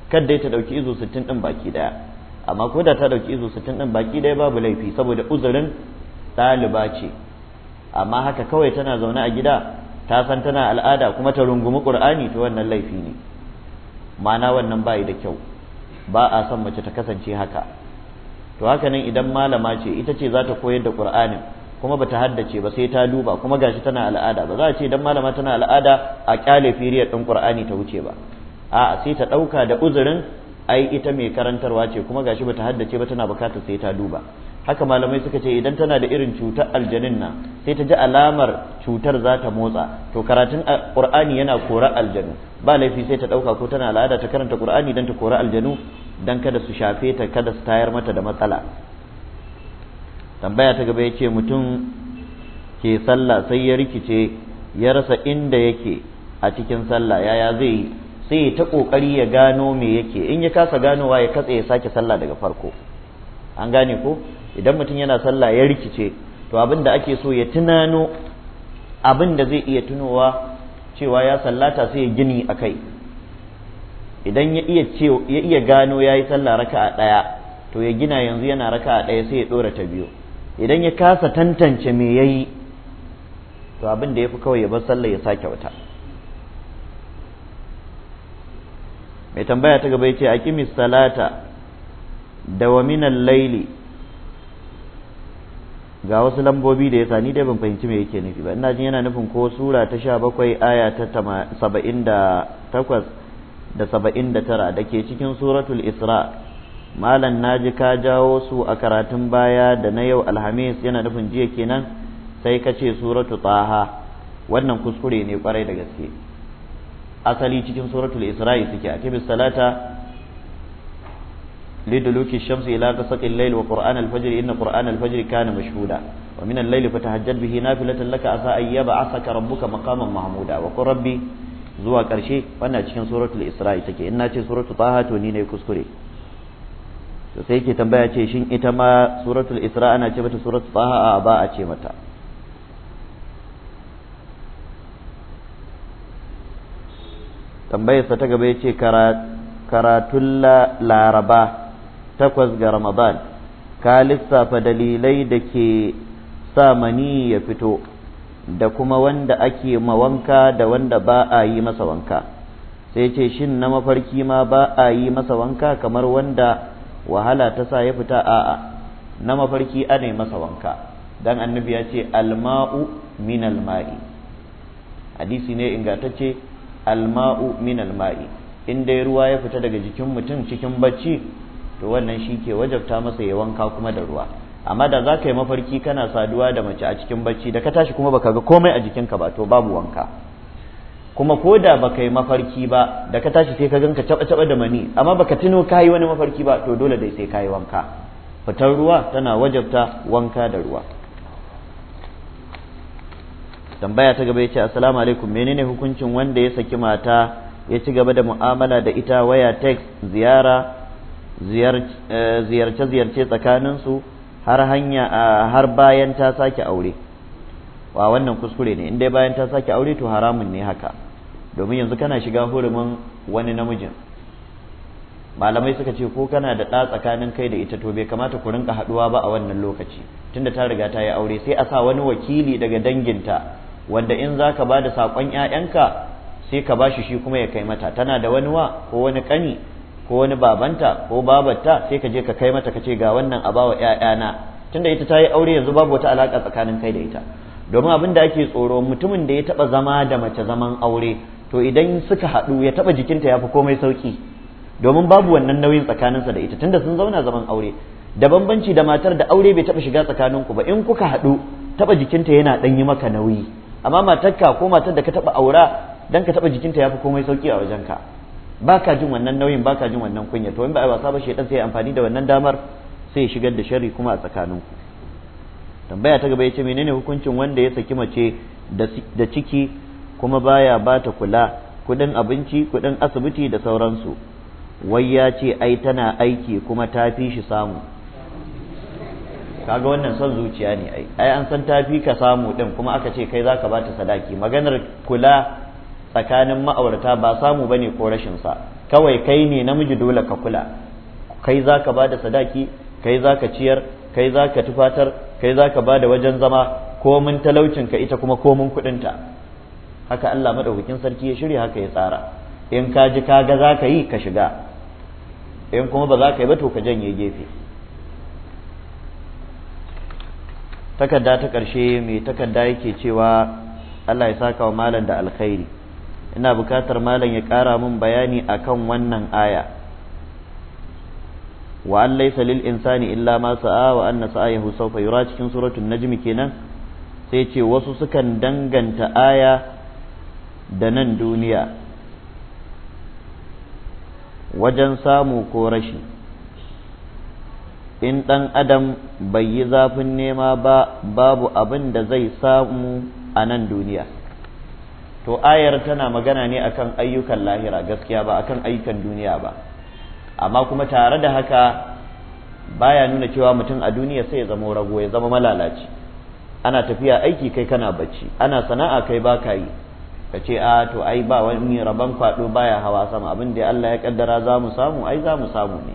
kad ta ɗauki izo sittin ɗin baki ɗaya amma ko da ta ɗauki izo sittin ɗin baki ɗaya babu laifi saboda uzurin ɗaliba ce amma haka kawai tana zaune a gida ta san tana al'ada kuma ta rungumi ƙur'ani ta wannan laifi ne ma'ana wannan bayi da kyau ba a son mace ta kasance haka to haka nan idan malama ce ita ce za ta koyar da ƙur'anin kuma bata haddace ba sai ta duba kuma gashi tana al'ada ba za a ce dan malama tana al'ada a kyale firiyar din qur'ani ta wuce ba a'a sai ta dauka da uzurin ai ita mai karantarwa ce kuma gashi bata haddace ba tana bukatar sai ta duba haka malamai suka ce idan tana da irin cutar aljanin nan sai ta ji alamar cutar za ta motsa to karatun qur'ani yana kora aljanu ba laifi sai ta dauka ko tana al'ada ta karanta qur'ani dan ta kora aljanu dan kada su shafe ta kada su tayar mata da matsala tambaya ta gaba ya ce mutum ke sallah sai ya rikice ya rasa inda yake a cikin sallah yaya zai sai ta kokari ya gano me yake in ya kasa ganowa ya katse ya sake sallah daga farko an gane ko idan mutum yana sallah ya rikice to abin da ake so ya tunano abin da zai iya tunowa cewa ya sallata sai ya gini a kai idan ya iya ya iya gano ya yi sallah raka'a ɗaya to ya gina yanzu yana raka'a ɗaya sai ya ɗora ta biyu idan ya kasa tantance me yayi to abin da ya fi kawai ya bar sallah ya sake wata mai tambaya ta gaba ya ce aqimi salata da wa laili ga wasu lambobi da yasa ni dai ban fahimci me yake nufi ba ina jin yana nufin ko sura ta sha bakwai aya ta saba'in da takwas da tara da ke cikin suratul isra malam na ji ka jawo su a karatun baya da na yau alhamis yana nufin jiya kenan sai ka ce suratu taha wannan kuskure ne kwarai da gaske asali cikin suratul isra'i suke a kibis salata لدلوك الشمس إلى غسق الليل وقرآن الفجر إن قرآن الفجر كان مشهودا ومن الليل فتهجد به نافلة لك عسى أن يبعثك ربك مقاما محمودا وقل ربي زوا كرشي وأنا cikin سورة الإسراء تكي إنا سورة طه تونين يكسكري to sai yake tambaya ce shin ita ma suratul isra ana ce mata suratul taha a ba a ce mata tambayarsa ta gaba ya ce karatun laraba takwas ga ramadan ka lissafa dalilai da ke sa mani ya fito da kuma wanda ake ma wanka da wanda ba a yi masa wanka sai ce shin na mafarki ma ba a yi masa wanka kamar wanda wahala ta sa ya fita a na mafarki ana masa wanka don annabi ya ce alma'u min alma'i hadisi ne ingatacce alma'u min alma'i in dai ruwa ya fita daga jikin mutum cikin bacci to wannan shi ke wajabta masa ya wanka kuma da ruwa amma da za ka yi mafarki kana saduwa da mace a cikin bacci da ka tashi kuma baka ga komai a jikinka ba to babu wanka kuma ko da baka yi mafarki ba da ka tashi sai ka gan ka caba caba da mani amma baka tuno ka yi wani mafarki ba to dole dai sai ka yi wanka fitar ruwa tana wajabta wanka da ruwa tambaya ta gaba ya ce assalamu alaikum ne hukuncin wanda ya saki mata ya ci gaba da mu'amala da ita waya text ziyara eh, ziyarce-ziyarce tsakaninsu har hanya har bayan ta sake aure wa wannan kuskure ne in dai bayan ta sake aure to haramun ne haka domin yanzu kana shiga hurumin wani namijin malamai suka ce ko kana da ɗa tsakanin kai da ita to bai kamata ku rinka haɗuwa ba a wannan lokaci tunda ta riga ta yi aure sai a sa wani wakili daga danginta wanda in za ka ba da saƙon 'ya'yanka sai ka ba shi shi kuma ya kai mata tana da wani wa ko wani ƙani ko wani babanta ko babarta sai ka je ka kai mata ka ce ga wannan a ba bawa 'ya'yana tunda ita ta yi aure yanzu babu wata alaƙa tsakanin kai da ita domin abin da ake tsoro mutumin da ya taɓa zama da mace zaman aure to idan suka haɗu ya taɓa jikinta ya fi komai sauki domin babu wannan nauyin tsakaninsa da ita tunda sun zauna zaman aure da bambanci da matar da aure bai taɓa shiga tsakaninku ba in kuka haɗu taɓa jikinta yana ɗan yi maka nauyi amma matarka ko matar da ka taɓa aura dan ka taɓa jikinta ya fi komai sauki a wajenka ba ka jin wannan nauyin ba ka jin wannan kunya to in ba a wasa ba shi ɗan sai amfani da wannan damar sai ya shigar da sharri kuma a tsakaninku tambaya ta gaba ya ce menene hukuncin wanda ya saki mace da ciki kuma baya ba ta kula kuɗin abinci kuɗin asibiti da sauransu wai ya ce ai tana aiki kuma ta fi shi samu kaga wannan son zuciya ne ai an san ta fi ka samu din kuma aka ce kai zaka ta sadaki maganar kula tsakanin ma'aurata ba samu bane ko rashin sa kawai kai ne namiji dole ka kula kai zaka da sadaki kai zaka ciyar kai zaka tufatar kai zaka da wajen zama komin talaucin ka ita kuma komin kuɗin ta haka Allah madaukakin sarki ya shirya haka ya tsara in ka ji ka ga zaka yi ka shiga in kuma ba za ka yi ba to ka janye gefe takarda ta ƙarshe mai takarda yake cewa Allah ya saka wa malam da alkhairi ina bukatar malam ya ƙara min bayani akan wannan aya wa an laysa lil insani illa ma sa'a wa anna sa'ayahu sawfa yura cikin suratul najmi kenan sai ce wasu sukan danganta aya da nan duniya wajen samu ko rashi in ɗan adam bai yi zafin nema ba babu abin da zai samu a nan duniya to ayar tana magana ne akan ayyukan lahira gaskiya ba akan ayyukan duniya ba amma kuma tare da haka baya nuna cewa mutum a duniya sai ya zama rago ya zama malalaci ana tafiya aiki kai kana bacci ana sana'a kai ba yi ka ce a to ai ba wani rabon kwado baya hawa sama abin da Allah ya kaddara za mu samu ai za mu samu ne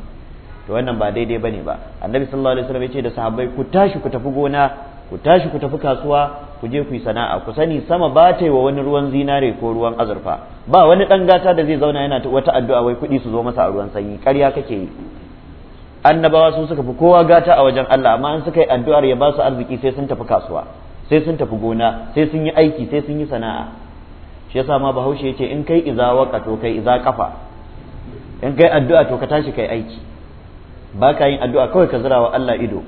to wannan ba daidai bane ba annabi sallallahu alaihi wasallam ya ce da sahabbai ku tashi ku tafi gona ku tashi ku tafi kasuwa ku je ku yi sana'a ku sani sama ba ta wa wani ruwan zinare ko ruwan azurfa ba wani dan gata da zai zauna yana wata addu'a wai kuɗi su zo masa a ruwan sanyi ƙarya kake yi annabawa sun suka fi kowa gata a wajen Allah amma an suka yi addu'ar ya ba su arziki sai sun tafi kasuwa sai sun tafi gona sai sun yi aiki sai sun yi sana'a shi yasa ma bahaushe yace in kai iza waka to kai iza kafa in kai addu'a to ka tashi kai aiki ba ka yin addu'a kawai ka zira wa Allah ido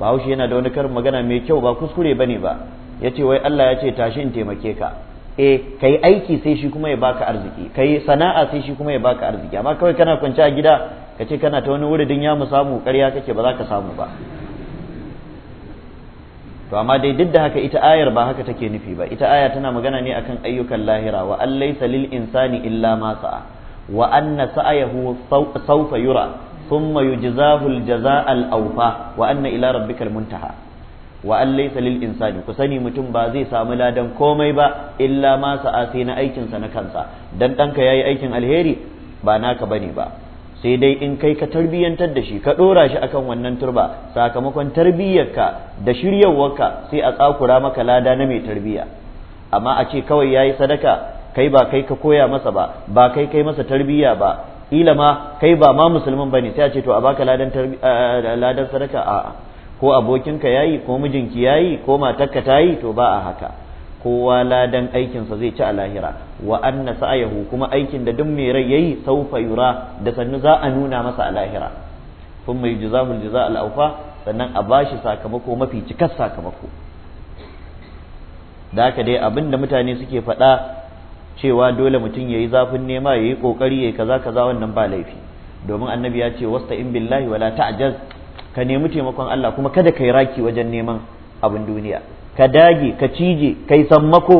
bahaushe yana da wani karin magana mai kyau ba kuskure bane ba yace wai Allah ya ce tashi in taimake ka eh kai aiki sai shi kuma ya baka arziki kai sana'a sai shi kuma ya baka arziki amma kawai kana kwance a gida ka ce kana ta wani wuri din ya mu samu ƙarya kake ba za ka samu ba to amma dai duk da haka ita ayar ba haka take nufi ba ita aya tana magana ne akan ayyukan lahira wa an laysa lil insani illa ma sa'a wa anna sa'yahu sawfa yura thumma yujzahu al jazaa al awfa wa anna ila rabbikal muntaha wa an laysa lil insani ku sani mutum ba zai samu ladan komai ba illa ma sa'a sai na aikin sa na kansa dan danka yayi aikin alheri ba naka bane ba sai dai in kai ka tarbiyyantar da shi ka ɗora shi akan wannan turba sakamakon tarbiyyarka da shiryawarka sai a tsakura maka lada na mai tarbiyya amma a ce kawai ya yi sadaka kai ba kai ka koya masa ba ba kai kai masa tarbiyya ba ila ma kai ba ma musulmin ne sai a ce to a baka ladan sadaka a'a ko abokinka yayi ko mijinki yayi ko matarka tayi to ba a haka kowa ladan aikinsa zai ci a lahira wa anna sa'ayahu kuma aikin da duk mai rai yayi saufa yura da sannu za a nuna masa a lahira thumma mai al-jaza al-awfa sannan a bashi sakamako mafi cikas sakamako da haka dai abin da mutane suke faɗa cewa dole mutum yayi zafin nema yayi kokari yayi kaza kaza wannan ba laifi domin annabi ya ce wasta in billahi wala ta'jaz ka nemi taimakon Allah kuma kada kai raki wajen neman abin duniya ka dage ka cije kai sammako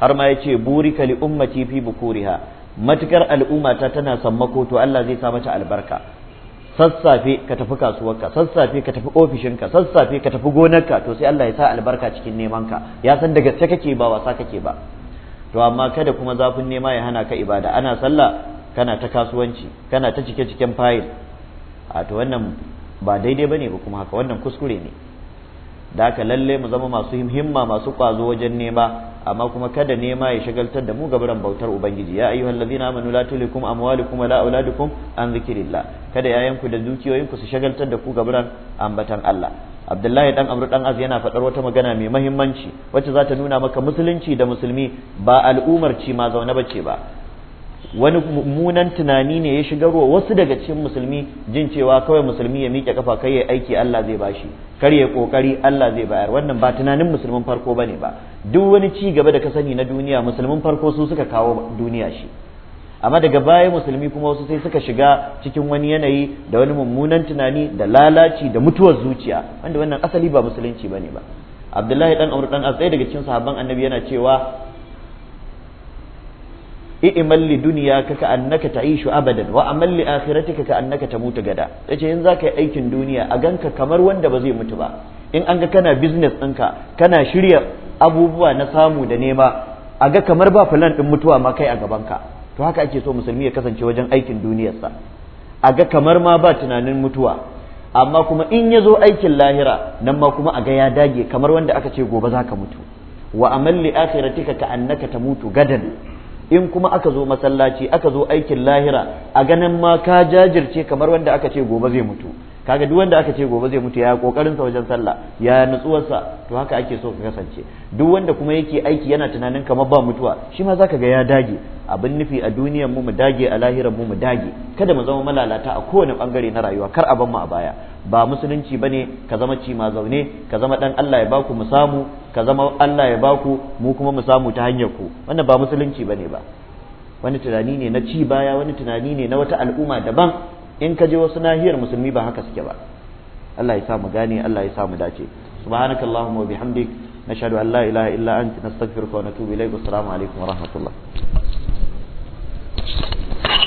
har ma yace burika li ummati fi bukuriha matukar al'ummata tana sammako to Allah zai sa mata albarka sassafe ka tafi kasuwarka sassafe ka tafi ofishinka sassafe ka tafi gonarka to sai Allah ya sa albarka cikin nemanka ya san da gaske kake ba wasa kake ba to amma kada kuma zafin nema ya hana ka ibada ana sallah kana ta kasuwanci kana ta cike cikin fayil a to wannan ba daidai bane ba kuma haka wannan kuskure ne da haka lalle mu zama masu himma masu kwazo wajen nema amma kuma kada nema ya shagaltar da mu gabaran bautar ubangiji ya ayyuhal ladina amanu la tulikum amwalukum wala auladukum an zikrillah kada yayanku da dukiyoyinku su shagaltar da ku gabaran ambatan Allah Abdullahi dan Amr dan Az yana faɗar wata magana mai muhimmanci wacce za ta nuna maka musulunci da musulmi ba al'umar ci ma zaune bace ba wani mummunan tunani ne ya shiga ruwa wasu daga cikin musulmi jin cewa kawai musulmi ya miƙe kafa kai ya aiki Allah zai bashi kar ya kokari Allah zai bayar wannan ba tunanin musulmin farko bane ba duk wani ci gaba da ka sani na duniya musulmin farko su suka kawo duniya shi amma daga baya musulmi kuma wasu sai suka shiga cikin wani yanayi da wani mummunan tunani da lalaci da mutuwar zuciya wanda wannan asali ba musulunci bane ba Abdullahi dan umar dan As daga cikin sahabban Annabi yana cewa i'mal li dunyaka ka annaka ta'ishu abadan wa amal li akhiratika ka annaka tamutu gada yace in zaka yi aikin duniya a ganka kamar wanda ba zai mutu ba in an ga kana business ɗinka kana shirya abubuwa na samu da nema a ga kamar ba fulan ɗin mutuwa ma kai a gabanka to haka ake so musulmi ya kasance wajen aikin duniyarsa a ga kamar ma ba tunanin mutuwa amma kuma in ya zo aikin lahira nan ma kuma a ga ya dage kamar wanda aka ce gobe za ka mutu wa amal li akhiratika ka annaka tamutu gadan in kuma aka zo masallaci aka zo aikin lahira a ganin ma ka jajirce kamar wanda aka ce gobe zai mutu kaga duk wanda aka ce gobe zai mutu ya kokarin sa wajen sallah ya nutsuwar sa to haka ake so ka kasance duk wanda kuma yake aiki yana tunanin kamar ba mutuwa shi ma zaka ga ya dage abin nufi a duniyar mu mu dage a lahirar mu mu dage kada mu zama malalata a kowane bangare na rayuwa kar a ban mu a baya ba musulunci bane ka zama ci ma zaune ka zama dan Allah ya baku mu samu ka zama Allah ya baku mu kuma mu samu ta hanyar ku wannan ba musulunci bane ba wani tunani ne na ci baya wani tunani ne na wata al'umma daban in ka je wasu nahiyar musulmi ba haka suke ba Allah ya sa mu gane Allah ya sa mu dace subhanakallahumma wa bihamdik nashhadu an la ilaha illa anta nastaghfiruka wa natubu ilayk assalamu alaikum wa rahmatullah